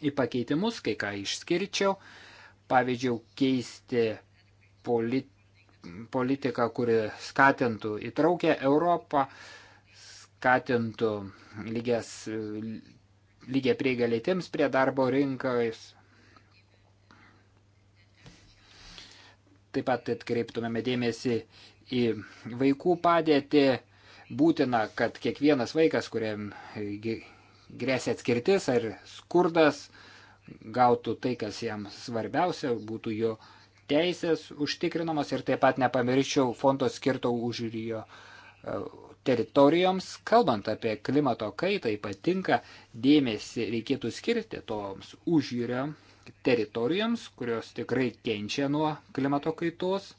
į pakeitimus, kai ką išskirčiau. Pavyzdžiui, keisti politiką politiką, kuri skatintų įtraukę Europą, skatintų lygias lygiai prieigą lėtiems prie darbo rinkos. Taip pat atkreiptumėme dėmesį į vaikų padėtį. Būtina, kad kiekvienas vaikas, kuriam grėsia atskirtis ar skurdas, gautų tai, kas jam svarbiausia, būtų jo teisės užtikrinamos ir taip pat nepamirščiau fondo skirto užryjo e, teritorijoms, kalbant apie klimato kaitą, ypatinga dėmesį reikėtų skirti toms užjūrio teritorijoms, kurios tikrai kenčia nuo klimato kaitos.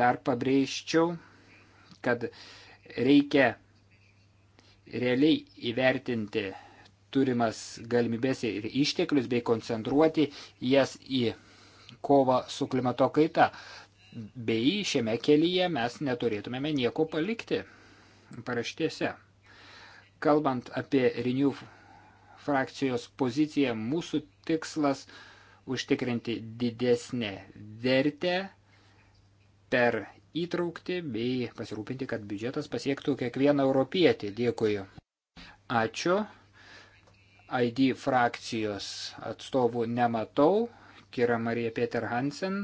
Dar pabrėžčiau, kad reikia realiai įvertinti turimas galimybės ir išteklius bei koncentruoti jas į kovą su klimato kaita bei šiame kelyje mes neturėtumėme nieko palikti paraštėse. Kalbant apie Renew frakcijos poziciją, mūsų tikslas užtikrinti didesnę vertę per įtraukti bei pasirūpinti, kad biudžetas pasiektų kiekvieną europietį. Dėkui. Ačiū. ID frakcijos atstovų nematau. Kira Marija Peter Hansen,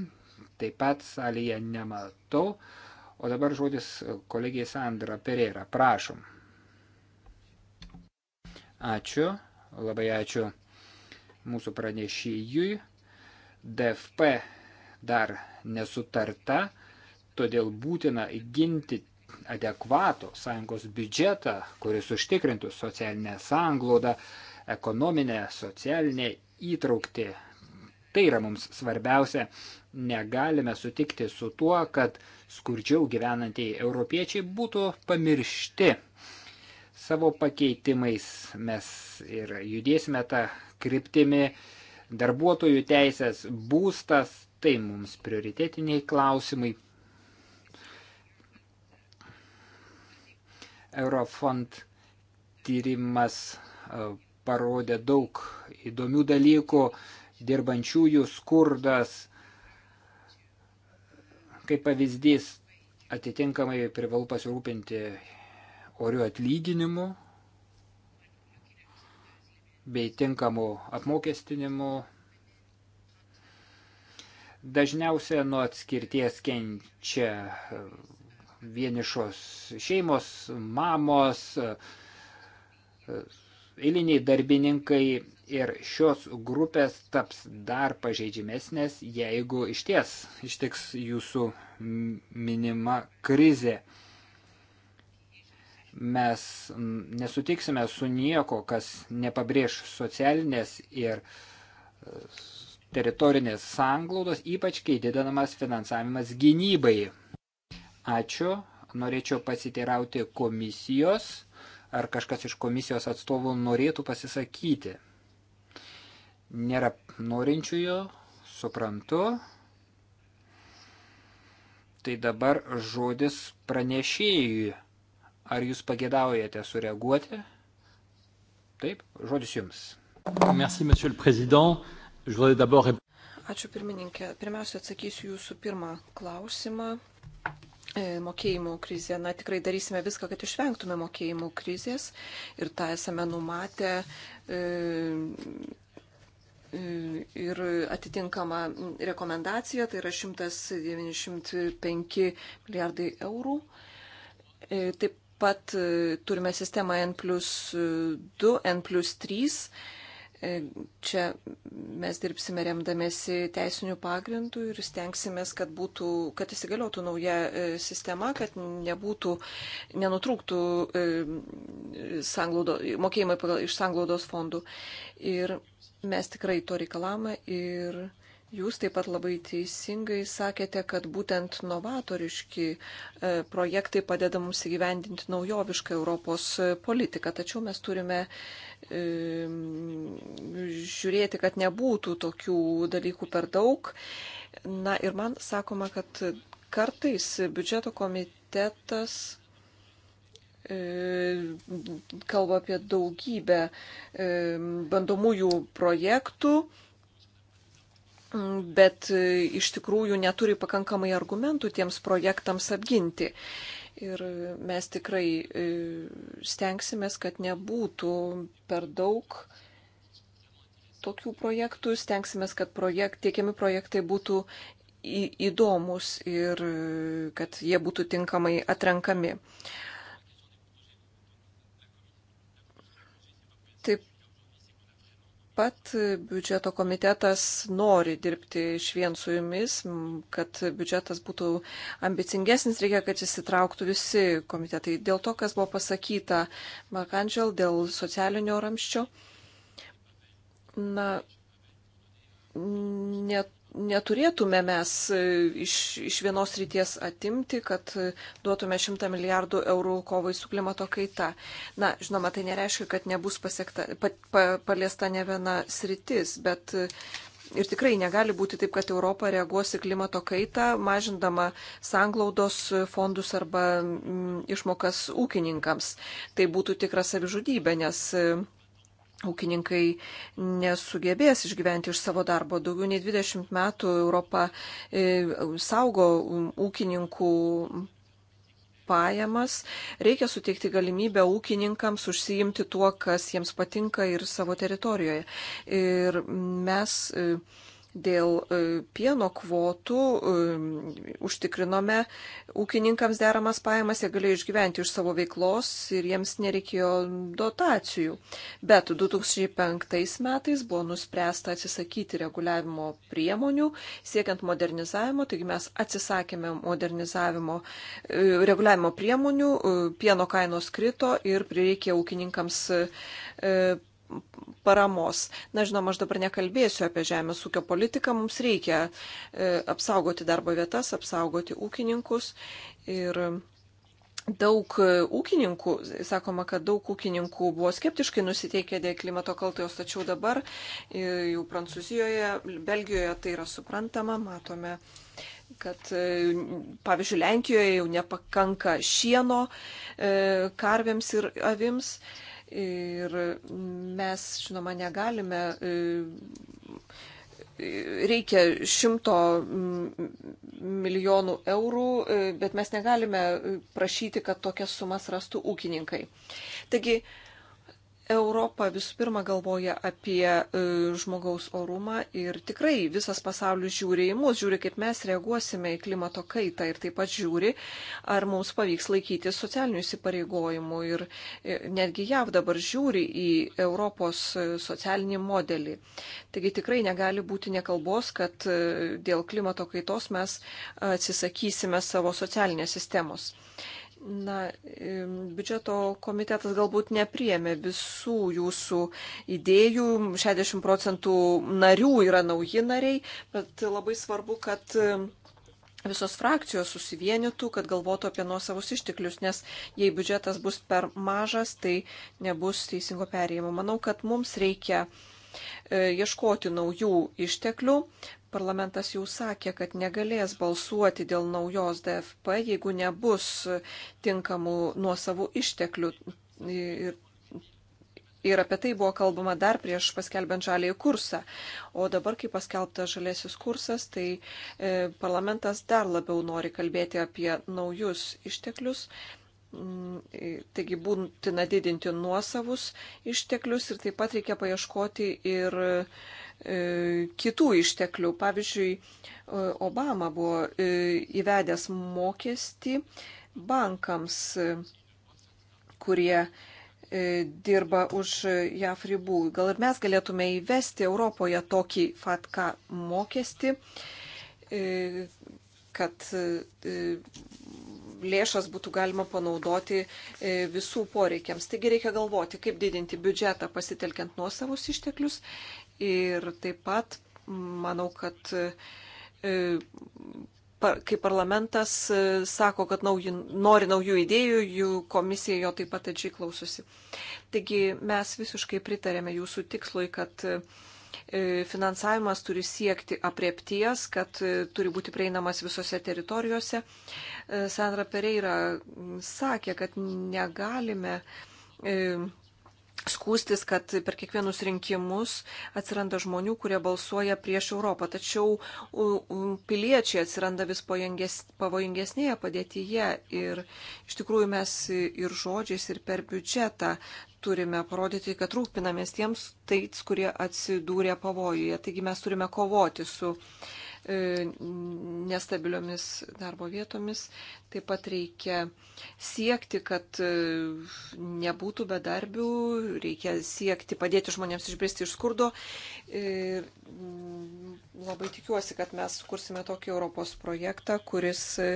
taip pat salėje nematau. O dabar žodis kolegijai Sandra Pereira. Prašom. Ačiū, labai ačiū mūsų pranešėjui. DFP dar nesutarta, todėl būtina ginti adekvato sąjungos biudžetą, kuris užtikrintų socialinę sąnglaudą, ekonominę, socialinę įtraukti Tai yra mums svarbiausia. Negalime sutikti su tuo, kad skurdžiau gyvenantieji europiečiai būtų pamiršti. Savo pakeitimais mes ir judėsime tą kryptimį. Darbuotojų teisės, būstas, tai mums prioritetiniai klausimai. Eurofond tyrimas parodė daug įdomių dalykų, dirbančiųjų skurdas. Kaip pavyzdys, atitinkamai privalu pasirūpinti orių atlyginimu bei tinkamu apmokestinimu. Dažniausia nuo atskirties kenčia vienišos šeimos, mamos, eiliniai darbininkai ir šios grupės taps dar pažeidžiamesnės, jeigu išties ištiks jūsų minima krizė. Mes nesutiksime su nieko, kas nepabrėž socialinės ir e, teritorinės sanglaudos, ypač kai didinamas finansavimas gynybai. Ačiū. Norėčiau pasiteirauti komisijos ar kažkas iš komisijos atstovų norėtų pasisakyti. Nėra norinčiųjų, suprantu. Tai dabar žodis pranešėjui. Ar jūs pagėdaujate sureaguoti? Taip, žodis jums. Merci, monsieur le président. Je voudrais d'abord... Ačiū pirmininkė. Pirmiausia, atsakysiu jūsų pirmą klausimą. E, mokėjimų krizė. Na, tikrai darysime viską, kad išvengtume mokėjimų krizės ir tą esame numatę. E, e, ir atitinkama rekomendacija, tai yra 195 milijardai eurų. Taip pat turime sistemą N plus 2, N plus 3 E, čia mes dirbsime remdamėsi teisinių pagrindų ir stengsimės, kad, būtų, kad įsigaliotų nauja e, sistema, kad nebūtų, nenutrūktų e, sanglaudo, mokėjimai pagal, iš sanglaudos fondų. Ir mes tikrai to reikalavome ir jūs taip pat labai teisingai sakėte, kad būtent novatoriški projektai padeda mums įgyvendinti naujovišką Europos politiką. Tačiau mes turime žiūrėti, kad nebūtų tokių dalykų per daug. Na ir man sakoma, kad kartais biudžeto komitetas e, kalba apie daugybę e, bandomųjų projektų, bet e, iš tikrųjų neturi pakankamai argumentų tiems projektams apginti. Ir mes tikrai e, stengsimės, kad nebūtų per daug tokių projektų, stengsimės, kad projekt, tiekiami projektai būtų įdomus ir e, kad jie būtų tinkamai atrenkami. pat biudžeto komitetas nori dirbti iš vien su jumis, kad biudžetas būtų ambicingesnis, reikia, kad įsitrauktų visi komitetai. Dėl to, kas buvo pasakyta Markandžel, dėl socialinio ramščio, na, net neturėtume mes e, iš, iš vienos ryties atimti, kad e, duotume 100 milijardų eurų kovai su klimato kaita. Na, žinoma, tai nereiškia, kad nebus pasiekta, pa, pa, paliesta ne viena sritis, bet e, ir tikrai negali būti taip, kad Europa reaguos į klimato kaitą, mažindama sanglaudos fondus arba m, išmokas ūkininkams. Tai būtų tikra savižudybė, nes m, ūkininkai nesugebės išgyventi iš savo darbo. Daugiau nei 20 metų Europa e, saugo ūkininkų pajamas. Reikia suteikti galimybę ūkininkams užsiimti tuo, kas jiems patinka ir savo teritorijoje. Ir mes e, Dėl e, pieno kvotų e, užtikrinome ūkininkams deramas pajamas, jie galėjo išgyventi iš savo veiklos ir jiems nereikėjo dotacijų. Bet 2005 metais buvo nuspręsta atsisakyti reguliavimo priemonių, siekiant modernizavimo, taigi mes atsisakėme modernizavimo e, reguliavimo priemonių, pieno kainos krito ir prireikė ūkininkams paramos. Na, žinoma, aš dabar nekalbėsiu apie žemės ūkio politiką, mums reikia e, apsaugoti darbo vietas, apsaugoti ūkininkus. Ir daug e, ūkininkų, sakoma, kad daug ūkininkų buvo skeptiškai nusiteikę dėl klimato kaltojos, tačiau dabar e, jau Prancūzijoje, Belgijoje tai yra suprantama, matome, kad e, pavyzdžiui Lenkijoje jau nepakanka šieno karvėms ir avims. E, Ir mes, žinoma, negalime. E, reikia šimto milijonų eurų, e, bet mes negalime prašyti, kad tokias sumas rastų ūkininkai. Taigi, Europa visų pirma galvoja apie e, žmogaus orumą ir tikrai visas pasaulis žiūri į mus, žiūri, kaip mes reaguosime į klimato kaitą ir taip pat žiūri, ar mums pavyks laikyti socialinių įsipareigojimų. Ir e, netgi JAV dabar žiūri į Europos e, socialinį modelį. Taigi tikrai negali būti nekalbos, kad dėl klimato kaitos mes atsisakysime savo socialinės sistemos. Uh, Na, biudžeto komitetas galbūt nepriemė visų jūsų idėjų, 60 procentų narių yra nauji nariai, bet labai svarbu, kad visos frakcijos susivienytų, kad galvotų apie nuosavus išteklius, nes jei biudžetas bus per mažas, tai nebus teisingo perėjimo. Manau, kad mums reikia e, ieškoti naujų išteklių, parlamentas jau sakė, kad negalės balsuoti dėl naujos DFP, jeigu nebus tinkamų nuosavų išteklių. Ir, ir apie tai buvo kalbama dar prieš paskelbiant žalėjį kursą. O dabar, kai paskelbta žalėsis kursas, tai e, parlamentas dar labiau nori kalbėti apie naujus išteklius. Mm, taigi būtina didinti nuosavus išteklius ir taip pat reikia paieškoti ir e, E, kitų išteklių. Pavyzdžiui, e, Obama buvo e, įvedęs mokestį bankams, kurie dirba už JAF ribų. Gal ir mes galėtume įvesti Europoje tokį FATKA mokestį, kad lėšas būtų galima panaudoti visų poreikiams. Taigi reikia galvoti, kaip didinti biudžetą pasitelkiant nuosavus išteklius Ir taip pat manau, kad e, kai parlamentas e, sako, kad nauji, nori naujų idėjų, jų komisija jo taip pat atžiai klausosi. Taigi mes visiškai pritarėme jūsų tikslui, kad e, finansavimas turi siekti apriepties, kad turi būti prieinamas visose teritorijose. Sandra Pereira sakė, kad negalime skūstis, kad per kiekvienus rinkimus atsiranda žmonių, kurie balsuoja prieš Europą. Tačiau piliečiai atsiranda vis pavojingesnėje padėtyje ir iš tikrųjų mes ir žodžiais, ir per biudžetą turime parodyti, kad rūpinamės tiems tais, kurie atsidūrė pavojuje. Taigi mes turime kovoti su E, nestabiliomis darbo vietomis. Taip pat reikia siekti, kad e, nebūtų bedarbių, reikia siekti padėti žmonėms išbristi iš skurdo. Ir mm, labai tikiuosi, kad mes sukursime tokį Europos projektą, kuris e,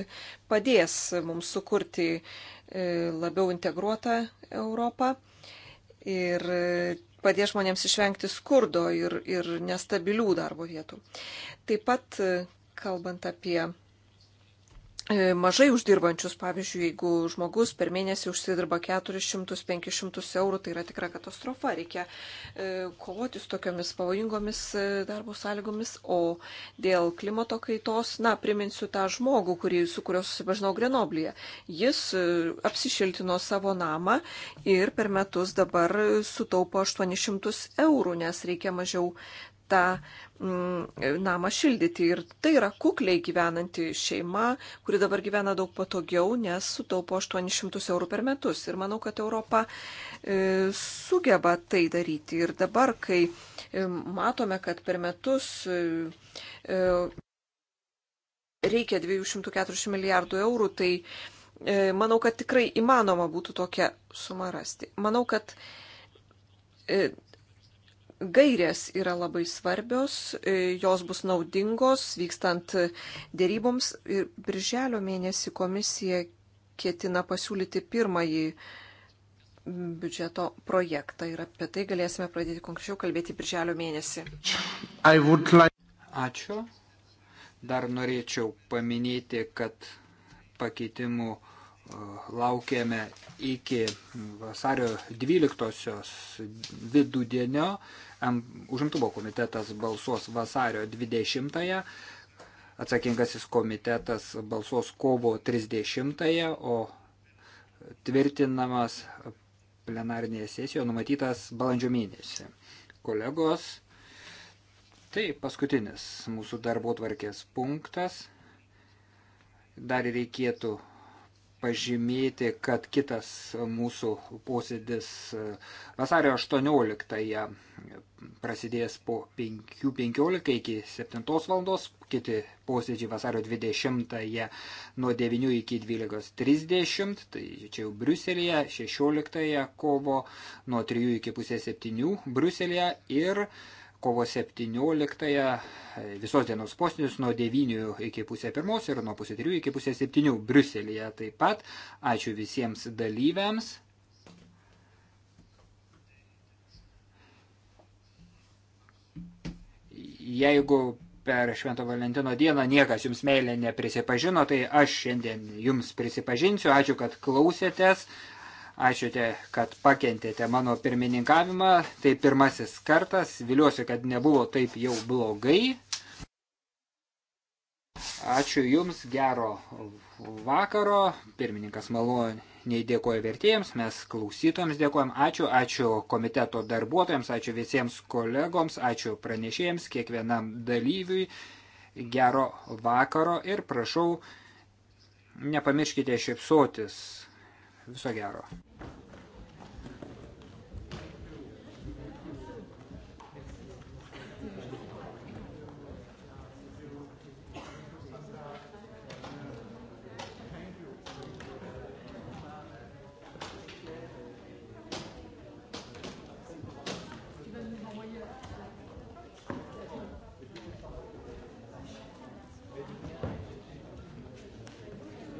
padės mums sukurti labiau integruotą Europą. Ir padės žmonėms išvengti skurdo ir, ir nestabilių darbo vietų. Taip pat, kalbant apie E, mažai uždirbančius, pavyzdžiui, jeigu žmogus per mėnesį užsidirba 400-500 eurų, tai yra tikra katastrofa, reikia e, kovoti su tokiamis pavojingomis e, darbo sąlygomis, o dėl klimato kaitos, na, priminsiu tą žmogų, kurį, su kuriuo susipažinau Grenoblyje. Jis apsišiltino savo namą ir per metus dabar sutaupo 800 eurų, nes reikia mažiau tą mm, namą šildyti. Ir tai yra kukliai gyvenanti šeima, kuri dabar gyvena daug patogiau, nes sutaupo 800 eurų per metus. Ir manau, kad Europa e, sugeba tai daryti. Ir dabar, kai e, matome, kad per metus e, reikia 240 milijardų eurų, tai manau, kad tikrai įmanoma būtų tokią sumą rasti. Manau, kad gairės yra labai svarbios, e, jos bus naudingos vykstant dėryboms. Ir birželio mėnesį komisija ketina pasiūlyti pirmąjį biudžeto projektą ir apie tai galėsime pradėti konkrečiau kalbėti birželio mėnesį. Like... Ačiū. Dar norėčiau paminėti, kad pakeitimų e, laukiame iki vasario 12 vidudienio. Užimtumo komitetas balsuos vasario 20-ąją, atsakingasis komitetas balsuos kovo 30-ąją, o tvirtinamas plenarinėje sesijoje numatytas balandžio mėnesį. Kolegos, tai paskutinis mūsų darbo tvarkės punktas. Dar reikėtų pažymėti, kad kitas mūsų posėdis e, vasario 18-ąją prasidės po 5.15 iki 7 valandos, kiti posėdžiai vasario 20-ąją nuo 9 iki 12.30, tai čia jau Briuselėje, 16-ąją kovo nuo 3 iki pusės 7 Briuselėje ir kovo 17-ąją visos dienos posėdžius nuo 9 iki pusė 1 ir nuo pusė 3 iki pusė 7 Briuselėje taip pat. Ačiū visiems dalyviams. Jeigu per Švento Valentino dieną niekas jums meilė neprisipažino, tai aš šiandien jums prisipažinsiu. Ačiū, kad klausėtės. Ačiū, te, kad pakentėte mano pirmininkavimą. Tai pirmasis kartas. Viliuosi, kad nebuvo taip jau blogai. Ačiū Jums, gero vakaro. Pirmininkas maloniai dėkoja vertėjams, mes klausytojams dėkojam. Ačiū, ačiū komiteto darbuotojams, ačiū visiems kolegoms, ačiū pranešėjams, kiekvienam dalyviui. Gero vakaro ir prašau, nepamirškite šipsotis. Viso gero.